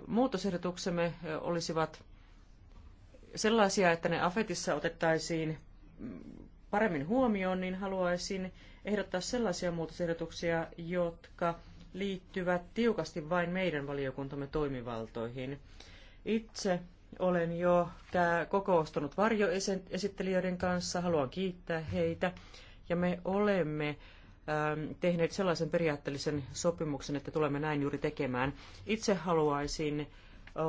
muutosehdotuksemme olisivat sellaisia, että ne AFETissa otettaisiin paremmin huomioon, niin haluaisin ehdottaa sellaisia muutosehdotuksia, jotka liittyvät tiukasti vain meidän valiokuntamme toimivaltoihin. Itse olen jo kokoostunut varjoesittelijöiden kanssa, haluan kiittää heitä. Ja me olemme ähm, tehneet sellaisen periaatteellisen sopimuksen, että tulemme näin juuri tekemään. Itse haluaisin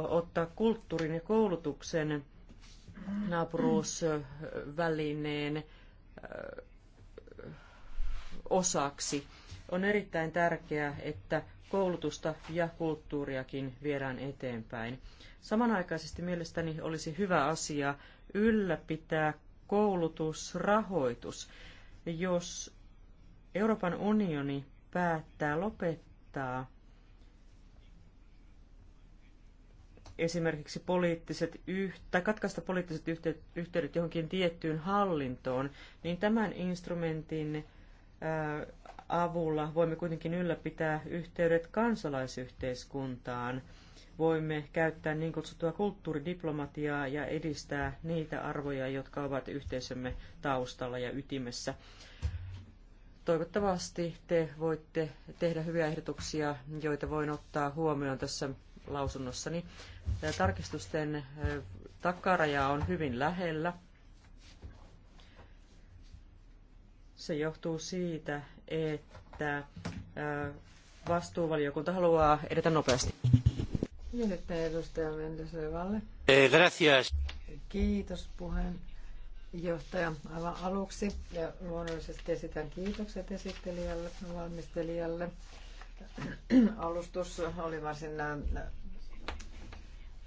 ottaa kulttuurin ja koulutuksen naapuruusvälineen äh, osaksi. On erittäin tärkeää, että koulutusta ja kulttuuriakin viedään eteenpäin. Samanaikaisesti mielestäni olisi hyvä asia ylläpitää koulutusrahoitus. Jos Euroopan unioni päättää lopettaa esimerkiksi poliittiset yh- tai katkaista poliittiset yhteydet johonkin tiettyyn hallintoon, niin tämän instrumentin avulla voimme kuitenkin ylläpitää yhteydet kansalaisyhteiskuntaan. Voimme käyttää niin kutsuttua kulttuuridiplomatiaa ja edistää niitä arvoja, jotka ovat yhteisömme taustalla ja ytimessä. Toivottavasti te voitte tehdä hyviä ehdotuksia, joita voin ottaa huomioon tässä lausunnossani tarkistusten takaraja on hyvin lähellä. Se johtuu siitä, että vastuuvaliokunta haluaa edetä nopeasti. Kiitoksia edustaja Mendesevalle. Eh, gracias. Kiitos puheenjohtaja. Aivan aluksi ja luonnollisesti esitän kiitokset esittelijälle, valmistelijalle. Alustus oli varsin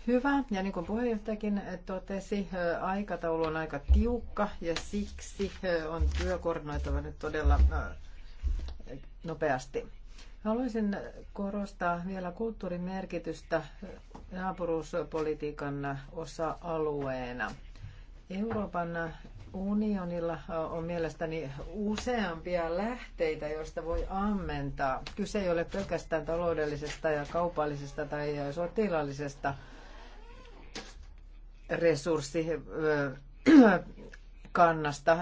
hyvä. Ja niin kuin puheenjohtajakin totesi, aikataulu on aika tiukka ja siksi on työkoordinoitava nyt todella nopeasti. Haluaisin korostaa vielä kulttuurin merkitystä naapuruuspolitiikan osa-alueena. Euroopan unionilla on mielestäni useampia lähteitä, joista voi ammentaa. Kyse ei ole pelkästään taloudellisesta ja kaupallisesta tai sotilaallisesta kannasta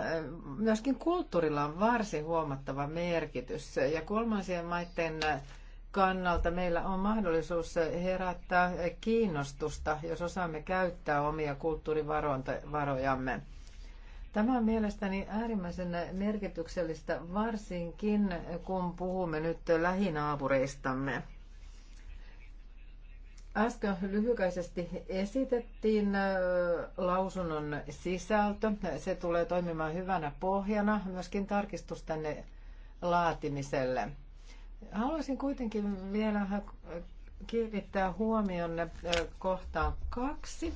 Myöskin kulttuurilla on varsin huomattava merkitys ja kolmansien maiden kannalta meillä on mahdollisuus herättää kiinnostusta, jos osaamme käyttää omia kulttuurivarojamme. Tämä on mielestäni äärimmäisen merkityksellistä, varsinkin kun puhumme nyt lähinaapureistamme. Äsken lyhykäisesti esitettiin äh, lausunnon sisältö. Se tulee toimimaan hyvänä pohjana myöskin tarkistusten laatimiselle. Haluaisin kuitenkin vielä kiinnittää huomion äh, kohtaan kaksi,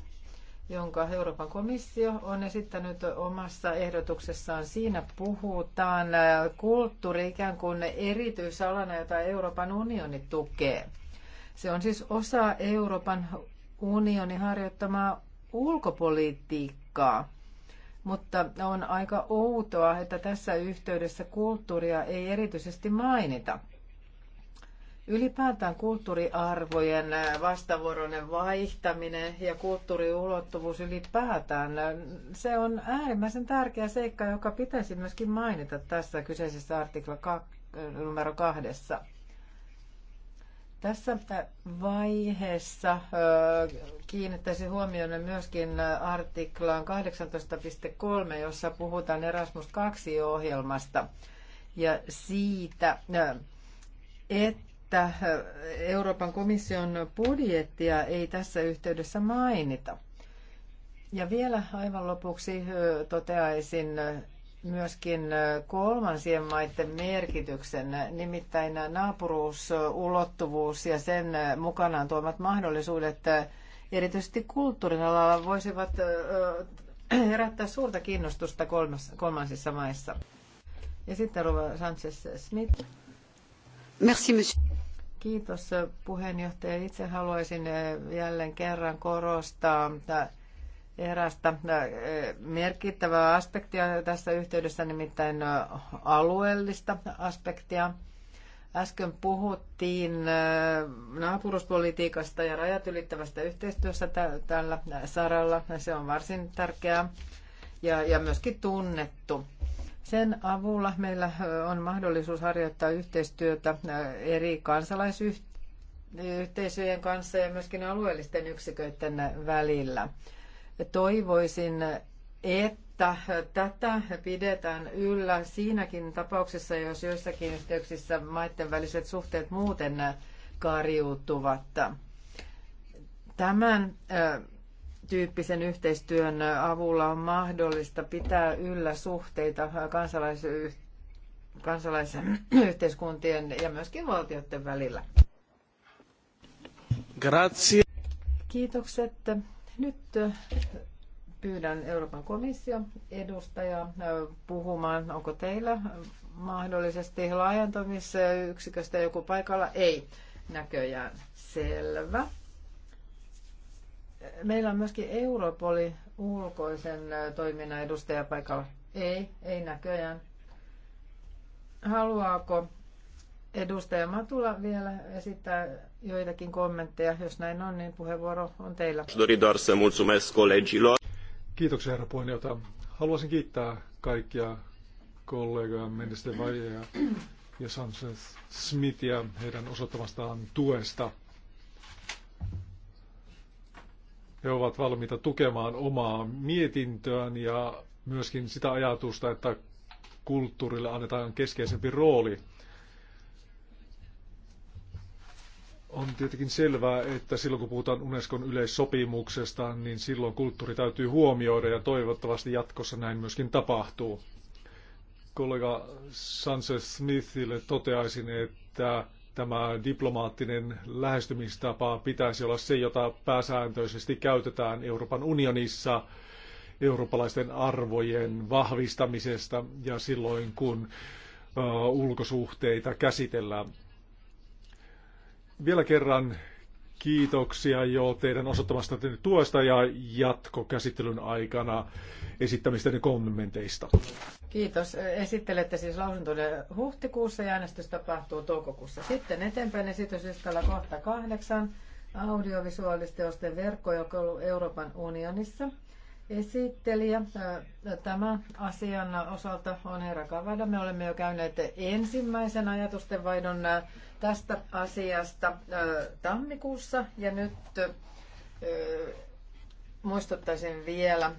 jonka Euroopan komissio on esittänyt omassa ehdotuksessaan. Siinä puhutaan äh, kulttuuri ikään kuin erityisalana, jota Euroopan unioni tukee. Se on siis osa Euroopan unionin harjoittamaa ulkopolitiikkaa. Mutta on aika outoa, että tässä yhteydessä kulttuuria ei erityisesti mainita. Ylipäätään kulttuuriarvojen vastavuoroinen vaihtaminen ja kulttuuriulottuvuus ylipäätään, se on äärimmäisen tärkeä seikka, joka pitäisi myöskin mainita tässä kyseisessä artikla numero kahdessa. Tässä vaiheessa kiinnittäisin huomioon myöskin artiklaan 18.3, jossa puhutaan Erasmus 2-ohjelmasta ja siitä, että Euroopan komission budjettia ei tässä yhteydessä mainita. Ja vielä aivan lopuksi toteaisin, myöskin kolmansien maiden merkityksen, nimittäin naapuruusulottuvuus ja sen mukanaan tuomat mahdollisuudet erityisesti kulttuurin alalla voisivat herättää suurta kiinnostusta kolmansissa maissa. Ja sitten Ruva Sanchez-Smith. Merci, monsieur. Kiitos puheenjohtaja. Itse haluaisin jälleen kerran korostaa erästä äh, merkittävää aspektia tässä yhteydessä, nimittäin äh, alueellista aspektia. Äsken puhuttiin äh, naapuruspolitiikasta ja rajat ylittävästä yhteistyöstä tällä saralla. Se on varsin tärkeää ja, ja myöskin tunnettu. Sen avulla meillä on mahdollisuus harjoittaa yhteistyötä eri kansalaisyhteisöjen kanssa ja myöskin alueellisten yksiköiden välillä toivoisin, että tätä pidetään yllä siinäkin tapauksessa, jos joissakin yhteyksissä maiden väliset suhteet muuten karjuuttuvat. Tämän tyyppisen yhteistyön avulla on mahdollista pitää yllä suhteita kansalaisen kansalaisyhteiskuntien ja myöskin valtioiden välillä. Grazie. Kiitokset. Nyt äh, pyydän Euroopan komission edustajaa äh, puhumaan. Onko teillä mahdollisesti laajentamisyksiköstä joku paikalla? Ei näköjään. Selvä. Äh, meillä on myöskin Europoli ulkoisen toiminnan edustaja paikalla. Ei, ei näköjään. Haluaako edustaja Matula vielä esittää joitakin kommentteja. Jos näin on, niin puheenvuoro on teillä. Kiitoksia herra puheenjohtaja. Haluaisin kiittää kaikkia kollegoja Mendes Vajea ja Sanchez Smithia heidän osoittamastaan tuesta. He ovat valmiita tukemaan omaa mietintöään ja myöskin sitä ajatusta, että kulttuurille annetaan keskeisempi rooli On tietenkin selvää, että silloin kun puhutaan Unescon yleissopimuksesta, niin silloin kulttuuri täytyy huomioida ja toivottavasti jatkossa näin myöskin tapahtuu. Kollega Sanchez Smithille toteaisin, että tämä diplomaattinen lähestymistapa pitäisi olla se, jota pääsääntöisesti käytetään Euroopan unionissa eurooppalaisten arvojen vahvistamisesta ja silloin kun ulkosuhteita käsitellään. Vielä kerran kiitoksia jo teidän osoittamasta tuosta ja jatkokäsittelyn aikana esittämistäni kommenteista. Kiitos. Esittelette siis lausuntoja huhtikuussa ja äänestys tapahtuu toukokuussa. Sitten eteenpäin esityslistalla kohta kahdeksan audiovisuaalisten verkko, joka on Euroopan unionissa esittelijä. Tämä asian osalta on herra Kavada. Me olemme jo käyneet ensimmäisen ajatustenvaihdon tästä asiasta tammikuussa ja nyt muistuttaisin vielä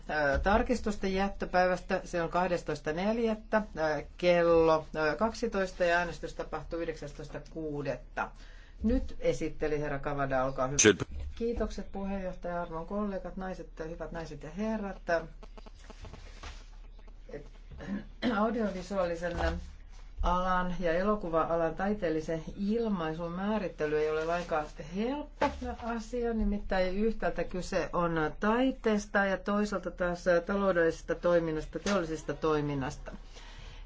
tarkistusten jättöpäivästä. Se on 12.4. kello 12 ja äänestys tapahtuu 19.6. Nyt esitteli herra Kavada, olkaa hyvä. Kiitokset puheenjohtaja, arvon kollegat, naiset, hyvät naiset ja herrat. Äh, audiovisuaalisen alan ja elokuva-alan taiteellisen ilmaisun määrittely ei ole lainkaan helppo asia, nimittäin yhtäältä kyse on taiteesta ja toisaalta taas taloudellisesta toiminnasta, teollisesta toiminnasta.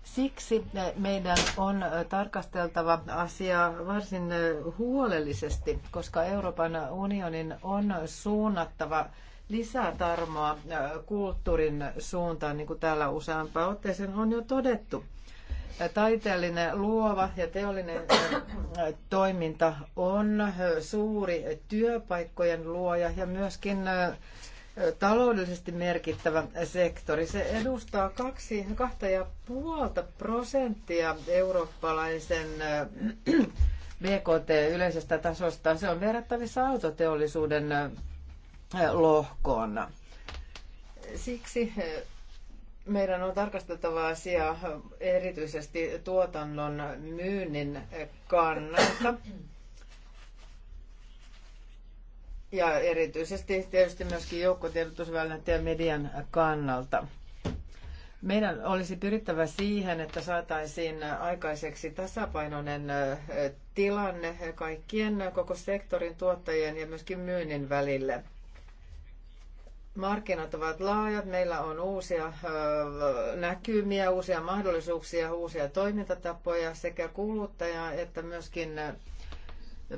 Siksi eh, meidän on eh, tarkasteltava asiaa varsin eh, huolellisesti, koska Euroopan unionin on suunnattava lisää tarmoa kulttuurin suuntaan, niin kuin täällä useampaan otteeseen on jo todettu. Taiteellinen luova ja teollinen toiminta on suuri työpaikkojen luoja ja myöskin taloudellisesti merkittävä sektori. Se edustaa kaksi, kahta ja puolta prosenttia eurooppalaisen BKT yleisestä tasosta. Se on verrattavissa autoteollisuuden lohkoon. Siksi meidän on tarkasteltava asia erityisesti tuotannon myynnin kannalta ja erityisesti tietysti myöskin joukkotiedotusvälineiden ja median kannalta. Meidän olisi pyrittävä siihen, että saataisiin aikaiseksi tasapainoinen tilanne kaikkien koko sektorin tuottajien ja myöskin myynnin välille. Markkinat ovat laajat, meillä on uusia näkymiä, uusia mahdollisuuksia, uusia toimintatapoja sekä kuluttaja että myöskin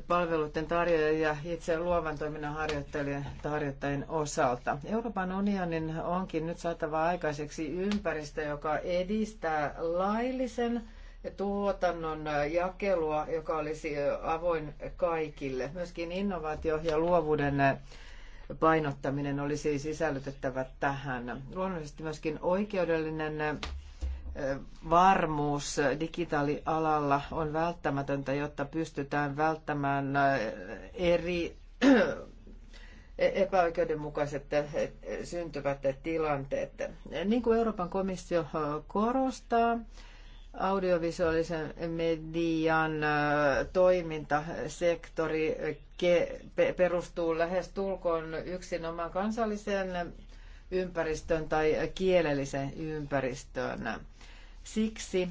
palveluiden tarjoajien ja itse luovan toiminnan harjoittajien, harjoittajien osalta. Euroopan unionin onkin nyt saatava aikaiseksi ympäristö, joka edistää laillisen tuotannon jakelua, joka olisi avoin kaikille. Myöskin innovaatio ja luovuuden painottaminen olisi sisällytettävä tähän. Luonnollisesti myöskin oikeudellinen varmuus digitaalialalla on välttämätöntä, jotta pystytään välttämään äh, eri epäoikeudenmukaiset äh, syntyvät tilanteet. Niin kuin Euroopan komissio äh, korostaa, audiovisuaalisen median toimintasektori perustuu lähes tulkoon yksinomaan kansalliseen ympäristöön tai kielelliseen ympäristöön. Siksi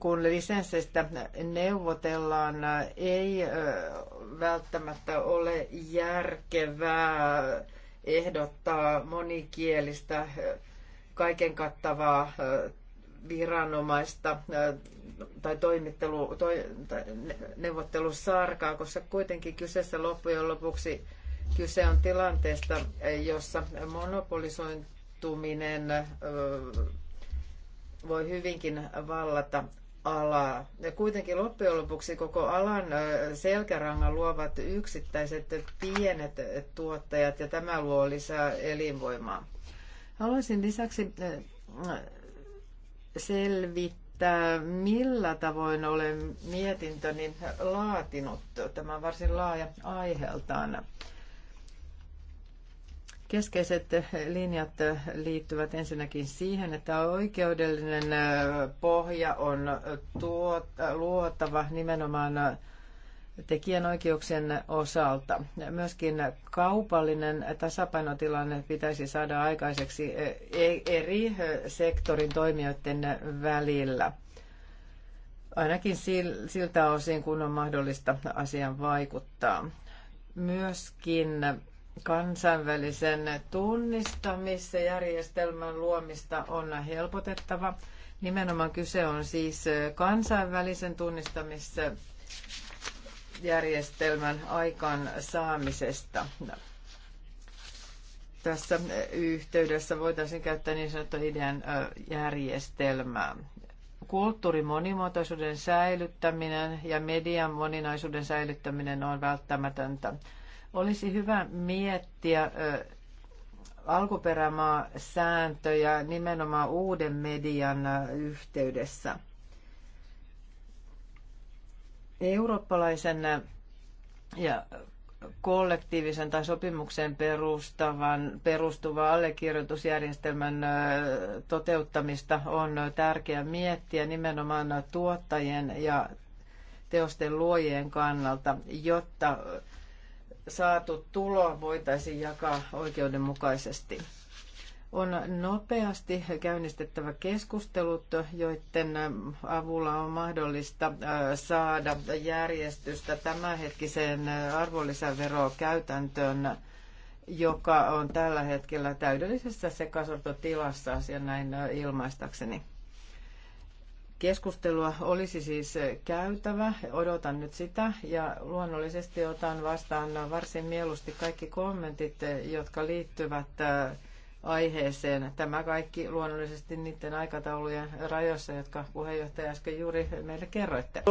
kun lisensseistä neuvotellaan, ei välttämättä ole järkevää ehdottaa monikielistä kaiken kattavaa viranomaista tai toimittelu, toi, tai neuvottelusarkaa, koska kuitenkin kyseessä loppujen lopuksi kyse on tilanteesta, jossa monopolisointi velkaantuminen voi hyvinkin vallata alaa. Ja kuitenkin loppujen lopuksi koko alan selkärangan luovat yksittäiset pienet tuottajat ja tämä luo lisää elinvoimaa. Haluaisin lisäksi selvittää, millä tavoin olen mietintöni laatinut. Tämä on varsin laaja aiheeltaan. Keskeiset linjat liittyvät ensinnäkin siihen, että oikeudellinen äh, pohja on äh, tuot, äh, luotava nimenomaan tekijänoikeuksien osalta. Myöskin kaupallinen tasapainotilanne pitäisi saada aikaiseksi e-, eri sektorin toimijoiden välillä. Ainakin siltä osin, kun on mahdollista asian vaikuttaa. Myöskin Kansainvälisen tunnistamisjärjestelmän luomista on helpotettava. Nimenomaan kyse on siis kansainvälisen tunnistamisjärjestelmän aikaan saamisesta. Tässä yhteydessä voitaisiin käyttää niin sanottua idean järjestelmää. Kulttuurin monimuotoisuuden säilyttäminen ja median moninaisuuden säilyttäminen on välttämätöntä. Olisi hyvä miettiä alkuperämaa sääntöjä nimenomaan uuden median yhteydessä. Eurooppalaisen ja kollektiivisen tai sopimukseen perustavan, perustuva allekirjoitusjärjestelmän toteuttamista on tärkeää miettiä nimenomaan tuottajien ja teosten luojien kannalta, jotta saatu tulo voitaisiin jakaa oikeudenmukaisesti. On nopeasti käynnistettävä keskustelut, joiden avulla on mahdollista äh, saada järjestystä tämänhetkiseen äh, arvonlisäverokäytäntöön, joka on tällä hetkellä täydellisessä sekasortotilassa, ja näin äh, ilmaistakseni. Keskustelua olisi siis käytävä, odotan nyt sitä ja luonnollisesti otan vastaan varsin mieluusti kaikki kommentit, jotka liittyvät äh, aiheeseen. Tämä kaikki luonnollisesti niiden aikataulujen rajoissa, jotka puheenjohtaja äsken juuri meille kerroitte.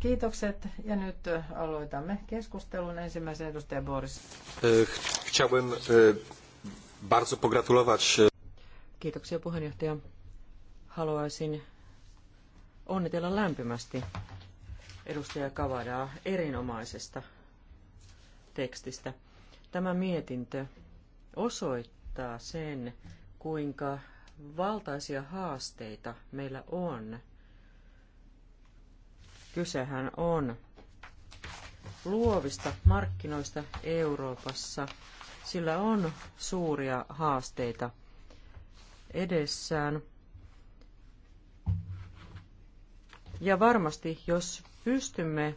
Kiitokset ja nyt äh, aloitamme keskustelun ensimmäisen edustaja Boris. Äh, chciałbym bardzo pogratulować. Kiitoksia puheenjohtaja. Haluaisin onnitella lämpimästi edustaja Kavadaa erinomaisesta tekstistä. Tämä mietintö osoittaa sen, kuinka valtaisia haasteita meillä on. Kysehän on luovista markkinoista Euroopassa. Sillä on suuria haasteita edessään. Ja varmasti, jos pystymme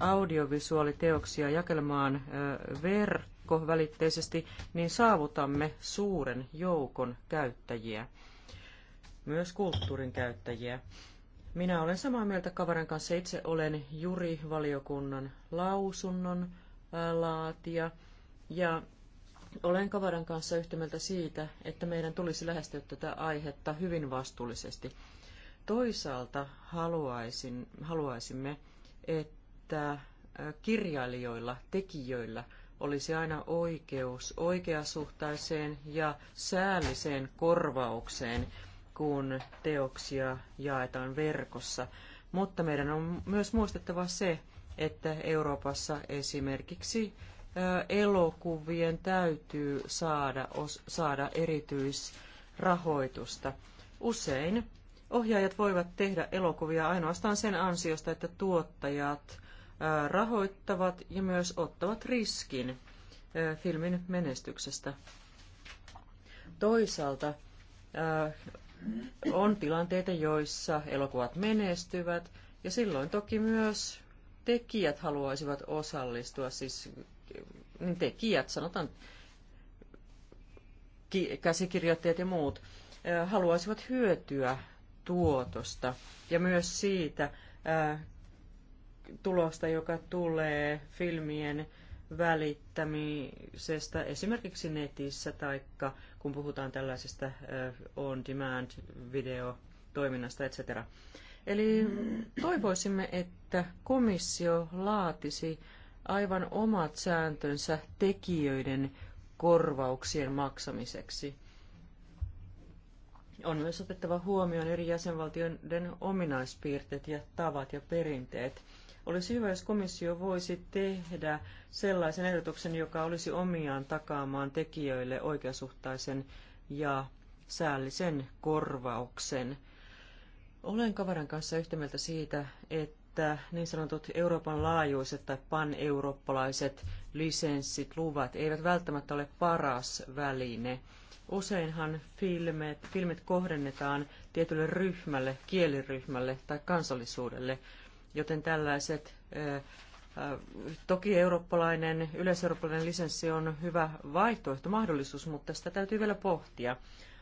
audiovisuaaliteoksia jakelemaan verkkovälitteisesti, niin saavutamme suuren joukon käyttäjiä, myös kulttuurin käyttäjiä. Minä olen samaa mieltä kaverin kanssa. Itse olen jurivaliokunnan lausunnon laatija ja olen kaverin kanssa yhtä mieltä siitä, että meidän tulisi lähestyä tätä aihetta hyvin vastuullisesti. Toisaalta haluaisin, haluaisimme, että kirjailijoilla, tekijöillä olisi aina oikeus oikeasuhtaiseen ja säälliseen korvaukseen, kun teoksia jaetaan verkossa. Mutta meidän on myös muistettava se, että Euroopassa esimerkiksi elokuvien täytyy saada, saada erityisrahoitusta. Usein Ohjaajat voivat tehdä elokuvia ainoastaan sen ansiosta, että tuottajat rahoittavat ja myös ottavat riskin filmin menestyksestä. Toisaalta on tilanteita, joissa elokuvat menestyvät, ja silloin toki myös tekijät haluaisivat osallistua, siis niin tekijät, sanotaan käsikirjoittajat ja muut, haluaisivat hyötyä tuotosta ja myös siitä ää, äh, tulosta, joka tulee filmien välittämisestä esimerkiksi netissä tai kun puhutaan tällaisesta äh, on-demand-videotoiminnasta, etc. Eli toivoisimme, että komissio laatisi aivan omat sääntönsä tekijöiden korvauksien maksamiseksi – on myös otettava huomioon eri jäsenvaltioiden ominaispiirteet ja tavat ja perinteet. Olisi hyvä, jos komissio voisi tehdä sellaisen ehdotuksen, joka olisi omiaan takaamaan tekijöille oikeasuhtaisen ja säällisen korvauksen. Olen kavaran kanssa yhtä mieltä siitä, että niin sanotut Euroopan laajuiset tai pan-eurooppalaiset lisenssit, luvat eivät välttämättä ole paras väline – Useinhan filmet, filmit kohdennetaan tietylle ryhmälle, kieliryhmälle tai kansallisuudelle, joten tällaiset Toki eurooppalainen, yleiseurooppalainen lisenssi on hyvä vaihtoehto, mahdollisuus, mutta sitä täytyy vielä pohtia.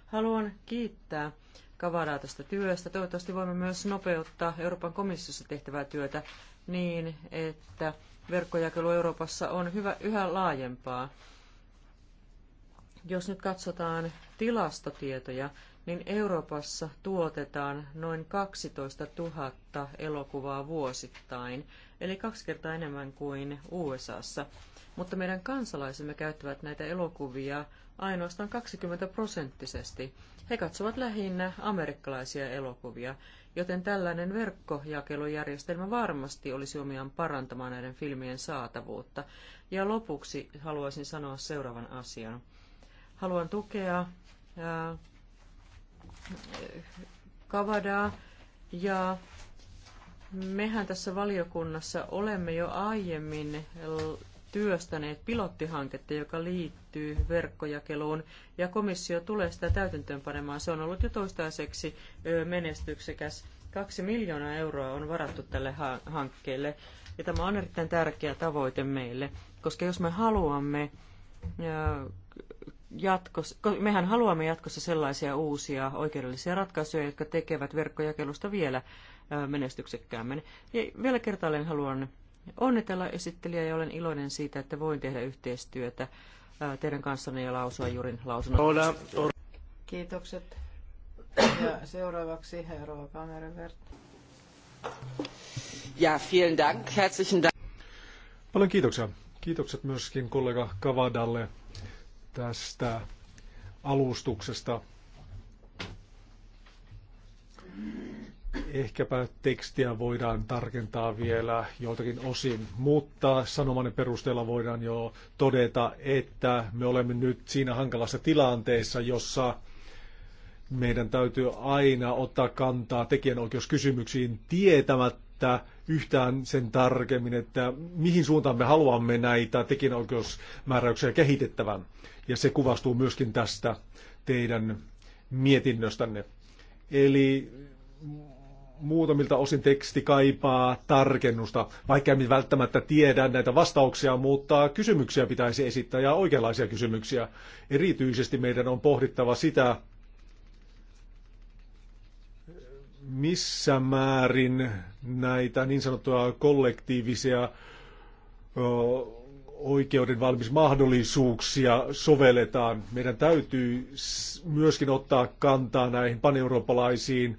Haluan kiittää Kavadaa tästä työstä. Toivottavasti voimme myös nopeuttaa Euroopan komissiossa tehtävää työtä niin, että verkkojakelu Euroopassa on hyvä, yhä laajempaa. Jos nyt katsotaan tilastotietoja, niin Euroopassa tuotetaan noin 12 000 elokuvaa vuosittain, eli kaksi kertaa enemmän kuin USAssa. Mutta meidän kansalaisemme käyttävät näitä elokuvia ainoastaan 20 prosenttisesti. He katsovat lähinnä amerikkalaisia elokuvia, joten tällainen verkkojakelujärjestelmä varmasti olisi omiaan parantamaan näiden filmien saatavuutta. Ja lopuksi haluaisin sanoa seuraavan asian. Haluan tukea Kavadaa ja mehän tässä valiokunnassa olemme jo aiemmin työstäneet pilottihanketta, joka liittyy verkkojakeluun, ja komissio tulee sitä täytäntöönpanemaan. Se on ollut jo toistaiseksi menestyksekäs. Kaksi miljoonaa euroa on varattu tälle hankkeelle, ja tämä on erittäin tärkeä tavoite meille, koska jos me haluamme jatkossa, mehän haluamme jatkossa sellaisia uusia oikeudellisia ratkaisuja, jotka tekevät verkkojakelusta vielä menestyksekkäämmin. Ja vielä kertaalleen haluan onnitella esittelijä ja olen iloinen siitä, että voin tehdä yhteistyötä teidän kanssanne ja lausua Jurin lausunnon. Kiitokset. Ja seuraavaksi Herra Kamerenvert. Ja, vielen dank. Herzlichen dank. Paljon kiitoksia. Kiitokset myöskin kollega Kavadalle tästä alustuksesta. Ehkäpä tekstiä voidaan tarkentaa vielä joiltakin osin, mutta sanomanen perusteella voidaan jo todeta, että me olemme nyt siinä hankalassa tilanteessa, jossa meidän täytyy aina ottaa kantaa tekijänoikeuskysymyksiin tietämättä, että yhtään sen tarkemmin, että mihin suuntaan me haluamme näitä tekijänoikeusmääräyksiä kehitettävän. Ja se kuvastuu myöskin tästä teidän mietinnöstänne. Eli muutamilta osin teksti kaipaa tarkennusta, vaikka emme välttämättä tiedä näitä vastauksia, mutta kysymyksiä pitäisi esittää ja oikeanlaisia kysymyksiä. Erityisesti meidän on pohdittava sitä, missä määrin näitä niin sanottuja kollektiivisia oikeudenvalmismahdollisuuksia sovelletaan. Meidän täytyy myöskin ottaa kantaa näihin paneurooppalaisiin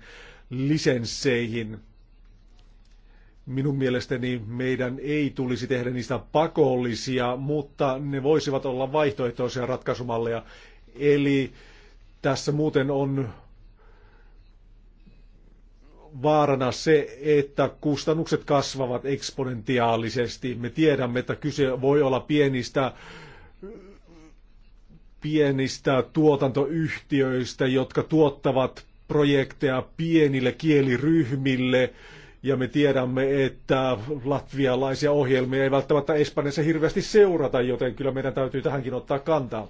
lisensseihin. Minun mielestäni meidän ei tulisi tehdä niistä pakollisia, mutta ne voisivat olla vaihtoehtoisia ratkaisumalleja. Eli tässä muuten on vaarana se, että kustannukset kasvavat eksponentiaalisesti. Me tiedämme, että kyse voi olla pienistä pienistä tuotantoyhtiöistä, jotka tuottavat projekteja pienille kieliryhmille. Ja me tiedämme, että latvialaisia ohjelmia ei välttämättä Espanjassa hirveästi seurata, joten kyllä meidän täytyy tähänkin ottaa kantaa.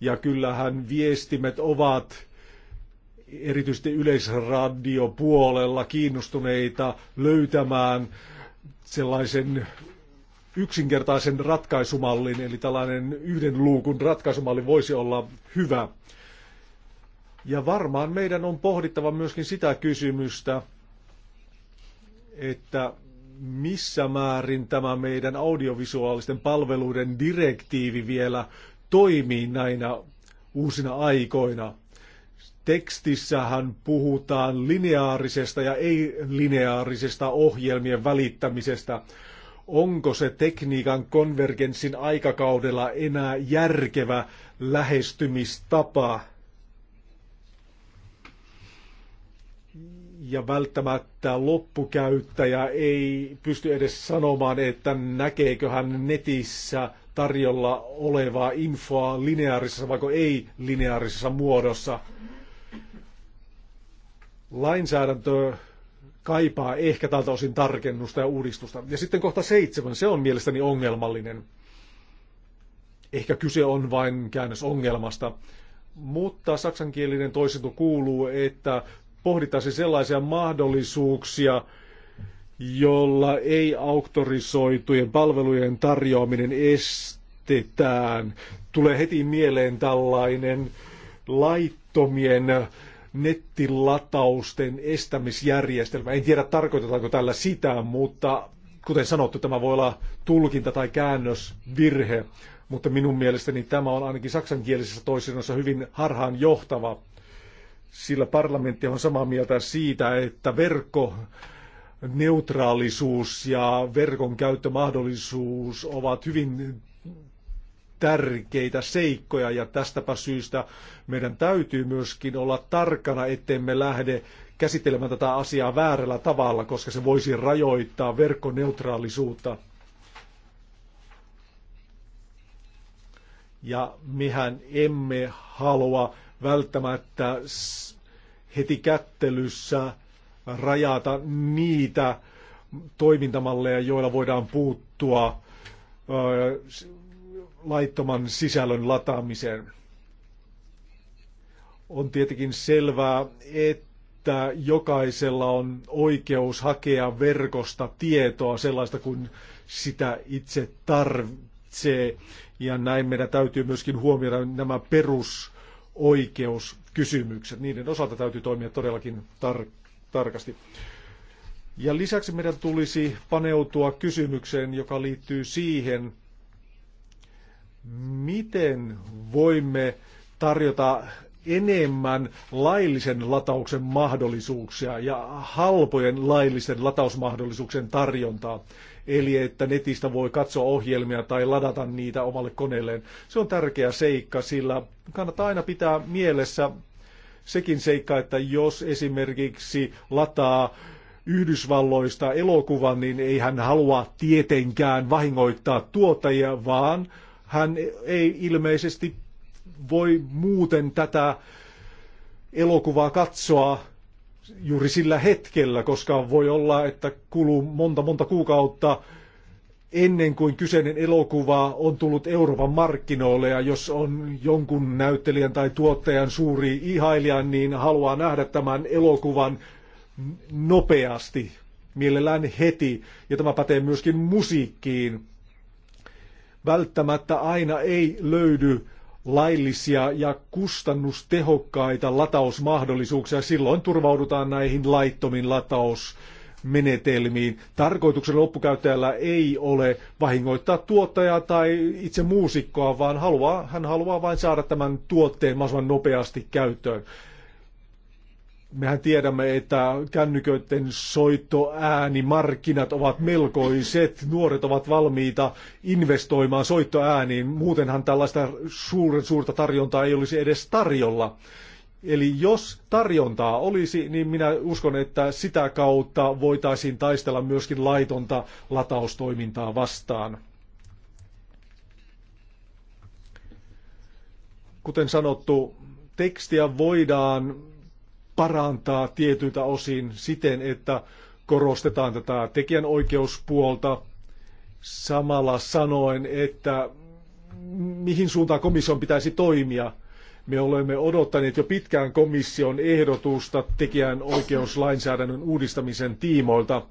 Ja kyllähän viestimet ovat erityisesti yleisradiopuolella kiinnostuneita löytämään sellaisen yksinkertaisen ratkaisumallin, eli tällainen yhden luukun ratkaisumalli voisi olla hyvä. Ja varmaan meidän on pohdittava myöskin sitä kysymystä, että missä määrin tämä meidän audiovisuaalisten palveluiden direktiivi vielä toimii näinä uusina aikoina tekstissähän puhutaan lineaarisesta ja ei-lineaarisesta ohjelmien välittämisestä. Onko se tekniikan konvergenssin aikakaudella enää järkevä lähestymistapa? Ja välttämättä loppukäyttäjä ei pysty edes sanomaan, että näkeekö hän netissä tarjolla olevaa infoa lineaarisessa vai ei lineaarisessa muodossa lainsäädäntö kaipaa ehkä tältä osin tarkennusta ja uudistusta. Ja sitten kohta seitsemän, se on mielestäni ongelmallinen. Ehkä kyse on vain käännös ongelmasta. mutta saksankielinen toisinto kuuluu, että pohdittaisiin sellaisia mahdollisuuksia, jolla ei auktorisoitujen palvelujen tarjoaminen estetään. Tulee heti mieleen tällainen laittomien nettilatausten estämisjärjestelmä. En tiedä tarkoitetaanko tällä sitä, mutta kuten sanottu, tämä voi olla tulkinta tai käännösvirhe, mutta minun mielestäni tämä on ainakin saksankielisessä toisinnossa hyvin harhaan johtava, sillä parlamentti on samaa mieltä siitä, että verkko neutraalisuus ja verkon käyttömahdollisuus ovat hyvin tärkeitä seikkoja ja tästäpä syystä meidän täytyy myöskin olla tarkkana, ettemme lähde käsittelemään tätä asiaa väärällä tavalla, koska se voisi rajoittaa verkkoneutraalisuutta. Ja mehän emme halua välttämättä heti kättelyssä rajata niitä toimintamalleja, joilla voidaan puuttua laittoman sisällön lataamiseen. On tietenkin selvää, että jokaisella on oikeus hakea verkosta tietoa sellaista kuin sitä itse tarvitsee. Ja näin meidän täytyy myöskin huomioida nämä perusoikeuskysymykset. Niiden osalta täytyy toimia todellakin tar- tarkasti. Ja lisäksi meidän tulisi paneutua kysymykseen, joka liittyy siihen, miten voimme tarjota enemmän laillisen latauksen mahdollisuuksia ja halpojen laillisen latausmahdollisuuksien tarjontaa. Eli että netistä voi katsoa ohjelmia tai ladata niitä omalle koneelleen. Se on tärkeä seikka, sillä kannattaa aina pitää mielessä sekin seikka, että jos esimerkiksi lataa Yhdysvalloista elokuvan, niin ei hän halua tietenkään vahingoittaa tuottajia, vaan hän ei ilmeisesti voi muuten tätä elokuvaa katsoa juuri sillä hetkellä, koska voi olla, että kuluu monta monta kuukautta ennen kuin kyseinen elokuva on tullut Euroopan markkinoille ja jos on jonkun näyttelijän tai tuottajan suuri ihailija, niin haluaa nähdä tämän elokuvan nopeasti, mielellään heti. Ja tämä pätee myöskin musiikkiin välttämättä aina ei löydy laillisia ja kustannustehokkaita latausmahdollisuuksia. Silloin turvaudutaan näihin laittomiin latausmenetelmiin. Tarkoituksena loppukäyttäjällä ei ole vahingoittaa tuottajaa tai itse muusikkoa, vaan haluaa, hän haluaa vain saada tämän tuotteen mahdollisimman nopeasti käyttöön. Mehän tiedämme, että kännyköiden soittoäänimarkkinat ovat melkoiset. Nuoret ovat valmiita investoimaan soittoääniin. Muutenhan tällaista suuren suurta tarjontaa ei olisi edes tarjolla. Eli jos tarjontaa olisi, niin minä uskon, että sitä kautta voitaisiin taistella myöskin laitonta lataustoimintaa vastaan. Kuten sanottu, tekstiä voidaan parantaa tietyiltä osin siten, että korostetaan tätä tekijänoikeuspuolta samalla sanoen, että mihin suuntaan komission pitäisi toimia. Me olemme odottaneet jo pitkään komission ehdotusta tekijänoikeuslainsäädännön uudistamisen tiimoilta.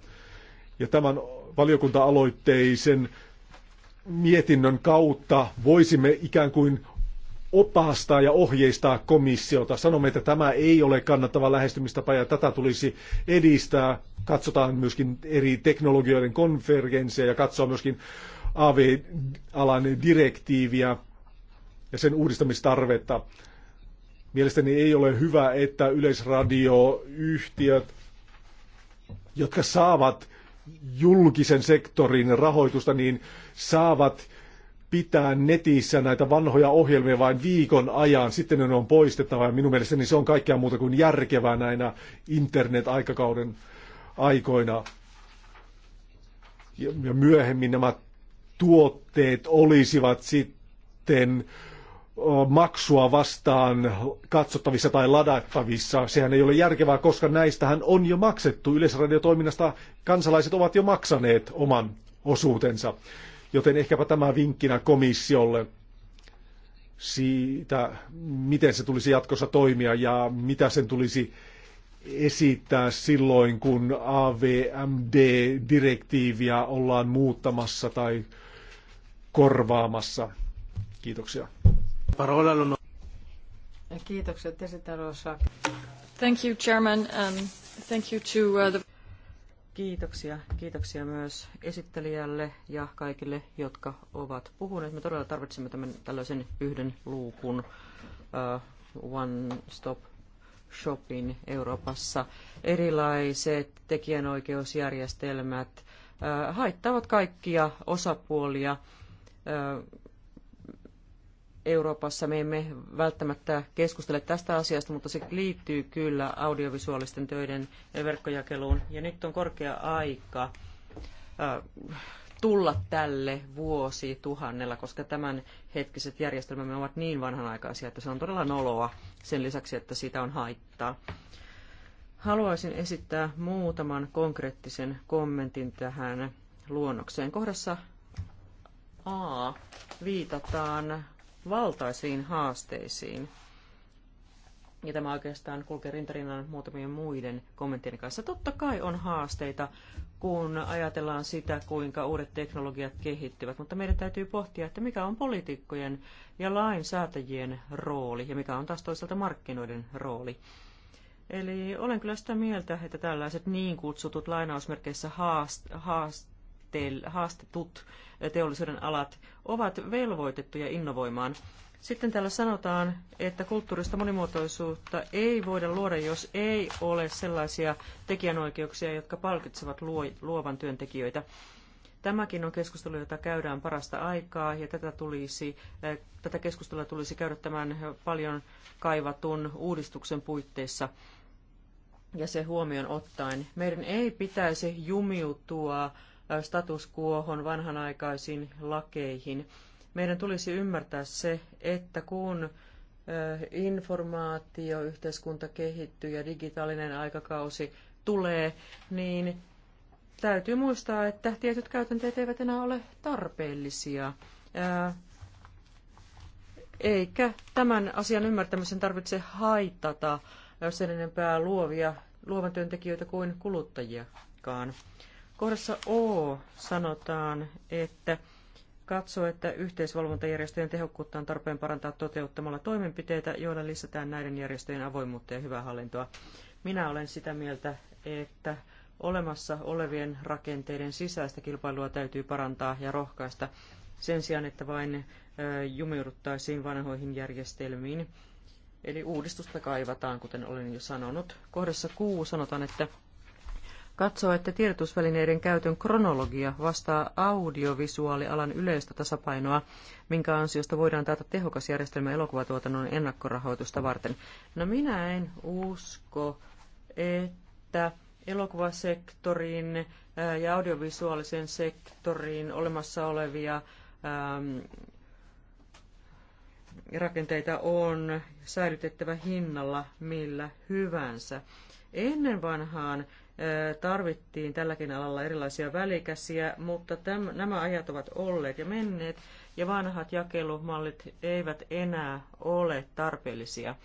Ja tämän valiokunta-aloitteisen mietinnön kautta voisimme ikään kuin opastaa ja ohjeistaa komissiota. Sanomme, että tämä ei ole kannattava lähestymistapa ja tätä tulisi edistää. Katsotaan myöskin eri teknologioiden konvergenssia ja katsoa myöskin AV-alan direktiiviä ja sen uudistamistarvetta. Mielestäni ei ole hyvä, että yleisradioyhtiöt, jotka saavat julkisen sektorin rahoitusta, niin saavat pitää netissä näitä vanhoja ohjelmia vain viikon ajan, sitten ne on poistettava. Ja minun mielestäni se on kaikkea muuta kuin järkevää näinä internet-aikakauden aikoina. Ja myöhemmin nämä tuotteet olisivat sitten maksua vastaan katsottavissa tai ladattavissa. Sehän ei ole järkevää, koska näistähän on jo maksettu. Yleisradiotoiminnasta kansalaiset ovat jo maksaneet oman osuutensa. Joten ehkäpä tämä vinkkinä komissiolle siitä, miten se tulisi jatkossa toimia ja mitä sen tulisi esittää silloin, kun AVMD-direktiiviä ollaan muuttamassa tai korvaamassa. Kiitoksia. Kiitokset esitarossa. Thank you, Chairman. Um, thank you to uh, the... Kiitoksia. Kiitoksia myös esittelijälle ja kaikille, jotka ovat puhuneet. Me todella tarvitsemme tämän tällaisen yhden luukun uh, One Stop Shopin Euroopassa. Erilaiset tekijänoikeusjärjestelmät uh, haittavat kaikkia osapuolia. Uh, Euroopassa me emme välttämättä keskustele tästä asiasta, mutta se liittyy kyllä audiovisuaalisten töiden verkkojakeluun. Ja nyt on korkea aika tulla tälle vuosi tuhannella, koska tämän hetkiset järjestelmämme ovat niin vanhanaikaisia, että se on todella noloa sen lisäksi, että siitä on haittaa. Haluaisin esittää muutaman konkreettisen kommentin tähän luonnokseen. Kohdassa A viitataan valtaisiin haasteisiin. Ja tämä oikeastaan kulkee rintarinnan muutamien muiden kommenttien kanssa. Totta kai on haasteita, kun ajatellaan sitä, kuinka uudet teknologiat kehittyvät, mutta meidän täytyy pohtia, että mikä on poliitikkojen ja lainsäätäjien rooli ja mikä on taas toisaalta markkinoiden rooli. Eli olen kyllä sitä mieltä, että tällaiset niin kutsutut lainausmerkeissä haast, haast, haastetut teollisuuden alat ovat velvoitettuja innovoimaan. Sitten täällä sanotaan, että kulttuurista monimuotoisuutta ei voida luoda, jos ei ole sellaisia tekijänoikeuksia, jotka palkitsevat luovan työntekijöitä. Tämäkin on keskustelu, jota käydään parasta aikaa ja tätä, tulisi, eh, tätä keskustelua tulisi käydä tämän paljon kaivatun uudistuksen puitteissa ja se huomioon ottaen. Meidän ei pitäisi jumiutua quohon, vanhanaikaisiin lakeihin. Meidän tulisi ymmärtää se, että kun informaatio, yhteiskunta kehittyy ja digitaalinen aikakausi tulee, niin täytyy muistaa, että tietyt käytänteet eivät enää ole tarpeellisia. Eikä tämän asian ymmärtämisen tarvitse haitata sen enempää luovia, luovan työntekijöitä kuin kuluttajiakaan. Kohdassa O sanotaan, että katsoo, että yhteisvalvontajärjestöjen tehokkuutta on tarpeen parantaa toteuttamalla toimenpiteitä, joilla lisätään näiden järjestöjen avoimuutta ja hyvää hallintoa. Minä olen sitä mieltä, että olemassa olevien rakenteiden sisäistä kilpailua täytyy parantaa ja rohkaista sen sijaan, että vain jumiuduttaisiin vanhoihin järjestelmiin. Eli uudistusta kaivataan, kuten olen jo sanonut. Kohdassa Q sanotaan, että katsoo, että tiedotusvälineiden käytön kronologia vastaa audiovisuaalialan yleistä tasapainoa, minkä ansiosta voidaan taata tehokas järjestelmä elokuvatuotannon ennakkorahoitusta varten. No minä en usko, että elokuvasektorin ja audiovisuaalisen sektorin olemassa olevia rakenteita on säilytettävä hinnalla millä hyvänsä. Ennen vanhaan tarvittiin tälläkin alalla erilaisia välikäsiä, mutta täm, nämä ajat ovat olleet ja menneet, ja vanhat jakelumallit eivät enää ole tarpeellisia.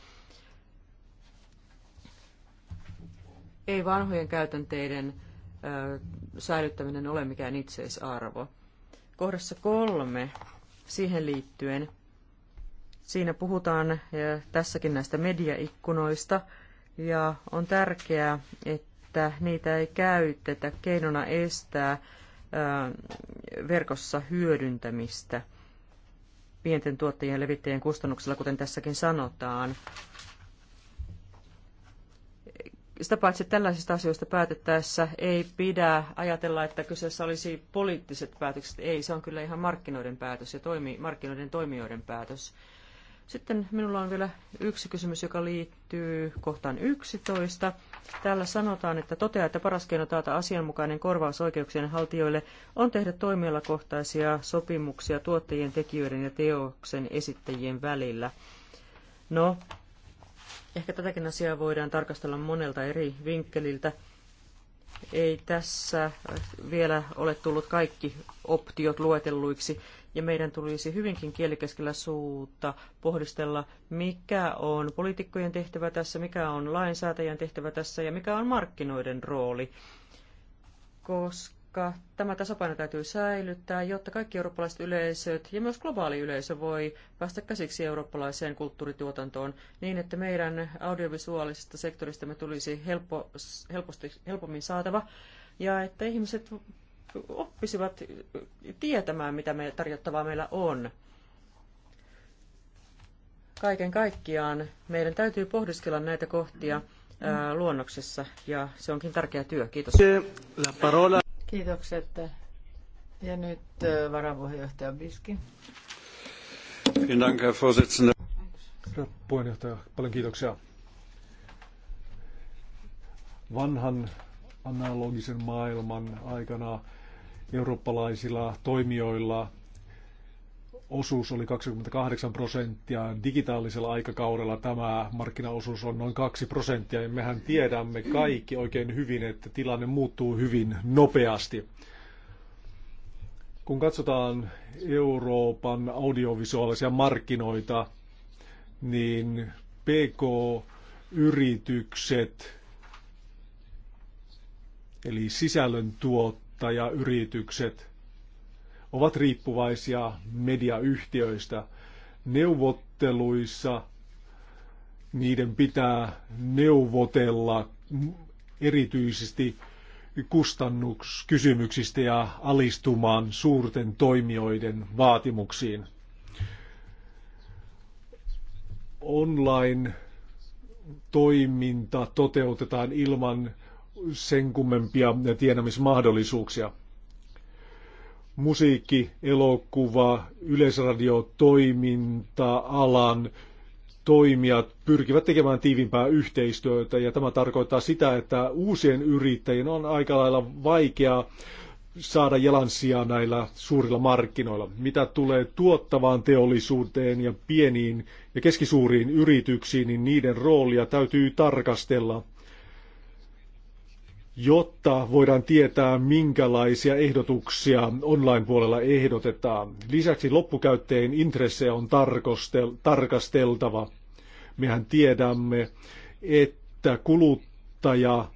Ei vanhojen käytänteiden ö, säilyttäminen ole mikään itseisarvo. Kohdassa kolme siihen liittyen, siinä puhutaan ö, tässäkin näistä mediaikkunoista, ja on tärkeää, että että niitä ei käytetä keinona estää verkossa hyödyntämistä pienten tuottajien ja levittäjien kustannuksella, kuten tässäkin sanotaan. Sitä paitsi tällaisista asioista päätettäessä ei pidä ajatella, että kyseessä olisi poliittiset päätökset. Ei, se on kyllä ihan markkinoiden päätös ja toimi, markkinoiden toimijoiden päätös. Sitten minulla on vielä yksi kysymys, joka liittyy kohtaan 11. Täällä sanotaan, että toteaa, että paras keino taata asianmukainen korvaus oikeuksien haltijoille on tehdä toimialakohtaisia sopimuksia tuottajien, tekijöiden ja teoksen esittäjien välillä. No, ehkä tätäkin asiaa voidaan tarkastella monelta eri vinkkeliltä. Ei tässä vielä ole tullut kaikki optiot luetelluiksi ja meidän tulisi hyvinkin kielikeskellä suutta pohdistella, mikä on poliitikkojen tehtävä tässä, mikä on lainsäätäjän tehtävä tässä ja mikä on markkinoiden rooli, koska tämä tasapaino täytyy säilyttää, jotta kaikki eurooppalaiset yleisöt ja myös globaali yleisö voi päästä käsiksi eurooppalaiseen kulttuurituotantoon niin, että meidän audiovisuaalisesta sektoristamme tulisi helppo, helposti, helpommin saatava ja että ihmiset oppisivat tietämään, mitä me tarjottavaa meillä on. Kaiken kaikkiaan meidän täytyy pohdiskella näitä kohtia luonnoksessa ja se onkin tärkeä työ. Kiitos. Kiitokset. Ja nyt varapuheenjohtaja Biski. Herra puheenjohtaja, paljon kiitoksia. Vanhan analogisen maailman aikana eurooppalaisilla toimijoilla osuus oli 28 prosenttia. Digitaalisella aikakaudella tämä markkinaosuus on noin 2 prosenttia. Ja mehän tiedämme kaikki oikein hyvin, että tilanne muuttuu hyvin nopeasti. Kun katsotaan Euroopan audiovisuaalisia markkinoita, niin PK-yritykset, eli sisällön tuot, kuluttajayritykset ovat riippuvaisia mediayhtiöistä. Neuvotteluissa niiden pitää neuvotella erityisesti kustannuskysymyksistä ja alistumaan suurten toimijoiden vaatimuksiin. Online toiminta toteutetaan ilman sen kummempia tienamismahdollisuuksia. Musiikki, elokuva, yleisradiotoiminta, alan toimijat pyrkivät tekemään tiivimpää yhteistyötä ja tämä tarkoittaa sitä, että uusien yrittäjien on aika lailla vaikea saada jalansia näillä suurilla markkinoilla. Mitä tulee tuottavaan teollisuuteen ja pieniin ja keskisuuriin yrityksiin, niin niiden roolia täytyy tarkastella – jotta voidaan tietää, minkälaisia ehdotuksia online-puolella ehdotetaan. Lisäksi loppukäyttäjien intressejä on tarkasteltava. Mehän tiedämme, että kuluttaja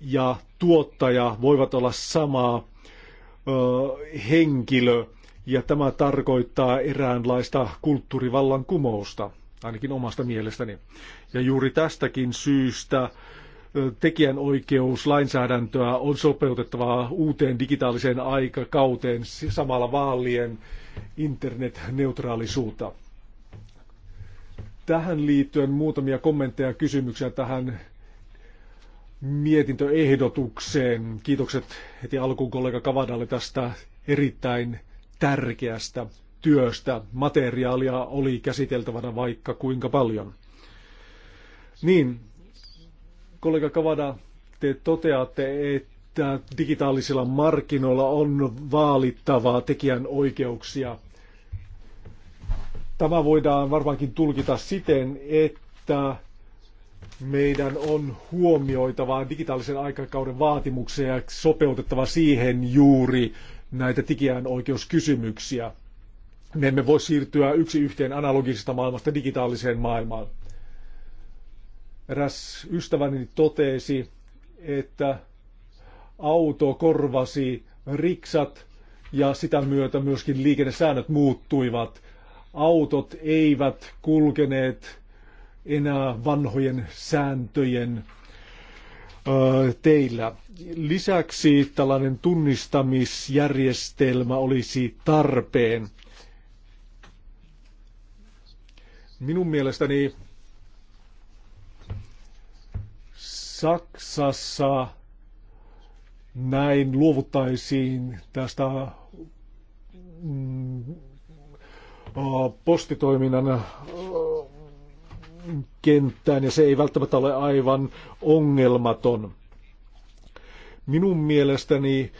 ja tuottaja voivat olla sama ö, henkilö, ja tämä tarkoittaa eräänlaista kulttuurivallan kumousta, ainakin omasta mielestäni. Ja juuri tästäkin syystä tekijänoikeuslainsäädäntöä on sopeutettava uuteen digitaaliseen aikakauteen samalla vaalien internetneutraalisuutta. Tähän liittyen muutamia kommentteja ja kysymyksiä tähän mietintöehdotukseen. Kiitokset heti alkuun kollega Kavadalle tästä erittäin tärkeästä työstä. Materiaalia oli käsiteltävänä vaikka kuinka paljon. Niin, Kollega Kavada, te toteatte, että digitaalisilla markkinoilla on vaalittavaa tekijän oikeuksia. Tämä voidaan varmaankin tulkita siten, että meidän on huomioitava digitaalisen aikakauden vaatimuksia ja sopeutettava siihen juuri näitä tekijänoikeuskysymyksiä. Me emme voi siirtyä yksi yhteen analogisesta maailmasta digitaaliseen maailmaan. Eräs ystäväni totesi, että auto korvasi riksat ja sitä myötä myöskin liikennesäännöt muuttuivat. Autot eivät kulkeneet enää vanhojen sääntöjen teillä. Lisäksi tällainen tunnistamisjärjestelmä olisi tarpeen. Minun mielestäni Saksassa näin luovuttaisiin tästä mm, postitoiminnan kenttään ja se ei välttämättä ole aivan ongelmaton. Minun mielestäni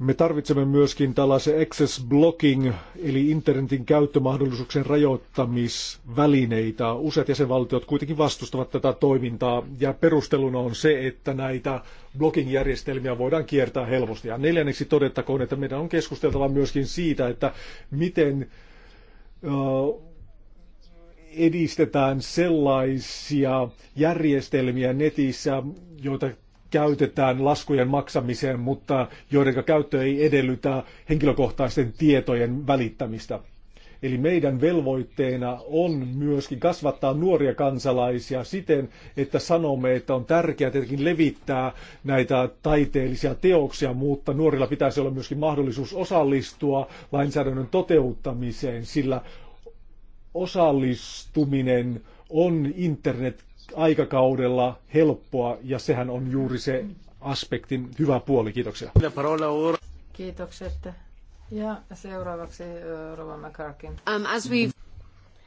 me tarvitsemme myöskin tällaisen access blocking, eli internetin käyttömahdollisuuksien rajoittamisvälineitä. Useat jäsenvaltiot kuitenkin vastustavat tätä toimintaa, ja perusteluna on se, että näitä blocking-järjestelmiä voidaan kiertää helposti. Ja neljänneksi todettakoon, että meidän on keskusteltava myöskin siitä, että miten edistetään sellaisia järjestelmiä netissä, joita käytetään laskujen maksamiseen, mutta joiden käyttö ei edellytä henkilökohtaisten tietojen välittämistä. Eli meidän velvoitteena on myöskin kasvattaa nuoria kansalaisia siten, että sanomme, että on tärkeää tietenkin levittää näitä taiteellisia teoksia, mutta nuorilla pitäisi olla myöskin mahdollisuus osallistua lainsäädännön toteuttamiseen, sillä osallistuminen on internet aikakaudella helppoa ja sehän on juuri se aspektin hyvä puoli. Kiitoksia. Kiitokset. Ja seuraavaksi Rova McCarkin. Um, as we...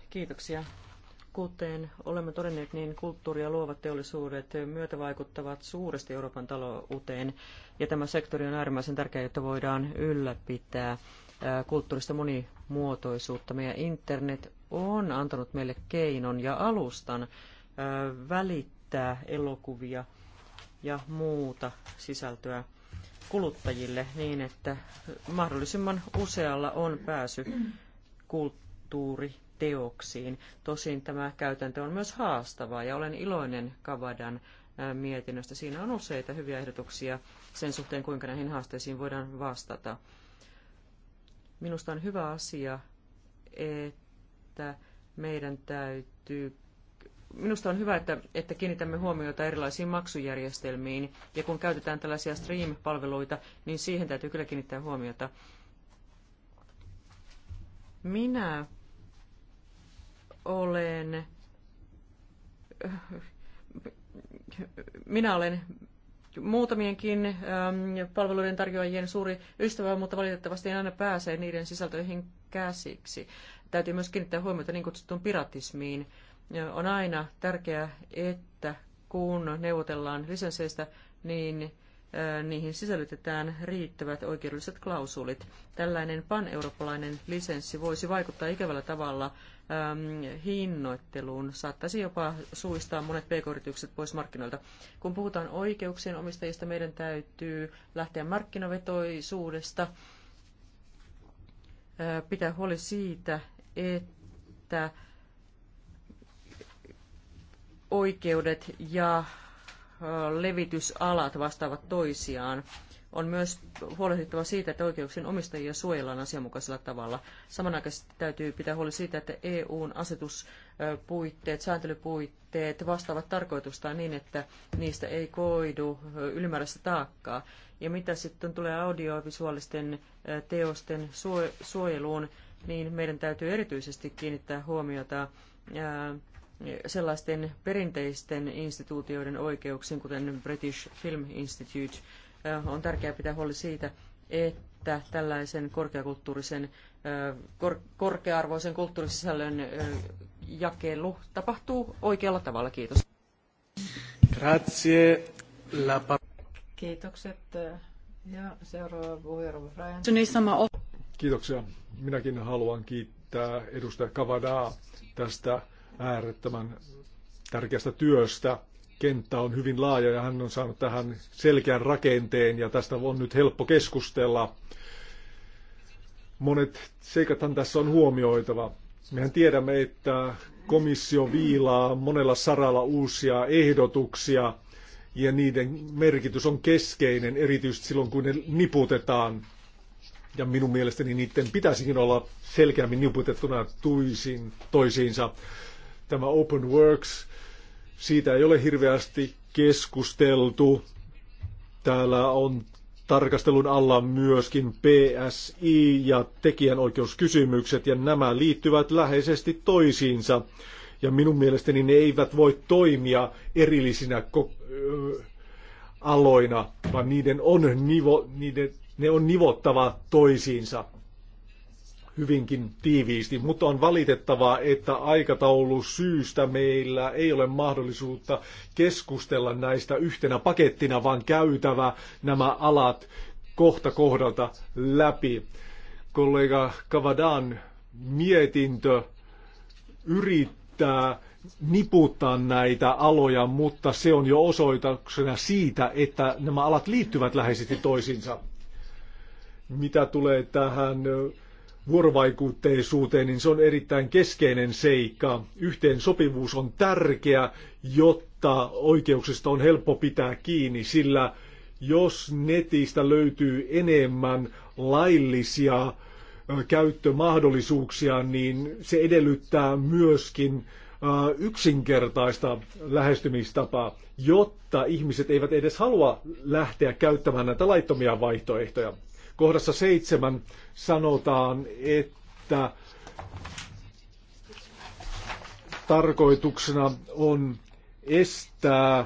Kiitoksia. Kuten olemme todenneet, niin kulttuuri ja luovat teollisuudet myötävaikuttavat suuresti Euroopan talouteen, ja tämä sektori on äärimmäisen tärkeä, jotta voidaan ylläpitää kulttuurista monimuotoisuutta. Meidän internet on antanut meille keinon ja alustan välittää elokuvia ja muuta sisältöä kuluttajille niin, että mahdollisimman usealla on pääsy kulttuuriteoksiin. Tosin tämä käytäntö on myös haastavaa ja olen iloinen Kavadan mietinnöstä. Siinä on useita hyviä ehdotuksia sen suhteen, kuinka näihin haasteisiin voidaan vastata. Minusta on hyvä asia, että meidän täytyy Minusta on hyvä, että, että kiinnitämme huomiota erilaisiin maksujärjestelmiin, ja kun käytetään tällaisia stream-palveluita, niin siihen täytyy kyllä kiinnittää huomiota. Minä olen... Minä olen muutamienkin äm, palveluiden tarjoajien suuri ystävä, mutta valitettavasti en aina pääse niiden sisältöihin käsiksi. Täytyy myös kiinnittää huomiota niin kutsuttuun piratismiin. On aina tärkeää, että kun neuvotellaan lisensseistä, niin äh, niihin sisällytetään riittävät oikeudelliset klausulit. Tällainen pan-eurooppalainen lisenssi voisi vaikuttaa ikävällä tavalla äm, hinnoitteluun, saattaisi jopa suistaa monet pk-yritykset pois markkinoilta. Kun puhutaan oikeuksien omistajista, meidän täytyy lähteä markkinavetoisuudesta, äh, pitää huoli siitä, että oikeudet ja levitysalat vastaavat toisiaan. On myös huolehdittava siitä, että oikeuksien omistajia suojellaan asianmukaisella tavalla. Samanaikaisesti täytyy pitää huoli siitä, että EUn asetuspuitteet, sääntelypuitteet vastaavat tarkoitustaan niin, että niistä ei koidu ylimääräistä taakkaa. Ja mitä sitten tulee audiovisuaalisten teosten suojeluun, niin meidän täytyy erityisesti kiinnittää huomiota sellaisten perinteisten instituutioiden oikeuksiin, kuten British Film Institute. On tärkeää pitää huoli siitä, että tällaisen korkeakulttuurisen, kor- korkea-arvoisen kulttuurisisällön jakelu tapahtuu oikealla tavalla. Kiitos. Grazie. La... Kiitokset. Ja seuraava puheenvuoro Kiitoksia. Minäkin haluan kiittää edustaja Kavadaa tästä äärettömän tärkeästä työstä. Kenttä on hyvin laaja ja hän on saanut tähän selkeän rakenteen ja tästä on nyt helppo keskustella. Monet seikathan tässä on huomioitava. Mehän tiedämme, että komissio viilaa monella saralla uusia ehdotuksia ja niiden merkitys on keskeinen, erityisesti silloin kun ne niputetaan. Ja minun mielestäni niiden pitäisikin olla selkeämmin niputettuna tuisin toisiinsa. Tämä Open Works, siitä ei ole hirveästi keskusteltu. Täällä on tarkastelun alla myöskin PSI ja tekijänoikeuskysymykset, ja nämä liittyvät läheisesti toisiinsa. Ja minun mielestäni ne eivät voi toimia erillisinä aloina, vaan niiden on nivo, niiden, ne on nivottava toisiinsa hyvinkin tiiviisti, mutta on valitettavaa, että aikataulu syystä meillä ei ole mahdollisuutta keskustella näistä yhtenä pakettina, vaan käytävä nämä alat kohta kohdalta läpi. Kollega Kavadan mietintö yrittää niputtaa näitä aloja, mutta se on jo osoituksena siitä, että nämä alat liittyvät läheisesti toisiinsa. Mitä tulee tähän vuorovaikutteisuuteen, niin se on erittäin keskeinen seikka. Yhteensopivuus on tärkeä, jotta oikeuksista on helppo pitää kiinni, sillä jos netistä löytyy enemmän laillisia käyttömahdollisuuksia, niin se edellyttää myöskin yksinkertaista lähestymistapaa, jotta ihmiset eivät edes halua lähteä käyttämään näitä laittomia vaihtoehtoja. Kohdassa seitsemän sanotaan, että tarkoituksena on estää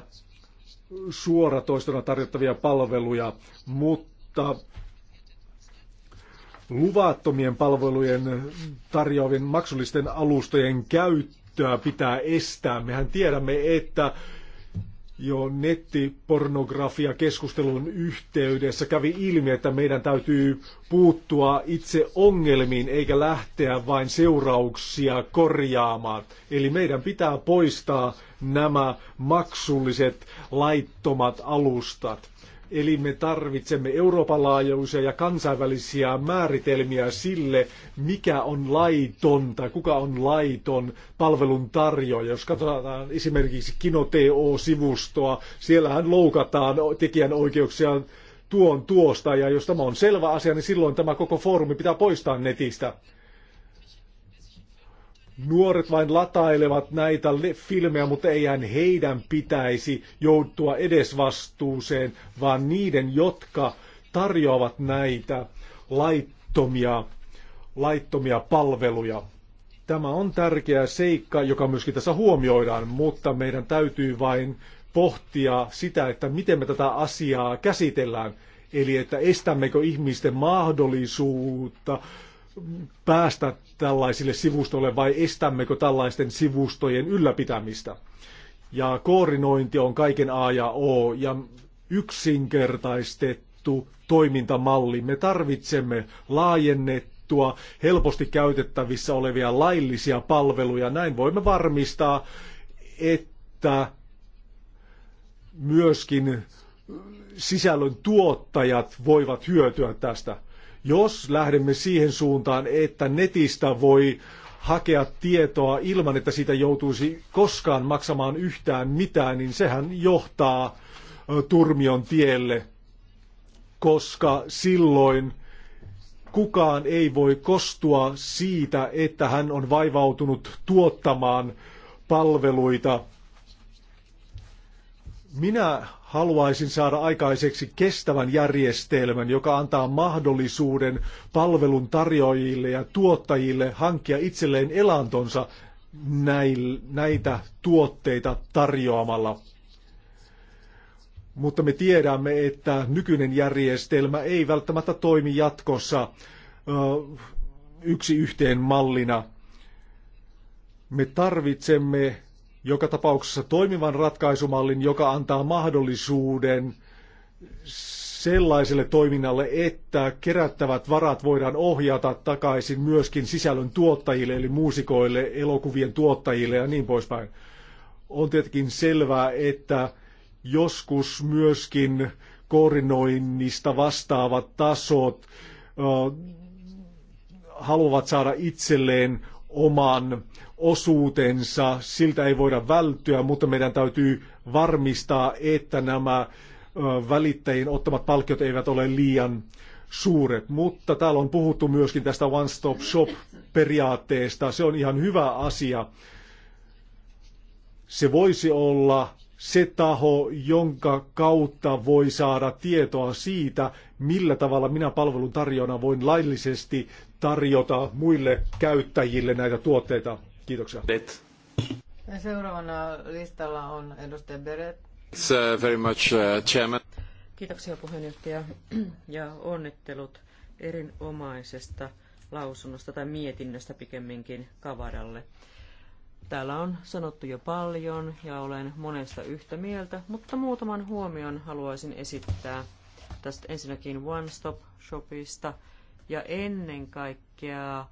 suoratoistona tarjottavia palveluja, mutta luvattomien palvelujen tarjoavien maksullisten alustojen käyttöä pitää estää. Mehän tiedämme, että jo nettipornografia keskustelun yhteydessä kävi ilmi, että meidän täytyy puuttua itse ongelmiin eikä lähteä vain seurauksia korjaamaan. Eli meidän pitää poistaa nämä maksulliset laittomat alustat. Eli me tarvitsemme Euroopan laajuisia ja kansainvälisiä määritelmiä sille, mikä on laitonta, kuka on laiton palvelun tarjoaja. Jos katsotaan esimerkiksi Kino.to-sivustoa, siellähän loukataan tekijänoikeuksia tuon tuosta, ja jos tämä on selvä asia, niin silloin tämä koko foorumi pitää poistaa netistä. Nuoret vain latailevat näitä filmejä, mutta eihän heidän pitäisi joutua edesvastuuseen, vaan niiden, jotka tarjoavat näitä laittomia, laittomia palveluja. Tämä on tärkeä seikka, joka myöskin tässä huomioidaan, mutta meidän täytyy vain pohtia sitä, että miten me tätä asiaa käsitellään. Eli että estämmekö ihmisten mahdollisuutta päästä tällaisille sivustoille vai estämmekö tällaisten sivustojen ylläpitämistä. Ja koordinointi on kaiken A ja O ja yksinkertaistettu toimintamalli. Me tarvitsemme laajennettua, helposti käytettävissä olevia laillisia palveluja. Näin voimme varmistaa, että myöskin sisällön tuottajat voivat hyötyä tästä. Jos lähdemme siihen suuntaan, että netistä voi hakea tietoa ilman, että siitä joutuisi koskaan maksamaan yhtään mitään, niin sehän johtaa turmion tielle, koska silloin kukaan ei voi kostua siitä, että hän on vaivautunut tuottamaan palveluita minä haluaisin saada aikaiseksi kestävän järjestelmän, joka antaa mahdollisuuden palvelun tarjoajille ja tuottajille hankkia itselleen elantonsa näitä tuotteita tarjoamalla. Mutta me tiedämme, että nykyinen järjestelmä ei välttämättä toimi jatkossa yksi yhteen mallina. Me tarvitsemme joka tapauksessa toimivan ratkaisumallin, joka antaa mahdollisuuden sellaiselle toiminnalle, että kerättävät varat voidaan ohjata takaisin myöskin sisällön tuottajille, eli muusikoille, elokuvien tuottajille ja niin poispäin. On tietenkin selvää, että joskus myöskin koordinoinnista vastaavat tasot ö, haluavat saada itselleen oman osuutensa. Siltä ei voida välttyä, mutta meidän täytyy varmistaa, että nämä välittäjien ottamat palkkiot eivät ole liian suuret. Mutta täällä on puhuttu myöskin tästä One Stop Shop-periaatteesta. Se on ihan hyvä asia. Se voisi olla se taho, jonka kautta voi saada tietoa siitä, millä tavalla minä palvelun tarjona voin laillisesti tarjota muille käyttäjille näitä tuotteita. Kiitoksia. Bet. Seuraavana listalla on edustaja Beret. It's uh, very much, uh, chairman. Kiitoksia puheenjohtaja ja onnittelut erinomaisesta lausunnosta tai mietinnöstä pikemminkin Kavaralle. Täällä on sanottu jo paljon ja olen monesta yhtä mieltä, mutta muutaman huomion haluaisin esittää tästä ensinnäkin One Stop Shopista ja ennen kaikkea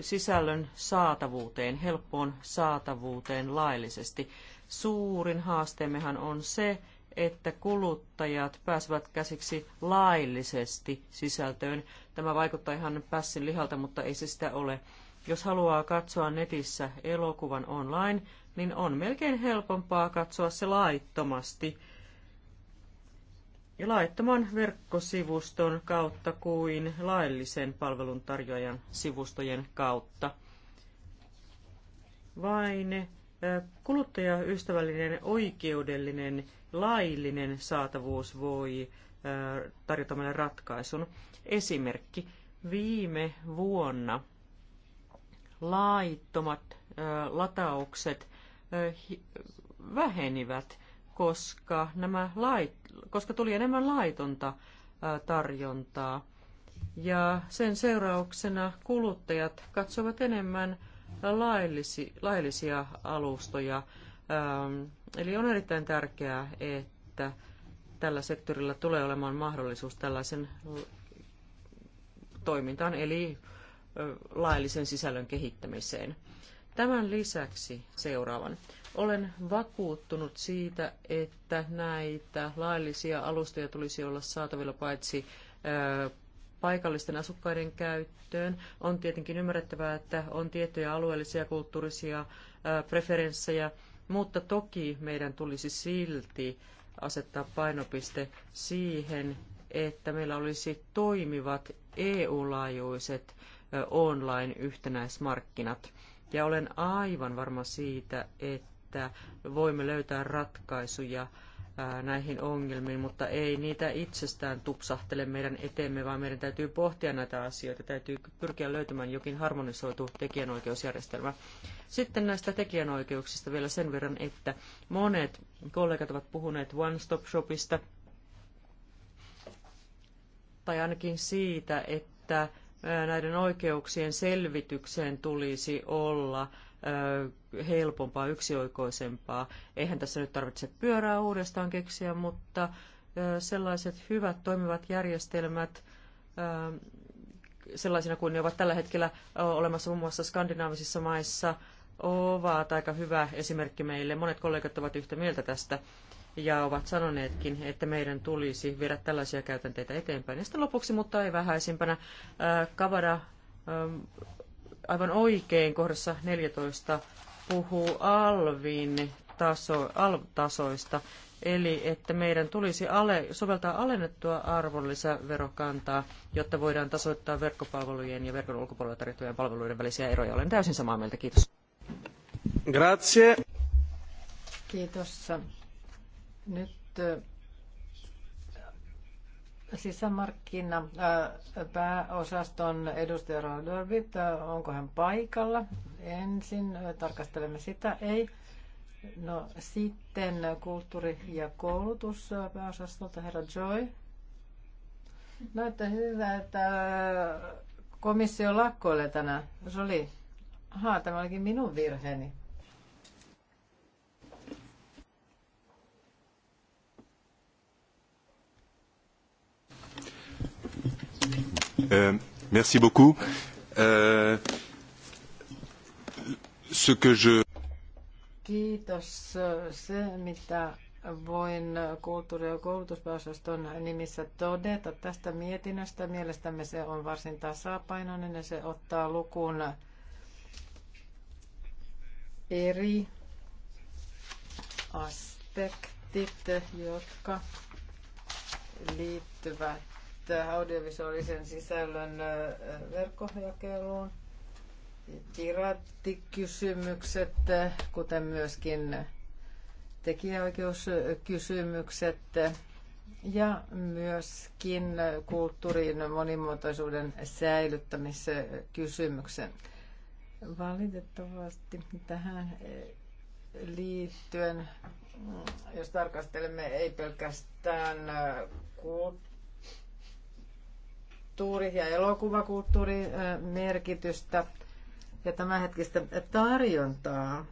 sisällön saatavuuteen, helppoon saatavuuteen laillisesti. Suurin haasteemmehan on se, että kuluttajat pääsevät käsiksi laillisesti sisältöön. Tämä vaikuttaa ihan pässin lihalta, mutta ei se sitä ole. Jos haluaa katsoa netissä elokuvan online, niin on melkein helpompaa katsoa se laittomasti ja laittoman verkkosivuston kautta kuin laillisen palveluntarjoajan sivustojen kautta. Vain kuluttajaystävällinen, oikeudellinen, laillinen saatavuus voi tarjota meille ratkaisun. Esimerkki. Viime vuonna laittomat lataukset vähenivät koska, nämä lait, koska tuli enemmän laitonta tarjontaa. Ja sen seurauksena kuluttajat katsovat enemmän laillisi, laillisia alustoja. Eli on erittäin tärkeää, että tällä sektorilla tulee olemaan mahdollisuus tällaisen toimintaan, eli laillisen sisällön kehittämiseen. Tämän lisäksi seuraavan. Olen vakuuttunut siitä, että näitä laillisia alustoja tulisi olla saatavilla paitsi paikallisten asukkaiden käyttöön. On tietenkin ymmärrettävää, että on tiettyjä alueellisia kulttuurisia preferenssejä, mutta toki meidän tulisi silti asettaa painopiste siihen, että meillä olisi toimivat EU-laajuiset online-yhtenäismarkkinat. Ja olen aivan varma siitä, että voimme löytää ratkaisuja näihin ongelmiin, mutta ei niitä itsestään tupsahtele meidän eteemme, vaan meidän täytyy pohtia näitä asioita, täytyy pyrkiä löytämään jokin harmonisoitu tekijänoikeusjärjestelmä. Sitten näistä tekijänoikeuksista vielä sen verran, että monet kollegat ovat puhuneet One Stop Shopista, tai ainakin siitä, että näiden oikeuksien selvityksen tulisi olla helpompaa, yksioikoisempaa. Eihän tässä nyt tarvitse pyörää uudestaan keksiä, mutta sellaiset hyvät toimivat järjestelmät sellaisina kuin ne ovat tällä hetkellä olemassa muun muassa skandinaavisissa maissa, ovat aika hyvä esimerkki meille. Monet kollegat ovat yhtä mieltä tästä ja ovat sanoneetkin, että meidän tulisi viedä tällaisia käytänteitä eteenpäin. Ja sitten lopuksi, mutta ei vähäisimpänä, äh, Kavada ähm, aivan oikein kohdassa 14 puhuu alvin taso, alv-tasoista, eli että meidän tulisi ale, soveltaa alennettua arvonlisäverokantaa, jotta voidaan tasoittaa verkkopalvelujen ja verkon ulkopuolella tarjottujen palveluiden välisiä eroja. Olen täysin samaa mieltä. Kiitos. Grazie. Kiitos. Nyt äh, sisämarkkina äh, pääosaston edustaja Rodorbit, äh, onko hän paikalla? Ensin tarkastelemme sitä, ei. No sitten kulttuuri- ja koulutus pääosastolta herra Joy. Näyttää hyvä, että komissio lakkoilee tänään. Se oli, ahaa, tämä olikin minun virheeni. Euh, merci beaucoup. Euh, ce que je... Kiitos. Se, mitä voin kulttuuri- ja koulutuspääosaston nimissä todeta tästä mietinnöstä. Mielestämme se on varsin tasapainoinen ja se ottaa lukuun eri aspektit, jotka liittyvät audiovisuaalisen sisällön verkkojakeluun, Pirattikysymykset, kuten myöskin tekijäoikeuskysymykset ja myöskin kulttuurin monimuotoisuuden säilyttämiskysymyksen. Valitettavasti tähän liittyen, jos tarkastelemme ei pelkästään kulttuuria, kulttuuri- ja elokuvakulttuurin merkitystä ja tämänhetkistä tarjontaa,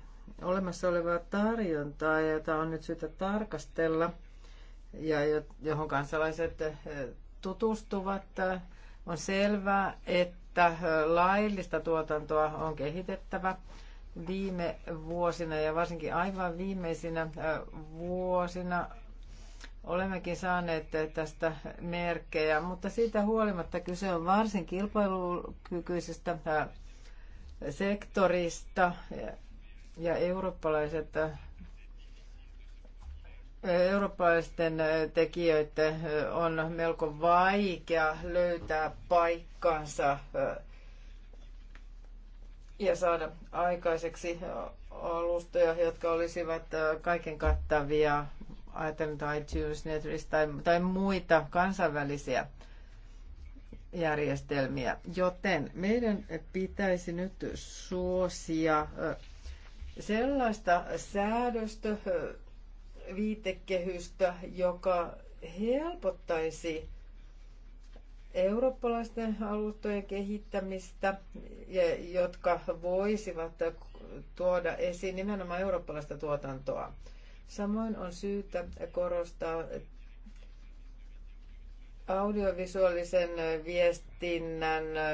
olemassa olevaa tarjontaa, jota on nyt syytä tarkastella ja johon kansalaiset tutustuvat. On selvää, että laillista tuotantoa on kehitettävä viime vuosina ja varsinkin aivan viimeisinä vuosina Olemmekin saaneet tästä merkkejä, mutta siitä huolimatta kyse on varsin kilpailukykyisestä sektorista ja eurooppalaiset eurooppalaisten tekijöiden on melko vaikea löytää paikkansa ja saada aikaiseksi alustoja, jotka olisivat kaiken kattavia, ajatellen iTunes, Netflix tai, tai muita kansainvälisiä järjestelmiä. Joten meidän pitäisi nyt suosia sellaista säädöstö, viitekehystä, joka helpottaisi eurooppalaisten alustojen kehittämistä, jotka voisivat tuoda esiin nimenomaan eurooppalaista tuotantoa. Samoin on syytä korostaa audiovisuaalisen viestinnän äh,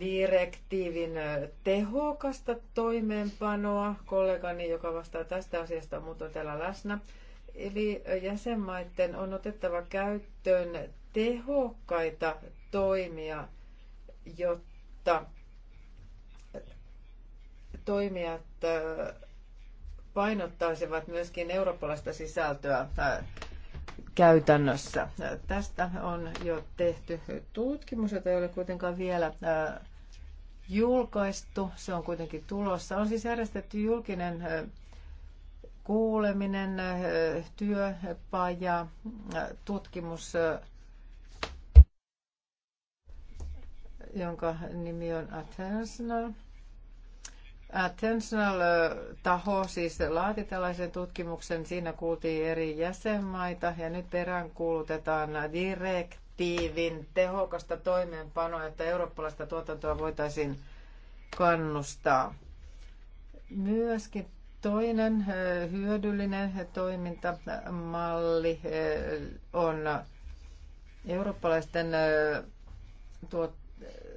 direktiivin tehokasta toimeenpanoa. Kollegani, joka vastaa tästä asiasta, on muuten täällä läsnä. Eli jäsenmaiden on otettava käyttöön tehokkaita toimia, jotta toimijat painottaisivat myöskin eurooppalaista sisältöä käytännössä. Tästä on jo tehty tutkimus, jota ei ole kuitenkaan vielä julkaistu. Se on kuitenkin tulossa. On siis järjestetty julkinen kuuleminen, työpaja, tutkimus, jonka nimi on Athensna. Attentional-taho siis laati tällaisen tutkimuksen. Siinä kuultiin eri jäsenmaita ja nyt peräänkuulutetaan direktiivin tehokasta toimeenpanoa, että eurooppalaista tuotantoa voitaisiin kannustaa. Myöskin toinen hyödyllinen toimintamalli on eurooppalaisten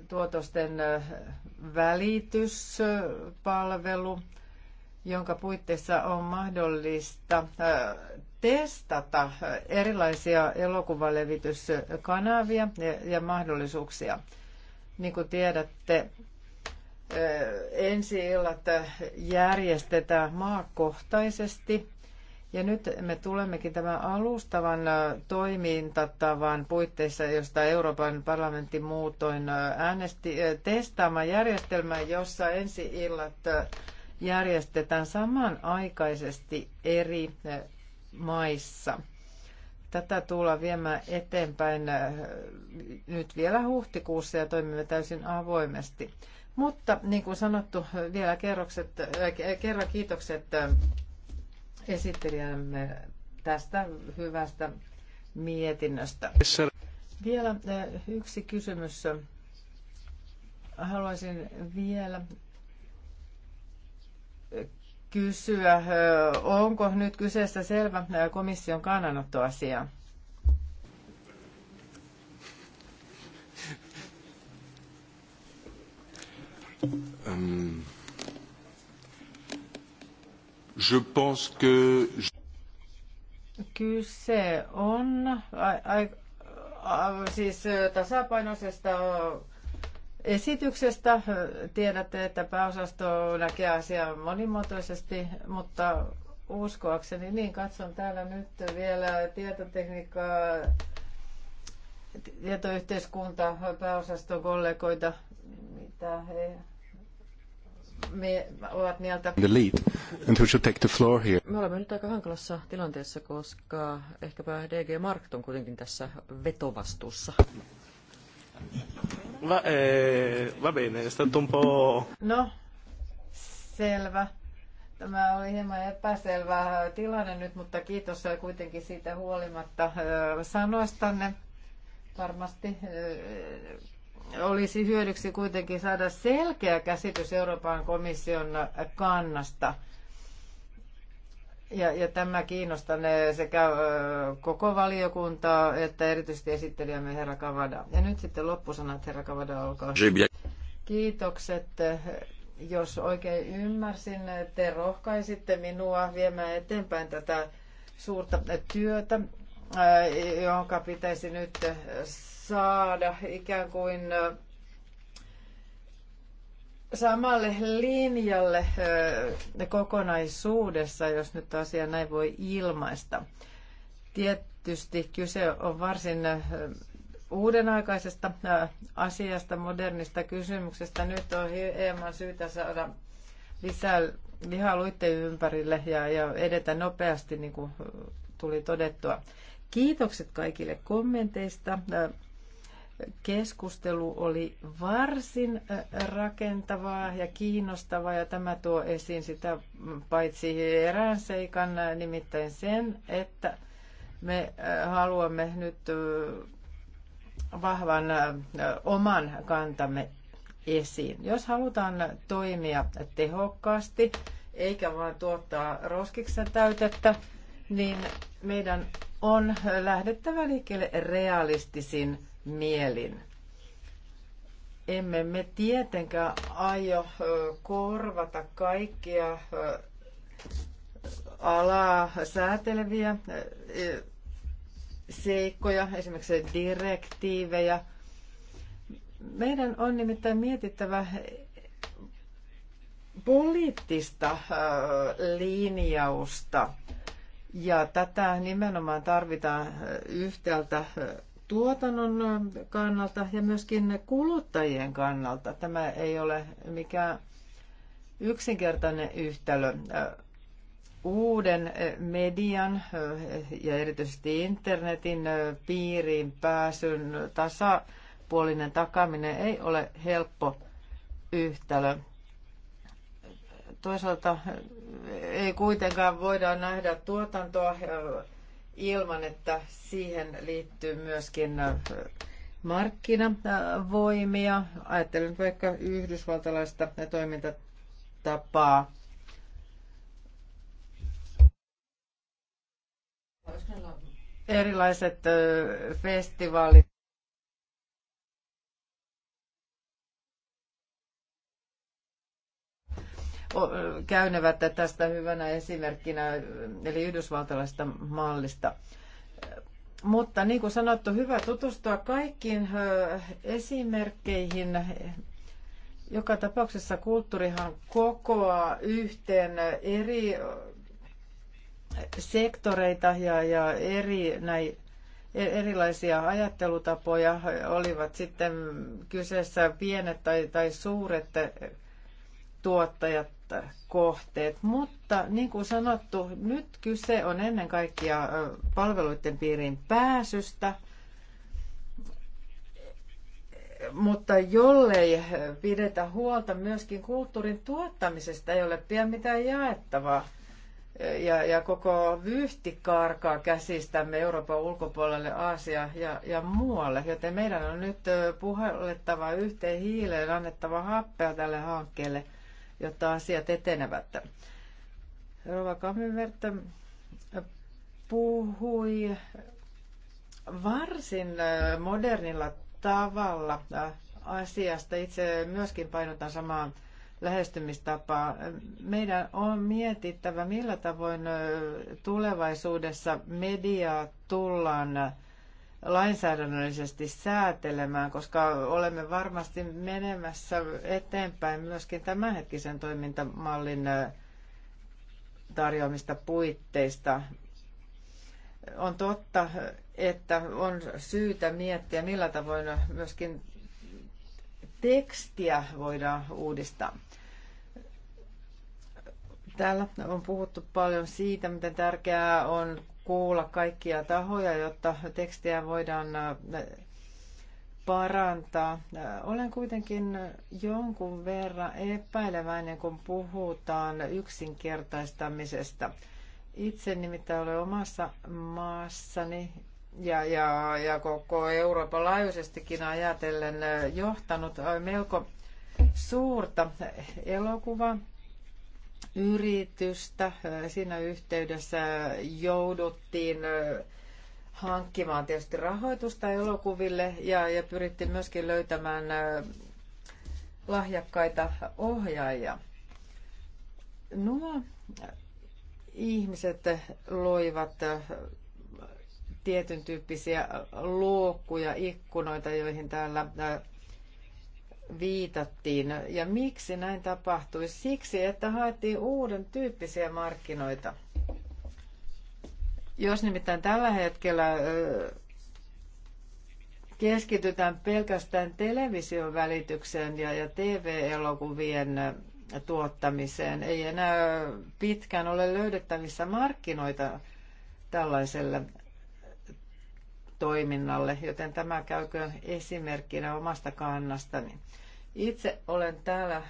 tuotosten välityspalvelu, jonka puitteissa on mahdollista äh, testata erilaisia elokuvalevityskanavia ja mahdollisuuksia. Niin kuin tiedätte, äh, ensi illat järjestetään maakohtaisesti ja nyt me tulemmekin tämän alustavan äh, toimintatavan puitteissa, josta Euroopan parlamentti muutoin äh, äänesti äh, testaamaan järjestelmää, jossa ensi illat järjestetään samanaikaisesti eri maissa. Tätä tullaan viemään eteenpäin nyt vielä huhtikuussa ja toimimme täysin avoimesti. Mutta niin kuin sanottu, vielä kerrokset, kerran kiitokset esittelijämme tästä hyvästä mietinnöstä. Vielä eh, yksi kysymys. Haluaisin vielä eh, kysyä, eh, onko nyt kyseessä selvä komission kannanottoasia? Um. Je pense que... Kyse on a, a, siis tasapainoisesta esityksestä. Tiedätte, että pääosasto näkee asiaa monimuotoisesti, mutta uskoakseni, niin katson täällä nyt vielä tietotekniikkaa, tietoyhteiskunta, pääosaston kollegoita, mitä he me ovat mieltä... The lead. And who should take the floor here? Me olemme nyt aika hankalassa tilanteessa, koska ehkäpä DG Mark on kuitenkin tässä vetovastuussa. Va, eh, va bene, è stato un po'... No, selvä. Tämä oli hieman epäselvä tilanne nyt, mutta kiitos kuitenkin siitä huolimatta eh, sanoistanne. Varmasti eh, olisi hyödyksi kuitenkin saada selkeä käsitys Euroopan komission kannasta. Ja, ja tämä kiinnostaa sekä koko valiokuntaa että erityisesti esittelijämme herra Kavada. Ja nyt sitten loppusanat herra Kavada, olkaa hyvä. Kiitokset. Jos oikein ymmärsin, te rohkaisitte minua viemään eteenpäin tätä suurta työtä, jonka pitäisi nyt saada ikään kuin samalle linjalle kokonaisuudessa, jos nyt asia näin voi ilmaista. Tietysti kyse on varsin uudenaikaisesta asiasta, modernista kysymyksestä. Nyt on hieman syytä saada lisää lihaa luitten ympärille ja, ja edetä nopeasti, niin kuin tuli todettua. Kiitokset kaikille kommenteista keskustelu oli varsin äh, rakentavaa ja kiinnostavaa ja tämä tuo esiin sitä paitsi erään seikan, äh, nimittäin sen, että me äh, haluamme nyt vahvan oman kantamme esiin. Jos halutaan toimia tehokkaasti eikä vain tuottaa roskiksen täytettä, niin meidän on lähdettävä liikkeelle realistisin mielin. Emme me tietenkään aio korvata kaikkia alaa sääteleviä seikkoja, esimerkiksi direktiivejä. Meidän on nimittäin mietittävä poliittista linjausta. Ja tätä nimenomaan tarvitaan yhtäältä tuotannon kannalta ja myöskin kuluttajien kannalta. Tämä ei ole mikään yksinkertainen yhtälö. Uuden median ja erityisesti internetin piiriin pääsyn tasapuolinen takaminen ei ole helppo yhtälö. Toisaalta ei kuitenkaan voida nähdä tuotantoa ilman, että siihen liittyy myöskin äh, markkinavoimia. Ajattelen vaikka yhdysvaltalaista toimintatapaa. Erilaiset äh, festivaalit käynevät tästä hyvänä esimerkkinä, eli yhdysvaltalaisesta mallista. Mutta niin kuin sanottu, hyvä tutustua kaikkiin esimerkkeihin. Joka tapauksessa kulttuurihan kokoaa yhteen eri sektoreita ja, ja eri näin e, erilaisia ajattelutapoja, olivat sitten kyseessä pienet tai, tai suuret tuottajat kohteet, mutta niin kuin sanottu, nyt kyse on ennen kaikkea palveluiden piiriin pääsystä, mutta jollei pidetä huolta myöskin kulttuurin tuottamisesta, ei ole pian mitään jaettavaa. Ja, ja koko vyhti karkaa käsistämme Euroopan ulkopuolelle, Aasia ja, ja muualle. Joten meidän on nyt puhallettava yhteen hiileen, annettava happea tälle hankkeelle – jotta asiat etenevät. Rova Kamyvertä äh, puhui varsin äh, modernilla tavalla äh, asiasta. Itse myöskin painotan samaa lähestymistapaa. Meidän on mietittävä, millä tavoin tulevaisuudessa mediaa tullaan lainsäädännöllisesti säätelemään, koska olemme varmasti menemässä eteenpäin myöskin tämänhetkisen toimintamallin äh, tarjoamista puitteista. On totta, että on syytä miettiä, millä tavoin myöskin tekstiä voidaan uudistaa. Täällä on puhuttu paljon siitä, miten tärkeää on kuulla kaikkia tahoja, jotta tekstiä voidaan parantaa. Olen kuitenkin jonkun verran epäileväinen, kun puhutaan yksinkertaistamisesta. Itse nimittäin olen omassa maassani ja, ja, ja koko Euroopan laajuisestikin ajatellen johtanut melko suurta elokuvaa yritystä. Siinä yhteydessä jouduttiin hankkimaan tietysti rahoitusta elokuville ja, ja pyrittiin myöskin löytämään lahjakkaita ohjaajia. Nuo ihmiset loivat tietyn tyyppisiä luokkuja, ikkunoita, joihin täällä viitattiin. Ja miksi näin tapahtui? Siksi, että haettiin uuden tyyppisiä markkinoita. Jos nimittäin tällä hetkellä keskitytään pelkästään television välitykseen ja, ja TV-elokuvien tuottamiseen, ei enää pitkään ole löydettävissä markkinoita tällaiselle toiminnalle, joten tämä käyköön esimerkkinä omasta kannastani. Itse olen täällä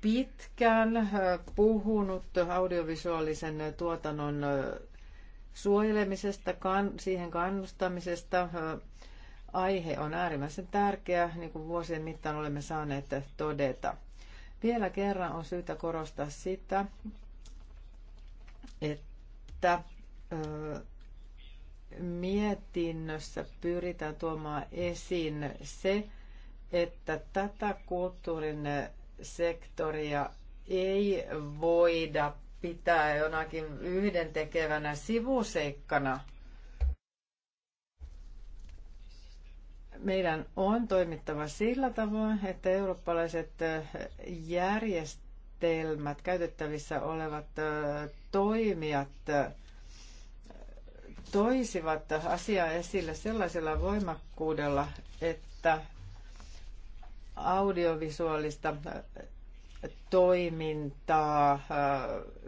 pitkään puhunut audiovisuaalisen tuotannon suojelemisesta, siihen kannustamisesta. Aihe on äärimmäisen tärkeä, niin kuin vuosien mittaan olemme saaneet todeta. Vielä kerran on syytä korostaa sitä, että mietinnössä pyritään tuomaan esiin se, että tätä kulttuurin sektoria ei voida pitää jonakin yhdentekevänä sivuseikkana. Meidän on toimittava sillä tavoin, että eurooppalaiset järjestelmät, käytettävissä olevat toimijat toisivat asiaa esille sellaisella voimakkuudella, että audiovisuaalista toimintaa äh,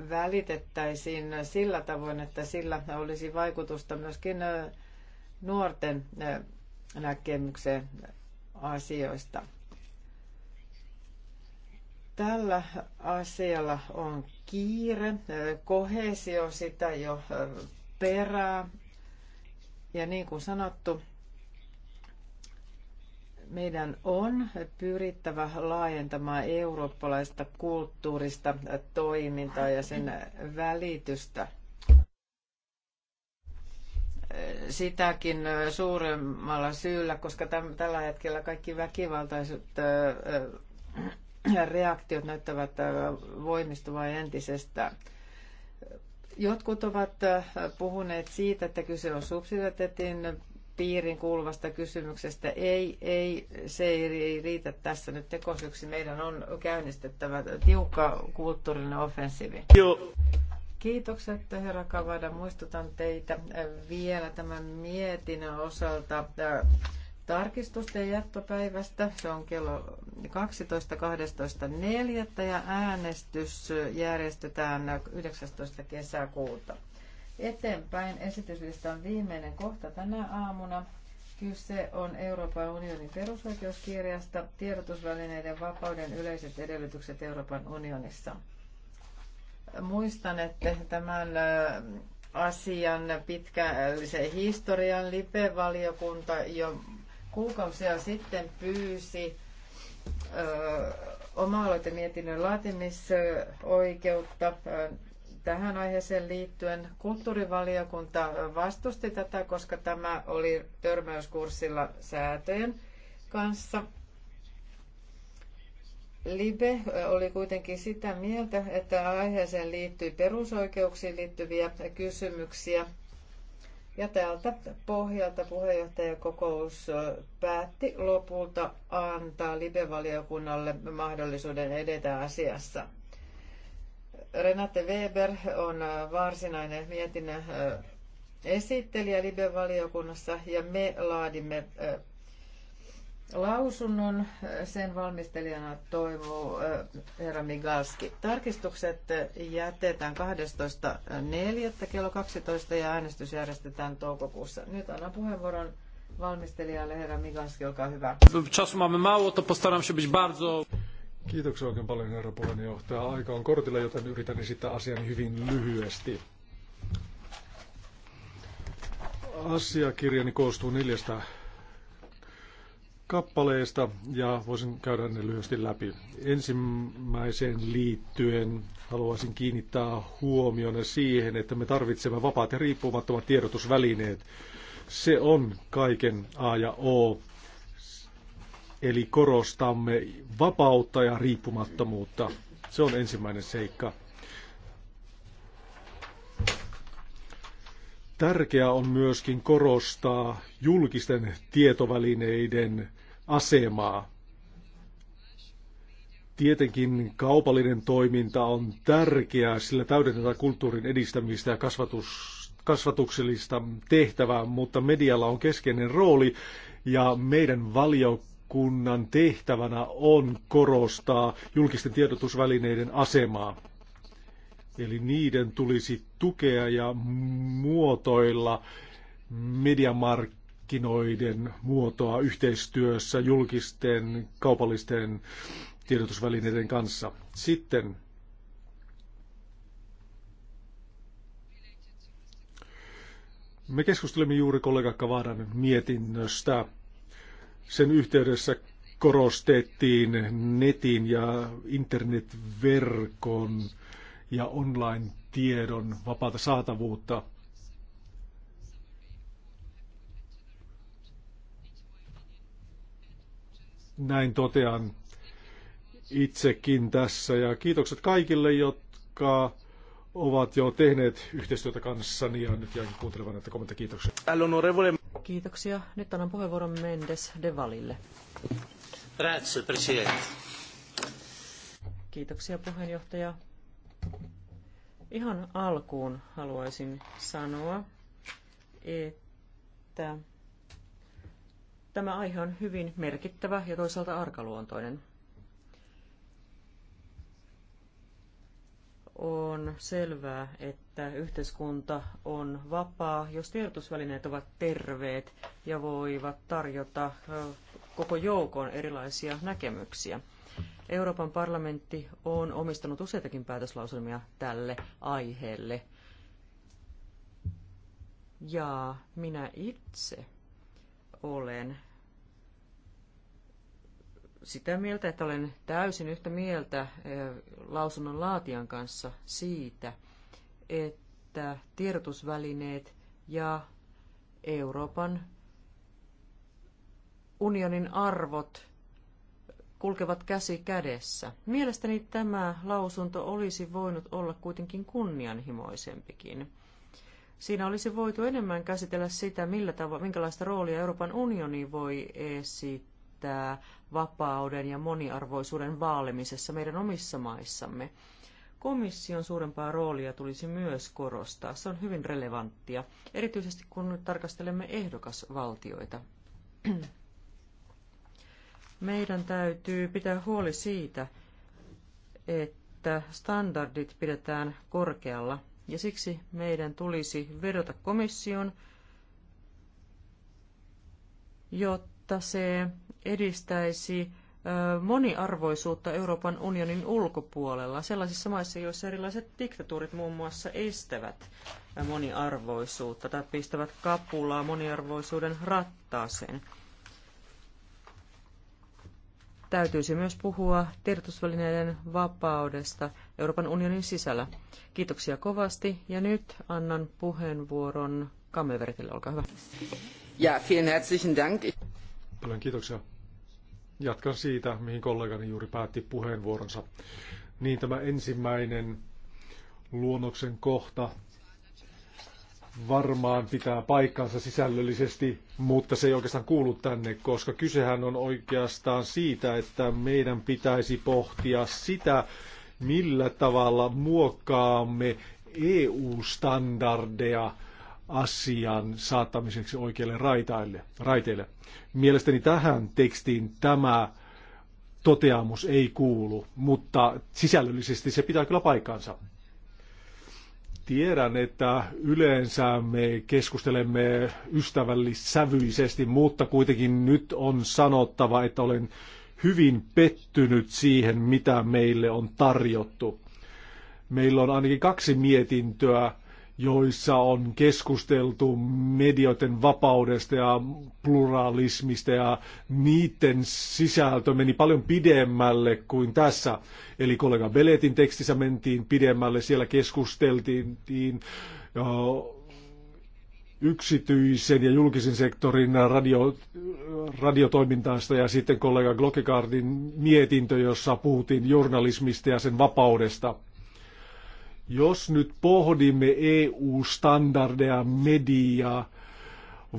välitettäisiin sillä tavoin, että sillä olisi vaikutusta myöskin äh, nuorten äh, näkemykseen asioista. Tällä asialla on kiire. Kohesio sitä jo perää. Ja niin kuin sanottu, meidän on pyrittävä laajentamaan eurooppalaista kulttuurista toimintaa ja sen välitystä. Sitäkin suuremmalla syyllä, koska täm, tällä hetkellä kaikki väkivaltaiset reaktiot näyttävät voimistuvan entisestään. Jotkut ovat äh, puhuneet siitä, että kyse on subsidioitetin piirin kuuluvasta kysymyksestä. Ei, ei, se ei riitä tässä nyt tekosyksi. Meidän on käynnistettävä tiukka kulttuurinen offensiivi. Joo. Kiitokset, herra Kavada. Muistutan teitä äh, vielä tämän mietinnön osalta äh, tarkistusten jättöpäivästä. Se on kello 12.12.4 ja äänestys järjestetään 19. kesäkuuta. Eteenpäin esityslistan viimeinen kohta tänä aamuna. Kyse on Euroopan unionin perusoikeuskirjasta, tiedotusvälineiden vapauden yleiset edellytykset Euroopan unionissa. Muistan, että tämän äh, asian pitkällisen historian lipevaliokunta jo kuukausia sitten pyysi oma-aloitemietinnön laatimisoikeutta tähän aiheeseen liittyen. Kulttuurivaliokunta vastusti tätä, koska tämä oli törmäyskurssilla säätöjen kanssa. Libe oli kuitenkin sitä mieltä, että aiheeseen liittyy perusoikeuksiin liittyviä kysymyksiä ja tältä pohjalta puheenjohtajakokous päätti lopulta antaa libevaliokunnalle mahdollisuuden edetä asiassa. Renate Weber on varsinainen mietinnön esittelijä libevaliokunnassa ja me laadimme lausunnon. Sen valmistelijana toivoo eh, herra Migalski. Tarkistukset jätetään 12.4. kello 12 ja äänestys järjestetään toukokuussa. Nyt annan puheenvuoron valmistelijalle herra Migalski, olkaa hyvä. Czasu mamy mało, to postaram się być bardzo... Kiitoksia oikein paljon herra puheenjohtaja. Aika on kortilla, joten yritän esittää asian hyvin lyhyesti. Asiakirjani koostuu neljästä kappaleesta ja voisin käydä ne lyhyesti läpi. Ensimmäiseen liittyen haluaisin kiinnittää huomiona siihen, että me tarvitsemme vapaat ja riippumattomat tiedotusvälineet. Se on kaiken A ja O. Eli korostamme vapautta ja riippumattomuutta. Se on ensimmäinen seikka. Tärkeää on myöskin korostaa julkisten tietovälineiden asemaa. Tietenkin kaupallinen toiminta on tärkeää, sillä täydennetään kulttuurin edistämistä ja kasvatus, kasvatuksellista tehtävää, mutta medialla on keskeinen rooli ja meidän valiokunnan tehtävänä on korostaa julkisten tiedotusvälineiden asemaa. Eli niiden tulisi tukea ja muotoilla mediamarkkinoiden muotoa yhteistyössä julkisten kaupallisten tiedotusvälineiden kanssa. Sitten me keskustelimme juuri kollega Kavadan mietinnöstä. Sen yhteydessä korostettiin netin ja internetverkon ja online-tiedon vapaata saatavuutta. Näin totean itsekin tässä ja kiitokset kaikille, jotka ovat jo tehneet yhteistyötä kanssani ja nyt jäin kuuntelemaan näitä kommentteja. Kiitoksia. Kiitoksia. Nyt annan puheenvuoron Mendes Devalille. Grazie, Presidente. Kiitoksia puheenjohtaja. Ihan alkuun haluaisin sanoa, että tämä aihe on hyvin merkittävä ja toisaalta arkaluontoinen. On selvää, että yhteiskunta on vapaa, jos tiedotusvälineet ovat terveet ja voivat tarjota koko joukon erilaisia näkemyksiä – Euroopan parlamentti on omistanut useitakin päätöslauselmia tälle aiheelle. Ja minä itse olen sitä mieltä, että olen täysin yhtä mieltä lausunnon laatijan kanssa siitä, että tiedotusvälineet ja Euroopan unionin arvot kulkevat käsi kädessä. Mielestäni tämä lausunto olisi voinut olla kuitenkin kunnianhimoisempikin. Siinä olisi voitu enemmän käsitellä sitä, millä tavo- minkälaista roolia Euroopan unioni voi esittää vapauden ja moniarvoisuuden vaalimisessa meidän omissa maissamme. Komission suurempaa roolia tulisi myös korostaa. Se on hyvin relevanttia, erityisesti kun nyt tarkastelemme ehdokasvaltioita. Meidän täytyy pitää huoli siitä, että standardit pidetään korkealla ja siksi meidän tulisi vedota komission, jotta se edistäisi moniarvoisuutta Euroopan unionin ulkopuolella, sellaisissa maissa, joissa erilaiset diktatuurit muun muassa estävät moniarvoisuutta tai pistävät kapulaa moniarvoisuuden rattaaseen täytyisi myös puhua tiedotusvälineiden vapaudesta Euroopan unionin sisällä. Kiitoksia kovasti ja nyt annan puheenvuoron Kammevertille, olkaa hyvä. Ja, vielen herzlichen Dank. Paljon kiitoksia. Jatkan siitä, mihin kollegani juuri päätti puheenvuoronsa. Niin tämä ensimmäinen luonnoksen kohta varmaan pitää paikkansa sisällöllisesti, mutta se ei oikeastaan kuulu tänne, koska kysehän on oikeastaan siitä, että meidän pitäisi pohtia sitä, millä tavalla muokkaamme EU-standardeja asian saattamiseksi oikeille raitaille, raiteille. Mielestäni tähän tekstiin tämä toteamus ei kuulu, mutta sisällöllisesti se pitää kyllä paikkaansa. Tiedän, että yleensä me keskustelemme ystävällissävyisesti, mutta kuitenkin nyt on sanottava, että olen hyvin pettynyt siihen, mitä meille on tarjottu. Meillä on ainakin kaksi mietintöä, joissa on keskusteltu medioiden vapaudesta ja pluralismista ja niiden sisältö meni paljon pidemmälle kuin tässä. Eli kollega Beletin tekstissä mentiin pidemmälle, siellä keskusteltiin äh, yksityisen ja julkisen sektorin radio, radiotoimintaista ja sitten kollega Glockegardin mietintö, jossa puhuttiin journalismista ja sen vapaudesta – jos nyt pohdimme EU-standardeja mediaa,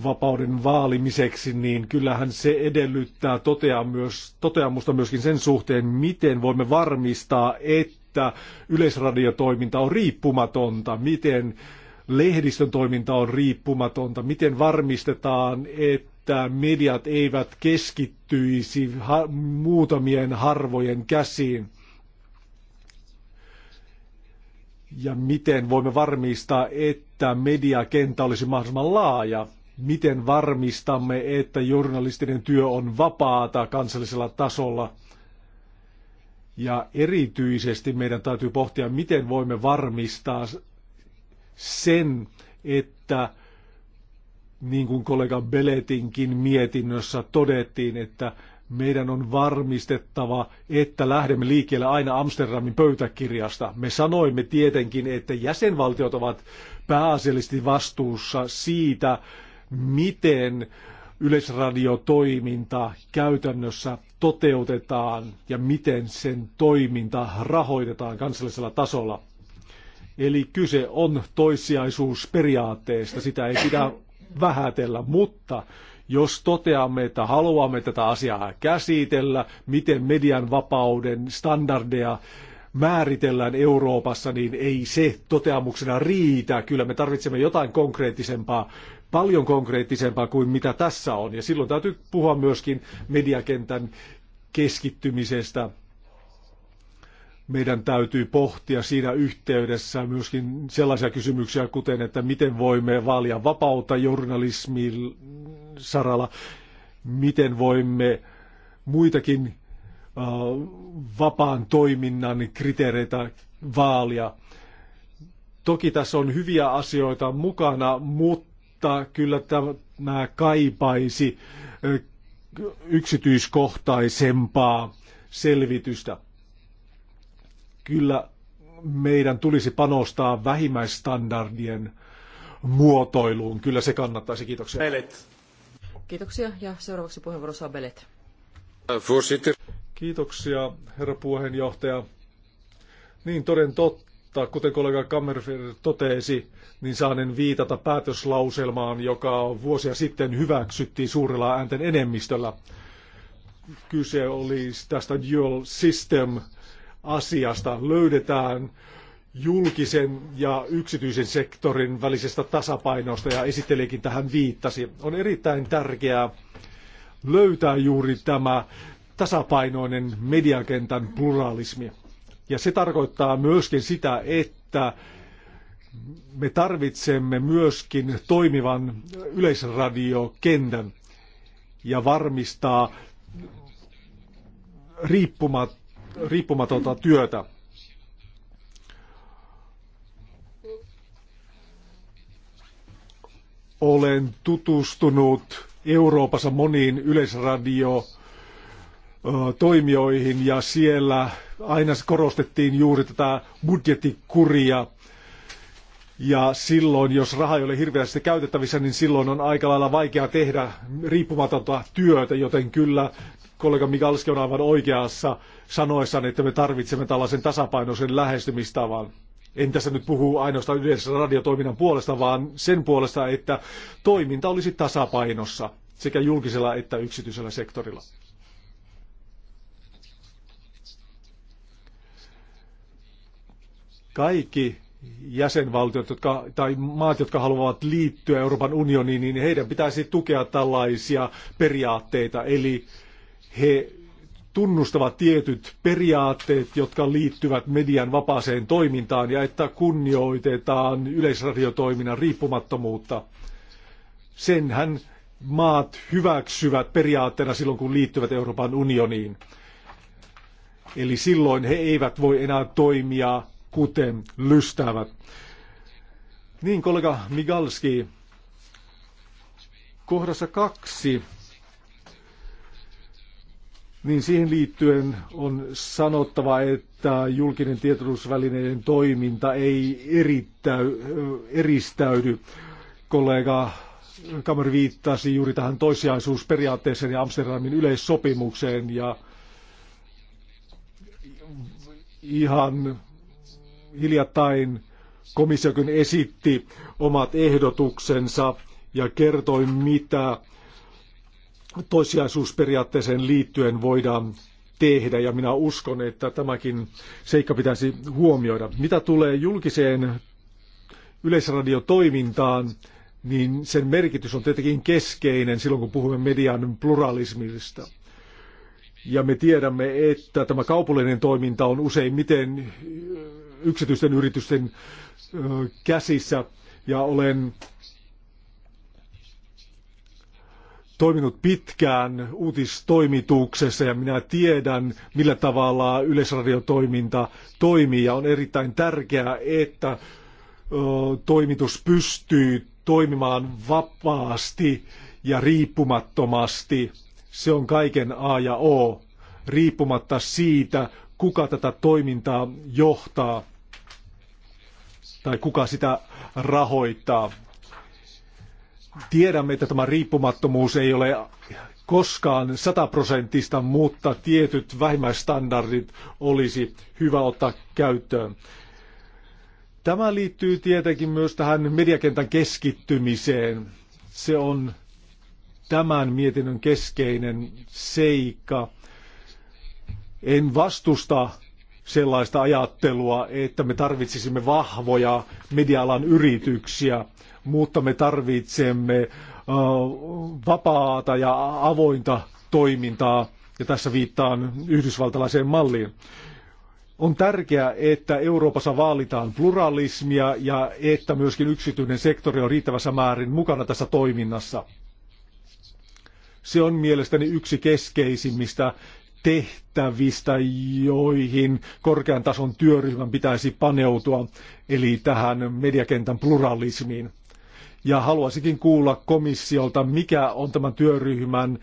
vapauden vaalimiseksi, niin kyllähän se edellyttää totea myös, toteamusta myöskin sen suhteen, miten voimme varmistaa, että yleisradiotoiminta on riippumatonta, miten lehdistön toiminta on riippumatonta, miten varmistetaan, että mediat eivät keskittyisi muutamien harvojen käsiin. ja miten voimme varmistaa, että mediakenttä olisi mahdollisimman laaja. Miten varmistamme, että journalistinen työ on vapaata kansallisella tasolla. Ja erityisesti meidän täytyy pohtia, miten voimme varmistaa sen, että niin kuin kollega Beletinkin mietinnössä todettiin, että meidän on varmistettava, että lähdemme liikkeelle aina Amsterdamin pöytäkirjasta. Me sanoimme tietenkin, että jäsenvaltiot ovat pääasiallisesti vastuussa siitä, miten yleisradiotoiminta käytännössä toteutetaan ja miten sen toiminta rahoitetaan kansallisella tasolla. Eli kyse on toissijaisuusperiaatteesta, sitä ei pidä vähätellä, mutta jos toteamme, että haluamme tätä asiaa käsitellä, miten median vapauden standardeja määritellään Euroopassa, niin ei se toteamuksena riitä. Kyllä me tarvitsemme jotain konkreettisempaa, paljon konkreettisempaa kuin mitä tässä on. Ja silloin täytyy puhua myöskin mediakentän keskittymisestä. Meidän täytyy pohtia siinä yhteydessä myöskin sellaisia kysymyksiä, kuten että miten voimme vaalia vapautta journalismin saralla, miten voimme muitakin äh, vapaan toiminnan kriteereitä vaalia. Toki tässä on hyviä asioita mukana, mutta kyllä tämä kaipaisi äh, yksityiskohtaisempaa selvitystä. Kyllä meidän tulisi panostaa vähimmäistandardien muotoiluun. Kyllä se kannattaisi. Kiitoksia. Kiitoksia ja seuraavaksi puheenvuoro saa Belet. Kiitoksia, herra puheenjohtaja. Niin toden totta, kuten kollega Kammerfer totesi, niin saanen viitata päätöslauselmaan, joka vuosia sitten hyväksyttiin suurella äänten enemmistöllä. Kyse oli tästä dual system asiasta. Löydetään julkisen ja yksityisen sektorin välisestä tasapainosta ja esittelikin tähän viittasi. On erittäin tärkeää löytää juuri tämä tasapainoinen mediakentän pluralismi. Ja se tarkoittaa myöskin sitä, että me tarvitsemme myöskin toimivan yleisradiokentän ja varmistaa riippumatonta työtä. olen tutustunut Euroopassa moniin yleisradio toimijoihin ja siellä aina korostettiin juuri tätä budjettikuria. Ja silloin, jos raha ei ole hirveästi käytettävissä, niin silloin on aika lailla vaikea tehdä riippumatonta työtä, joten kyllä kollega Mikalski on aivan oikeassa sanoessaan, että me tarvitsemme tällaisen tasapainoisen lähestymistavan en tässä nyt puhu ainoastaan yleisessä radiotoiminnan puolesta, vaan sen puolesta, että toiminta olisi tasapainossa sekä julkisella että yksityisellä sektorilla. Kaikki jäsenvaltiot jotka, tai maat, jotka haluavat liittyä Euroopan unioniin, niin heidän pitäisi tukea tällaisia periaatteita, eli he tunnustavat tietyt periaatteet, jotka liittyvät median vapaaseen toimintaan ja että kunnioitetaan yleisradiotoiminnan riippumattomuutta. Senhän maat hyväksyvät periaatteena silloin, kun liittyvät Euroopan unioniin. Eli silloin he eivät voi enää toimia kuten lystävät. Niin, kollega Migalski, kohdassa kaksi niin siihen liittyen on sanottava, että julkinen tiedotusvälineiden toiminta ei erittäy, eristäydy. Kollega Kammer viittasi juuri tähän toissijaisuusperiaatteeseen ja Amsterdamin yleissopimukseen ja ihan hiljattain komissiokin esitti omat ehdotuksensa ja kertoi, mitä toissijaisuusperiaatteeseen liittyen voidaan tehdä ja minä uskon, että tämäkin seikka pitäisi huomioida. Mitä tulee julkiseen yleisradiotoimintaan, niin sen merkitys on tietenkin keskeinen silloin, kun puhumme median pluralismista. Ja me tiedämme, että tämä kaupallinen toiminta on usein miten yksityisten yritysten käsissä. Ja olen toiminut pitkään uutistoimituksessa ja minä tiedän, millä tavalla yleisradiotoiminta toimii ja on erittäin tärkeää, että toimitus pystyy toimimaan vapaasti ja riippumattomasti. Se on kaiken A ja O, riippumatta siitä, kuka tätä toimintaa johtaa tai kuka sitä rahoittaa. Tiedämme, että tämä riippumattomuus ei ole koskaan sataprosenttista, mutta tietyt vähimmäistandardit olisi hyvä ottaa käyttöön. Tämä liittyy tietenkin myös tähän mediakentän keskittymiseen. Se on tämän mietinnön keskeinen seikka. En vastusta sellaista ajattelua, että me tarvitsisimme vahvoja medialan yrityksiä, mutta me tarvitsemme äh, vapaata ja avointa toimintaa, ja tässä viittaan yhdysvaltalaiseen malliin. On tärkeää, että Euroopassa vaalitaan pluralismia ja että myöskin yksityinen sektori on riittävässä määrin mukana tässä toiminnassa. Se on mielestäni yksi keskeisimmistä tehtävistä, joihin korkean tason työryhmän pitäisi paneutua, eli tähän mediakentän pluralismiin. Ja haluaisikin kuulla komissiolta, mikä on tämän työryhmän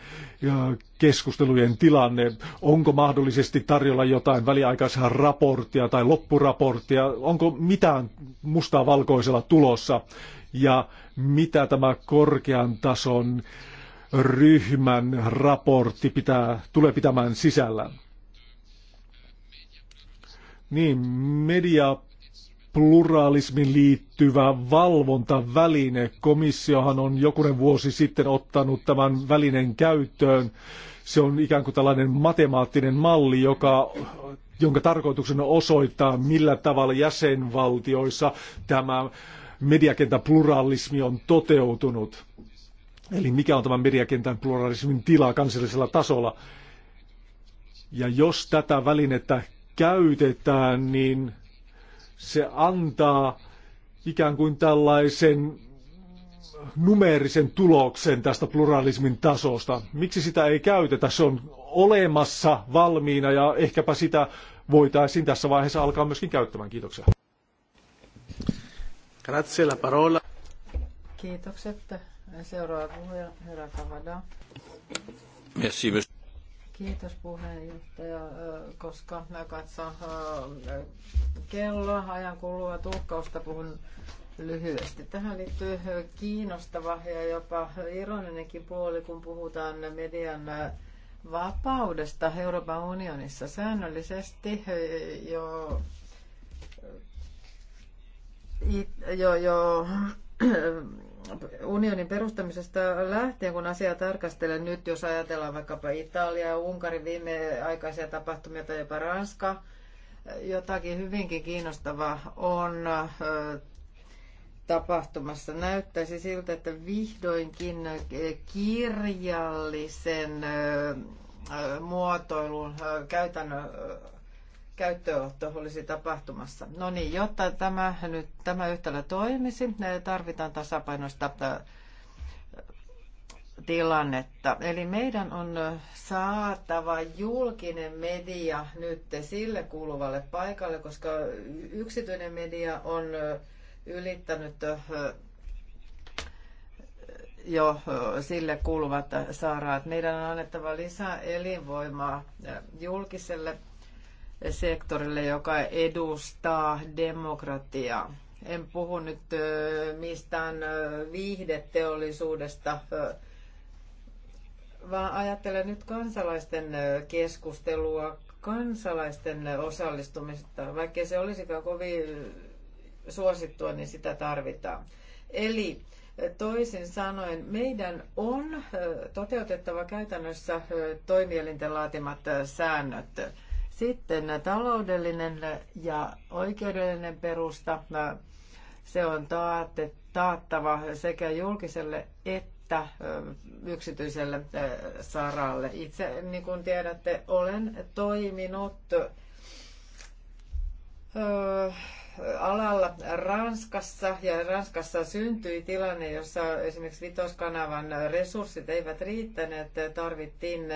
keskustelujen tilanne. Onko mahdollisesti tarjolla jotain väliaikaisia raporttia tai loppuraporttia? Onko mitään mustaa valkoisella tulossa? Ja mitä tämä korkean tason ryhmän raportti pitää, tulee pitämään sisällään? Niin, media pluralismin liittyvä valvontaväline. Komissiohan on jokunen vuosi sitten ottanut tämän välineen käyttöön. Se on ikään kuin tällainen matemaattinen malli, joka, jonka tarkoituksena osoittaa, millä tavalla jäsenvaltioissa tämä mediakentän pluralismi on toteutunut. Eli mikä on tämän mediakentän pluralismin tila kansallisella tasolla. Ja jos tätä välinettä käytetään, niin se antaa ikään kuin tällaisen numeerisen tuloksen tästä pluralismin tasosta. Miksi sitä ei käytetä? Se on olemassa valmiina ja ehkäpä sitä voitaisiin tässä vaiheessa alkaa myöskin käyttämään. Kiitoksia. Grazie la parola. Kiitokset. Seuraava puhuja, herra Kavada. Merci, Kiitos puheenjohtaja, koska mä katson kelloa, ajan kulua tulkkausta puhun lyhyesti. Tähän liittyy kiinnostava ja jopa ironinenkin puoli, kun puhutaan median vapaudesta Euroopan unionissa säännöllisesti jo, jo, jo unionin perustamisesta lähtien, kun asiaa tarkastelen nyt, jos ajatellaan vaikkapa Italiaa, Unkarin viimeaikaisia tapahtumia tai jopa Ranska, jotakin hyvinkin kiinnostavaa on tapahtumassa. Näyttäisi siltä, että vihdoinkin kirjallisen muotoilun käytännön käyttöönotto olisi tapahtumassa. No niin, jotta tämä, nyt, tämä yhtälö toimisi, tarvitaan tasapainoista tilannetta. Eli meidän on saatava julkinen media nyt sille kuuluvalle paikalle, koska yksityinen media on ylittänyt jo sille kuuluvat saaraat. Meidän on annettava lisää elinvoimaa julkiselle sektorille, joka edustaa demokratiaa. En puhu nyt mistään viihdeteollisuudesta, vaan ajattelen nyt kansalaisten keskustelua, kansalaisten osallistumista. Vaikkei se olisikaan kovin suosittua, niin sitä tarvitaan. Eli toisin sanoen, meidän on toteutettava käytännössä toimielinten laatimat säännöt sitten taloudellinen ja oikeudellinen perusta, se on taattava sekä julkiselle että yksityiselle saralle. Itse, niin kuin tiedätte, olen toiminut alalla Ranskassa ja Ranskassa syntyi tilanne, jossa esimerkiksi Vitoskanavan resurssit eivät riittäneet, tarvittiin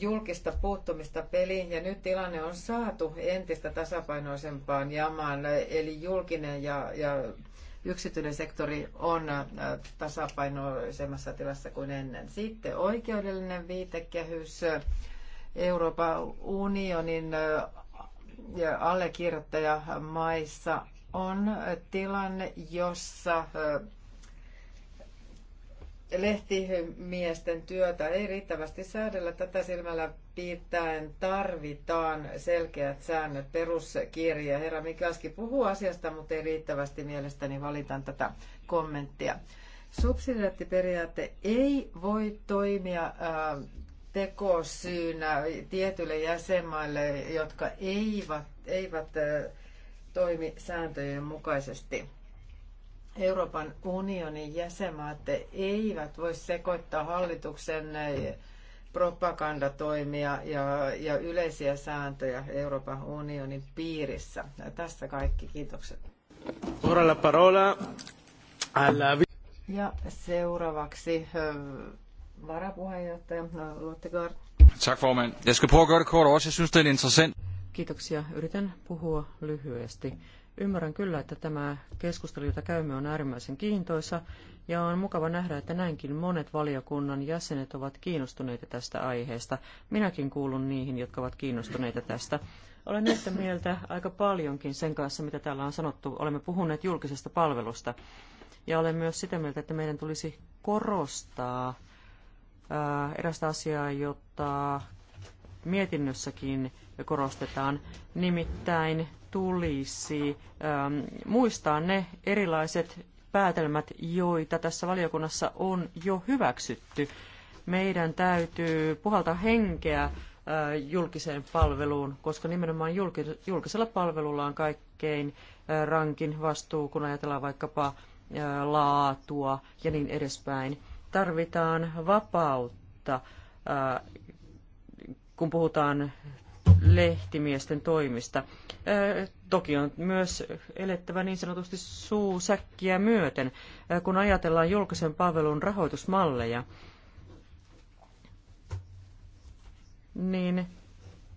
julkista puuttumista peliin ja nyt tilanne on saatu entistä tasapainoisempaan jamaan, eli julkinen ja, ja yksityinen sektori on äh, tasapainoisemmassa tilassa kuin ennen. Sitten oikeudellinen viitekehys Euroopan unionin äh, ja allekirjoittajamaissa on tilanne, jossa äh, lehtimiesten työtä ei riittävästi säädellä. Tätä silmällä pitäen tarvitaan selkeät säännöt, peruskirja. Herra Mikaski puhuu asiasta, mutta ei riittävästi mielestäni valitan tätä kommenttia. Subsidiaattiperiaate ei voi toimia tekosyynä tietyille jäsenmaille, jotka eivät, eivät toimi sääntöjen mukaisesti. Euroopan unionin jäsenmaat eivät voi sekoittaa hallituksen eh, propagandatoimia ja, ja yleisiä sääntöjä Euroopan unionin piirissä. Ja tässä kaikki, kiitokset. Ora parola alla... Ja seuraavaksi eh, varapuheenjohtaja eh, Lottegaard. Tak formand. Jeg skal prøve at gøre det kort også. Jeg synes, det er interessant. Kiitoksia. Yritän puhua lyhyesti. Ymmärrän kyllä, että tämä keskustelu, jota käymme, on äärimmäisen kiintoisa, ja on mukava nähdä, että näinkin monet valiokunnan jäsenet ovat kiinnostuneita tästä aiheesta. Minäkin kuulun niihin, jotka ovat kiinnostuneita tästä. Olen yhtä mieltä aika paljonkin sen kanssa, mitä täällä on sanottu. Olemme puhuneet julkisesta palvelusta, ja olen myös sitä mieltä, että meidän tulisi korostaa ää, erästä asiaa, jota mietinnössäkin korostetaan, nimittäin tulisi ähm, muistaa ne erilaiset päätelmät, joita tässä valiokunnassa on jo hyväksytty. Meidän täytyy puhaltaa henkeä äh, julkiseen palveluun, koska nimenomaan julkis- julkisella palvelulla on kaikkein äh, rankin vastuu, kun ajatellaan vaikkapa äh, laatua ja niin edespäin. Tarvitaan vapautta, äh, kun puhutaan lehtimiesten toimista. Toki on myös elettävä niin sanotusti suusäkkiä myöten, kun ajatellaan julkisen palvelun rahoitusmalleja. Niin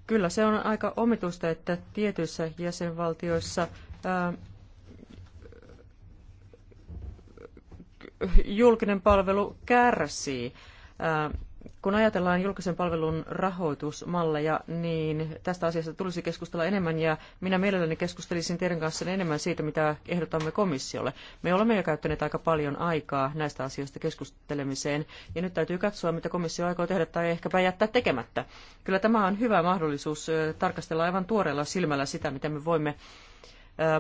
kyllä se on aika omituista, että tietyissä jäsenvaltioissa julkinen palvelu kärsii kun ajatellaan julkisen palvelun rahoitusmalleja, niin tästä asiasta tulisi keskustella enemmän ja minä mielelläni keskustelisin teidän kanssa enemmän siitä, mitä ehdotamme komissiolle. Me olemme jo käyttäneet aika paljon aikaa näistä asioista keskustelemiseen ja nyt täytyy katsoa, mitä komissio aikoo tehdä tai ehkäpä jättää tekemättä. Kyllä tämä on hyvä mahdollisuus tarkastella aivan tuoreella silmällä sitä, mitä me voimme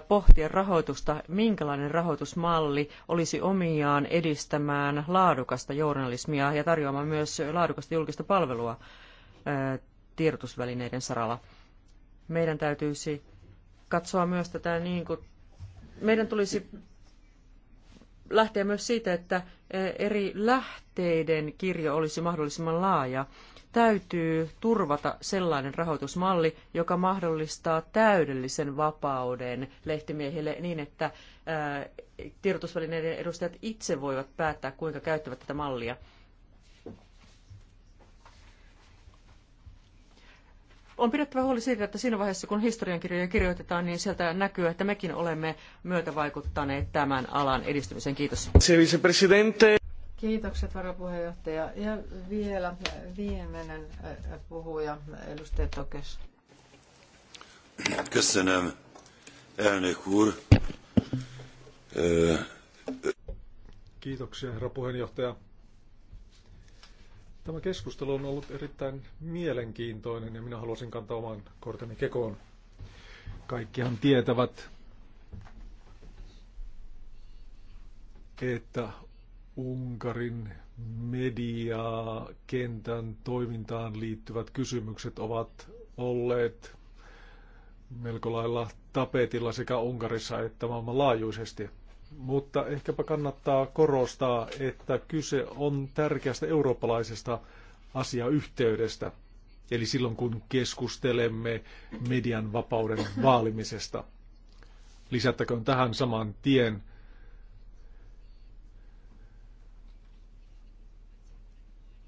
pohtia rahoitusta, minkälainen rahoitusmalli olisi omiaan edistämään laadukasta journalismia ja tarjoamaan myös laadukasta julkista palvelua tiedotusvälineiden saralla. Meidän täytyisi katsoa myös tätä niin kuin, meidän tulisi lähteä myös siitä, että eri lähteiden kirjo olisi mahdollisimman laaja täytyy turvata sellainen rahoitusmalli, joka mahdollistaa täydellisen vapauden lehtimiehille niin, että ää, tiedotusvälineiden edustajat itse voivat päättää, kuinka käyttävät tätä mallia. on pidettävä huoli siitä, että siinä vaiheessa, kun historiankirjoja kirjoitetaan, niin sieltä näkyy, että mekin olemme myötävaikuttaneet tämän alan edistymiseen. Kiitos. Kiitokset varapuheenjohtaja. Ja vielä viimeinen puhuja, edustaja Tokes. Köszönöm, elnök úr. Kiitoksia, herra puheenjohtaja. Tämä keskustelu on ollut erittäin mielenkiintoinen ja minä haluaisin kantaa oman korteni kekoon. Kaikkihan tietävät, että Unkarin mediakentän toimintaan liittyvät kysymykset ovat olleet melko lailla tapetilla sekä Unkarissa että maailmanlaajuisesti. Mutta ehkäpä kannattaa korostaa, että kyse on tärkeästä eurooppalaisesta asiayhteydestä, eli silloin kun keskustelemme median vapauden vaalimisesta. Lisättäköön tähän saman tien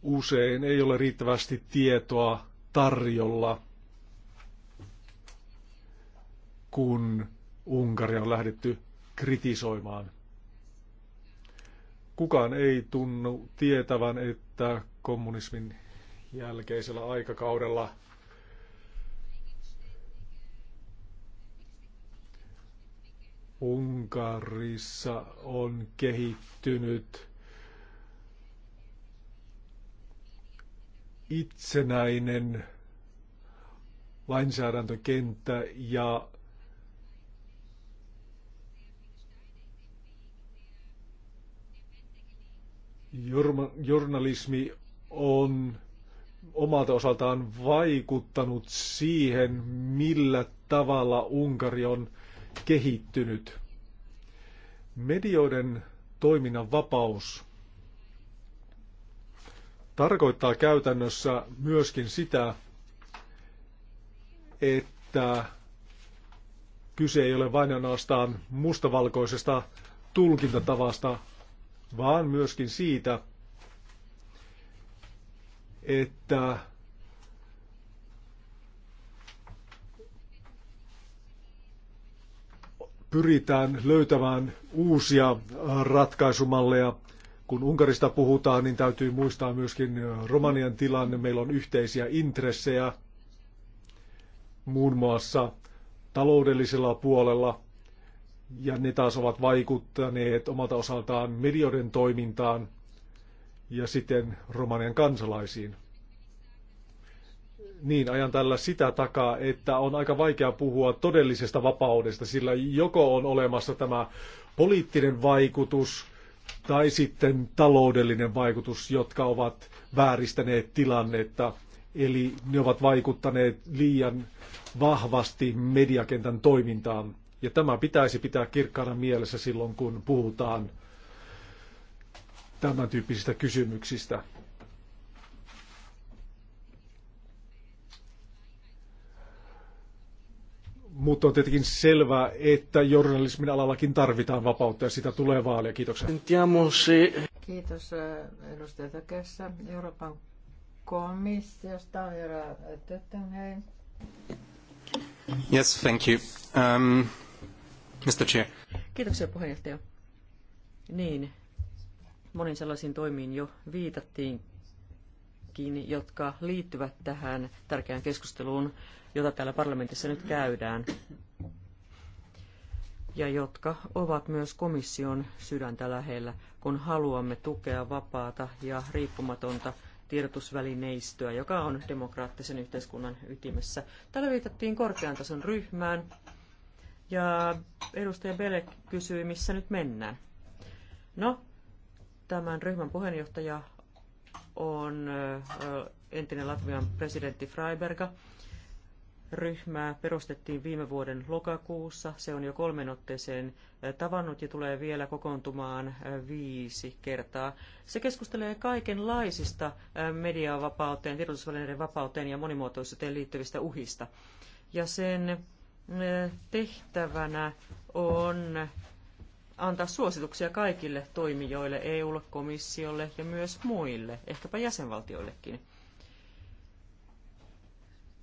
usein ei ole riittävästi tietoa tarjolla, kun Unkaria on lähdetty kritisoimaan. Kukaan ei tunnu tietävän, että kommunismin jälkeisellä aikakaudella Unkarissa on kehittynyt itsenäinen lainsäädäntökenttä ja journalismi on omalta osaltaan vaikuttanut siihen, millä tavalla Unkari on kehittynyt. Medioiden toiminnan vapaus tarkoittaa käytännössä myöskin sitä, että kyse ei ole vain ainoastaan mustavalkoisesta tulkintatavasta, vaan myöskin siitä, että pyritään löytämään uusia ratkaisumalleja kun Unkarista puhutaan, niin täytyy muistaa myöskin Romanian tilanne. Meillä on yhteisiä intressejä muun muassa taloudellisella puolella, ja ne taas ovat vaikuttaneet omalta osaltaan medioiden toimintaan ja sitten Romanian kansalaisiin. Niin, ajan tällä sitä takaa, että on aika vaikea puhua todellisesta vapaudesta, sillä joko on olemassa tämä poliittinen vaikutus, tai sitten taloudellinen vaikutus, jotka ovat vääristäneet tilannetta. Eli ne ovat vaikuttaneet liian vahvasti mediakentän toimintaan. Ja tämä pitäisi pitää kirkkaana mielessä silloin, kun puhutaan tämän tyyppisistä kysymyksistä. Mutta on tietenkin selvää, että journalismin alallakin tarvitaan vapautta ja sitä tulee vaalia. Kiitoksia. Kiitos eh, edustaja Tökessä Euroopan komissiosta. Herra Töttenheim. Yes, thank you. Um, Mr. Chair. Kiitoksia puheenjohtaja. Niin, monin sellaisiin toimiin jo viitattiin kaikkiin, jotka liittyvät tähän tärkeään keskusteluun, jota täällä parlamentissa nyt käydään, ja jotka ovat myös komission sydäntä lähellä, kun haluamme tukea vapaata ja riippumatonta tiedotusvälineistöä, joka on demokraattisen yhteiskunnan ytimessä. Täällä viitattiin korkean tason ryhmään, ja edustaja Bele kysyi, missä nyt mennään. No, tämän ryhmän puheenjohtaja on entinen Latvian presidentti Freiberga. Ryhmää perustettiin viime vuoden lokakuussa. Se on jo kolmen otteeseen tavannut ja tulee vielä kokoontumaan viisi kertaa. Se keskustelee kaikenlaisista mediavapauteen, tiedotusvälineiden vapauteen ja monimuotoisuuteen liittyvistä uhista. Ja sen tehtävänä on antaa suosituksia kaikille toimijoille, EUlle, komissiolle ja myös muille, ehkäpä jäsenvaltioillekin.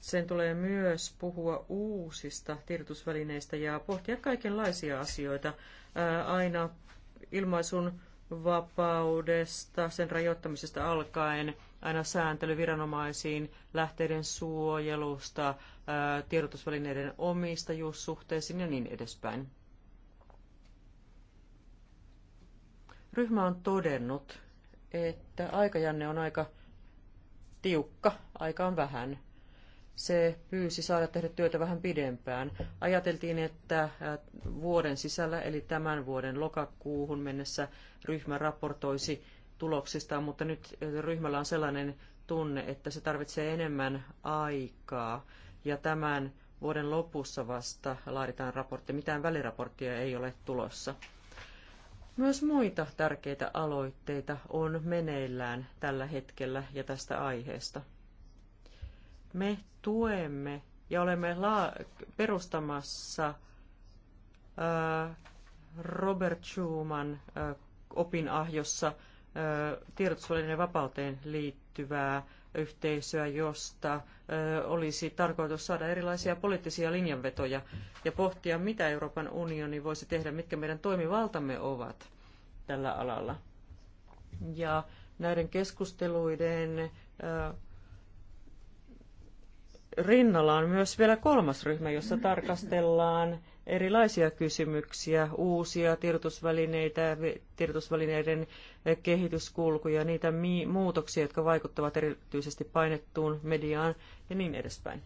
Sen tulee myös puhua uusista tiedotusvälineistä ja pohtia kaikenlaisia asioita, aina ilmaisun vapaudesta, sen rajoittamisesta alkaen, aina sääntelyviranomaisiin, lähteiden suojelusta, tiedotusvälineiden omistajuussuhteisiin ja niin edespäin. Ryhmä on todennut, että aikajanne on aika tiukka, aika on vähän. Se pyysi saada tehdä työtä vähän pidempään. Ajateltiin, että äh, vuoden sisällä, eli tämän vuoden lokakuuhun mennessä, ryhmä raportoisi tuloksistaan, mutta nyt äh, ryhmällä on sellainen tunne, että se tarvitsee enemmän aikaa. Ja tämän vuoden lopussa vasta laaditaan raportti. Mitään väliraporttia ei ole tulossa. Myös muita tärkeitä aloitteita on meneillään tällä hetkellä ja tästä aiheesta. Me tuemme ja olemme perustamassa Robert Schumann opinahjossa tiedotusvälineen vapauteen liittyvää yhteisöä, josta olisi tarkoitus saada erilaisia poliittisia linjanvetoja ja pohtia, mitä Euroopan unioni voisi tehdä, mitkä meidän toimivaltamme ovat tällä alalla. Ja näiden keskusteluiden rinnalla on myös vielä kolmas ryhmä, jossa tarkastellaan erilaisia kysymyksiä, uusia tiedotusvälineitä, tiedotusvälineiden kehityskulkuja, niitä muutoksia, jotka vaikuttavat erityisesti painettuun mediaan ja niin edespäin.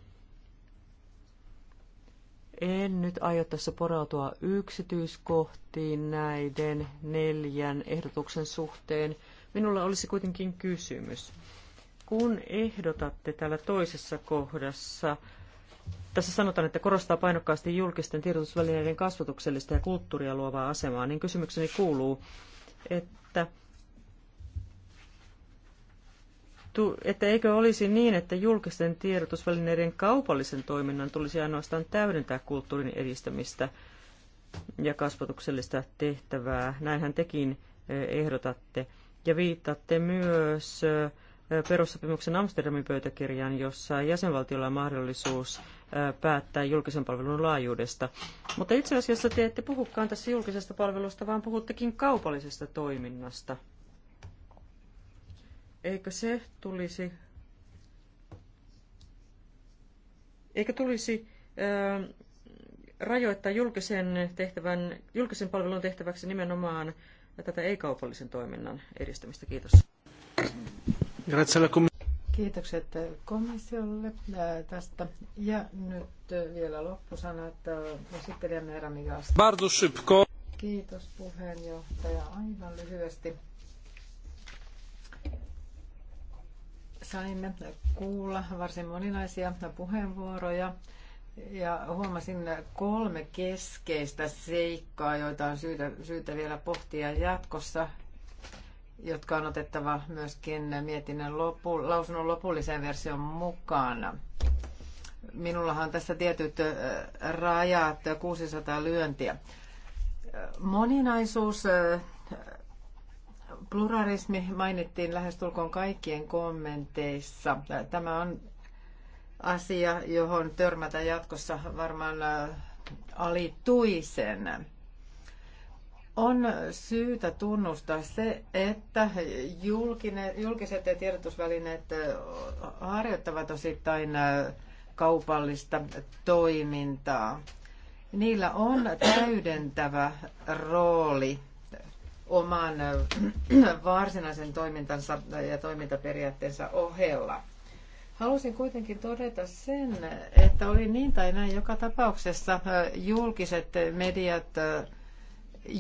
En nyt aio tässä porautua yksityiskohtiin näiden neljän ehdotuksen suhteen. Minulla olisi kuitenkin kysymys. Kun ehdotatte täällä toisessa kohdassa, tässä sanotaan, että korostaa painokkaasti julkisten tiedotusvälineiden kasvatuksellista ja kulttuuria luovaa asemaa, niin kysymykseni kuuluu, että että eikö olisi niin, että julkisten tiedotusvälineiden kaupallisen toiminnan tulisi ainoastaan täydentää kulttuurin edistämistä ja kasvatuksellista tehtävää. Näinhän tekin e, ehdotatte. Ja viittaatte myös e, perussopimuksen Amsterdamin pöytäkirjaan, jossa jäsenvaltiolla on mahdollisuus e, päättää julkisen palvelun laajuudesta. Mutta itse asiassa te ette puhukaan tässä julkisesta palvelusta, vaan puhuttekin kaupallisesta toiminnasta eikö se tulisi, eikö tulisi ö, ähm, rajoittaa julkisen, tehtävän, julkisen palvelun tehtäväksi nimenomaan tätä ei-kaupallisen toiminnan edistämistä? Kiitos. Kiitokset komissiolle äh, tästä. Ja nyt äh, vielä loppusana, että äh, esittelijämme Rami Mikas. Kiitos puheenjohtaja. Aivan lyhyesti Saimme kuulla varsin moninaisia puheenvuoroja ja huomasin kolme keskeistä seikkaa, joita on syytä, syytä vielä pohtia jatkossa, jotka on otettava myöskin mietinnön lopu, lausunnon lopulliseen version mukana. Minullahan on tässä tietyt rajat, 600 lyöntiä. Moninaisuus Pluralismi mainittiin lähestulkoon kaikkien kommenteissa. Tämä on asia, johon törmätään jatkossa varmaan alituisen. On syytä tunnustaa se, että julkinen, julkiset ja tiedotusvälineet harjoittavat osittain kaupallista toimintaa. Niillä on täydentävä rooli oman äh, varsinaisen toimintansa ja toimintaperiaatteensa ohella. Halusin kuitenkin todeta sen, että oli niin tai näin joka tapauksessa äh, julkiset mediat äh,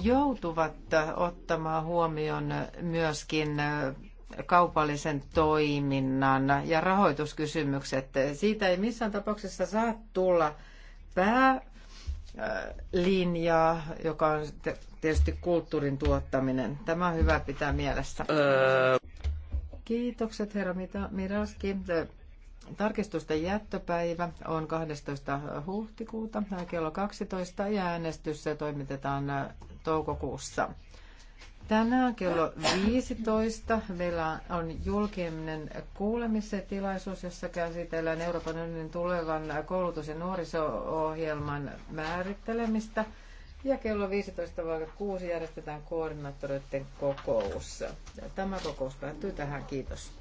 joutuvat ottamaan huomioon myöskin kaupallisen toiminnan ja rahoituskysymykset. Siitä ei missään tapauksessa saa tulla pää linjaa, joka on tietysti kulttuurin tuottaminen. Tämä on hyvä pitää mielessä. Öö. Kiitokset herra Miraski. Tarkistusten jättöpäivä on 12. huhtikuuta kello 12 ja äänestys se toimitetaan toukokuussa. Tänään kello 15 meillä on julkinen kuulemisetilaisuus, jossa käsitellään Euroopan unionin tulevan koulutus- ja nuoriso-ohjelman määrittelemistä. Ja kello 15.06 järjestetään koordinaattoreiden kokous. Tämä kokous päättyy tähän. Kiitos.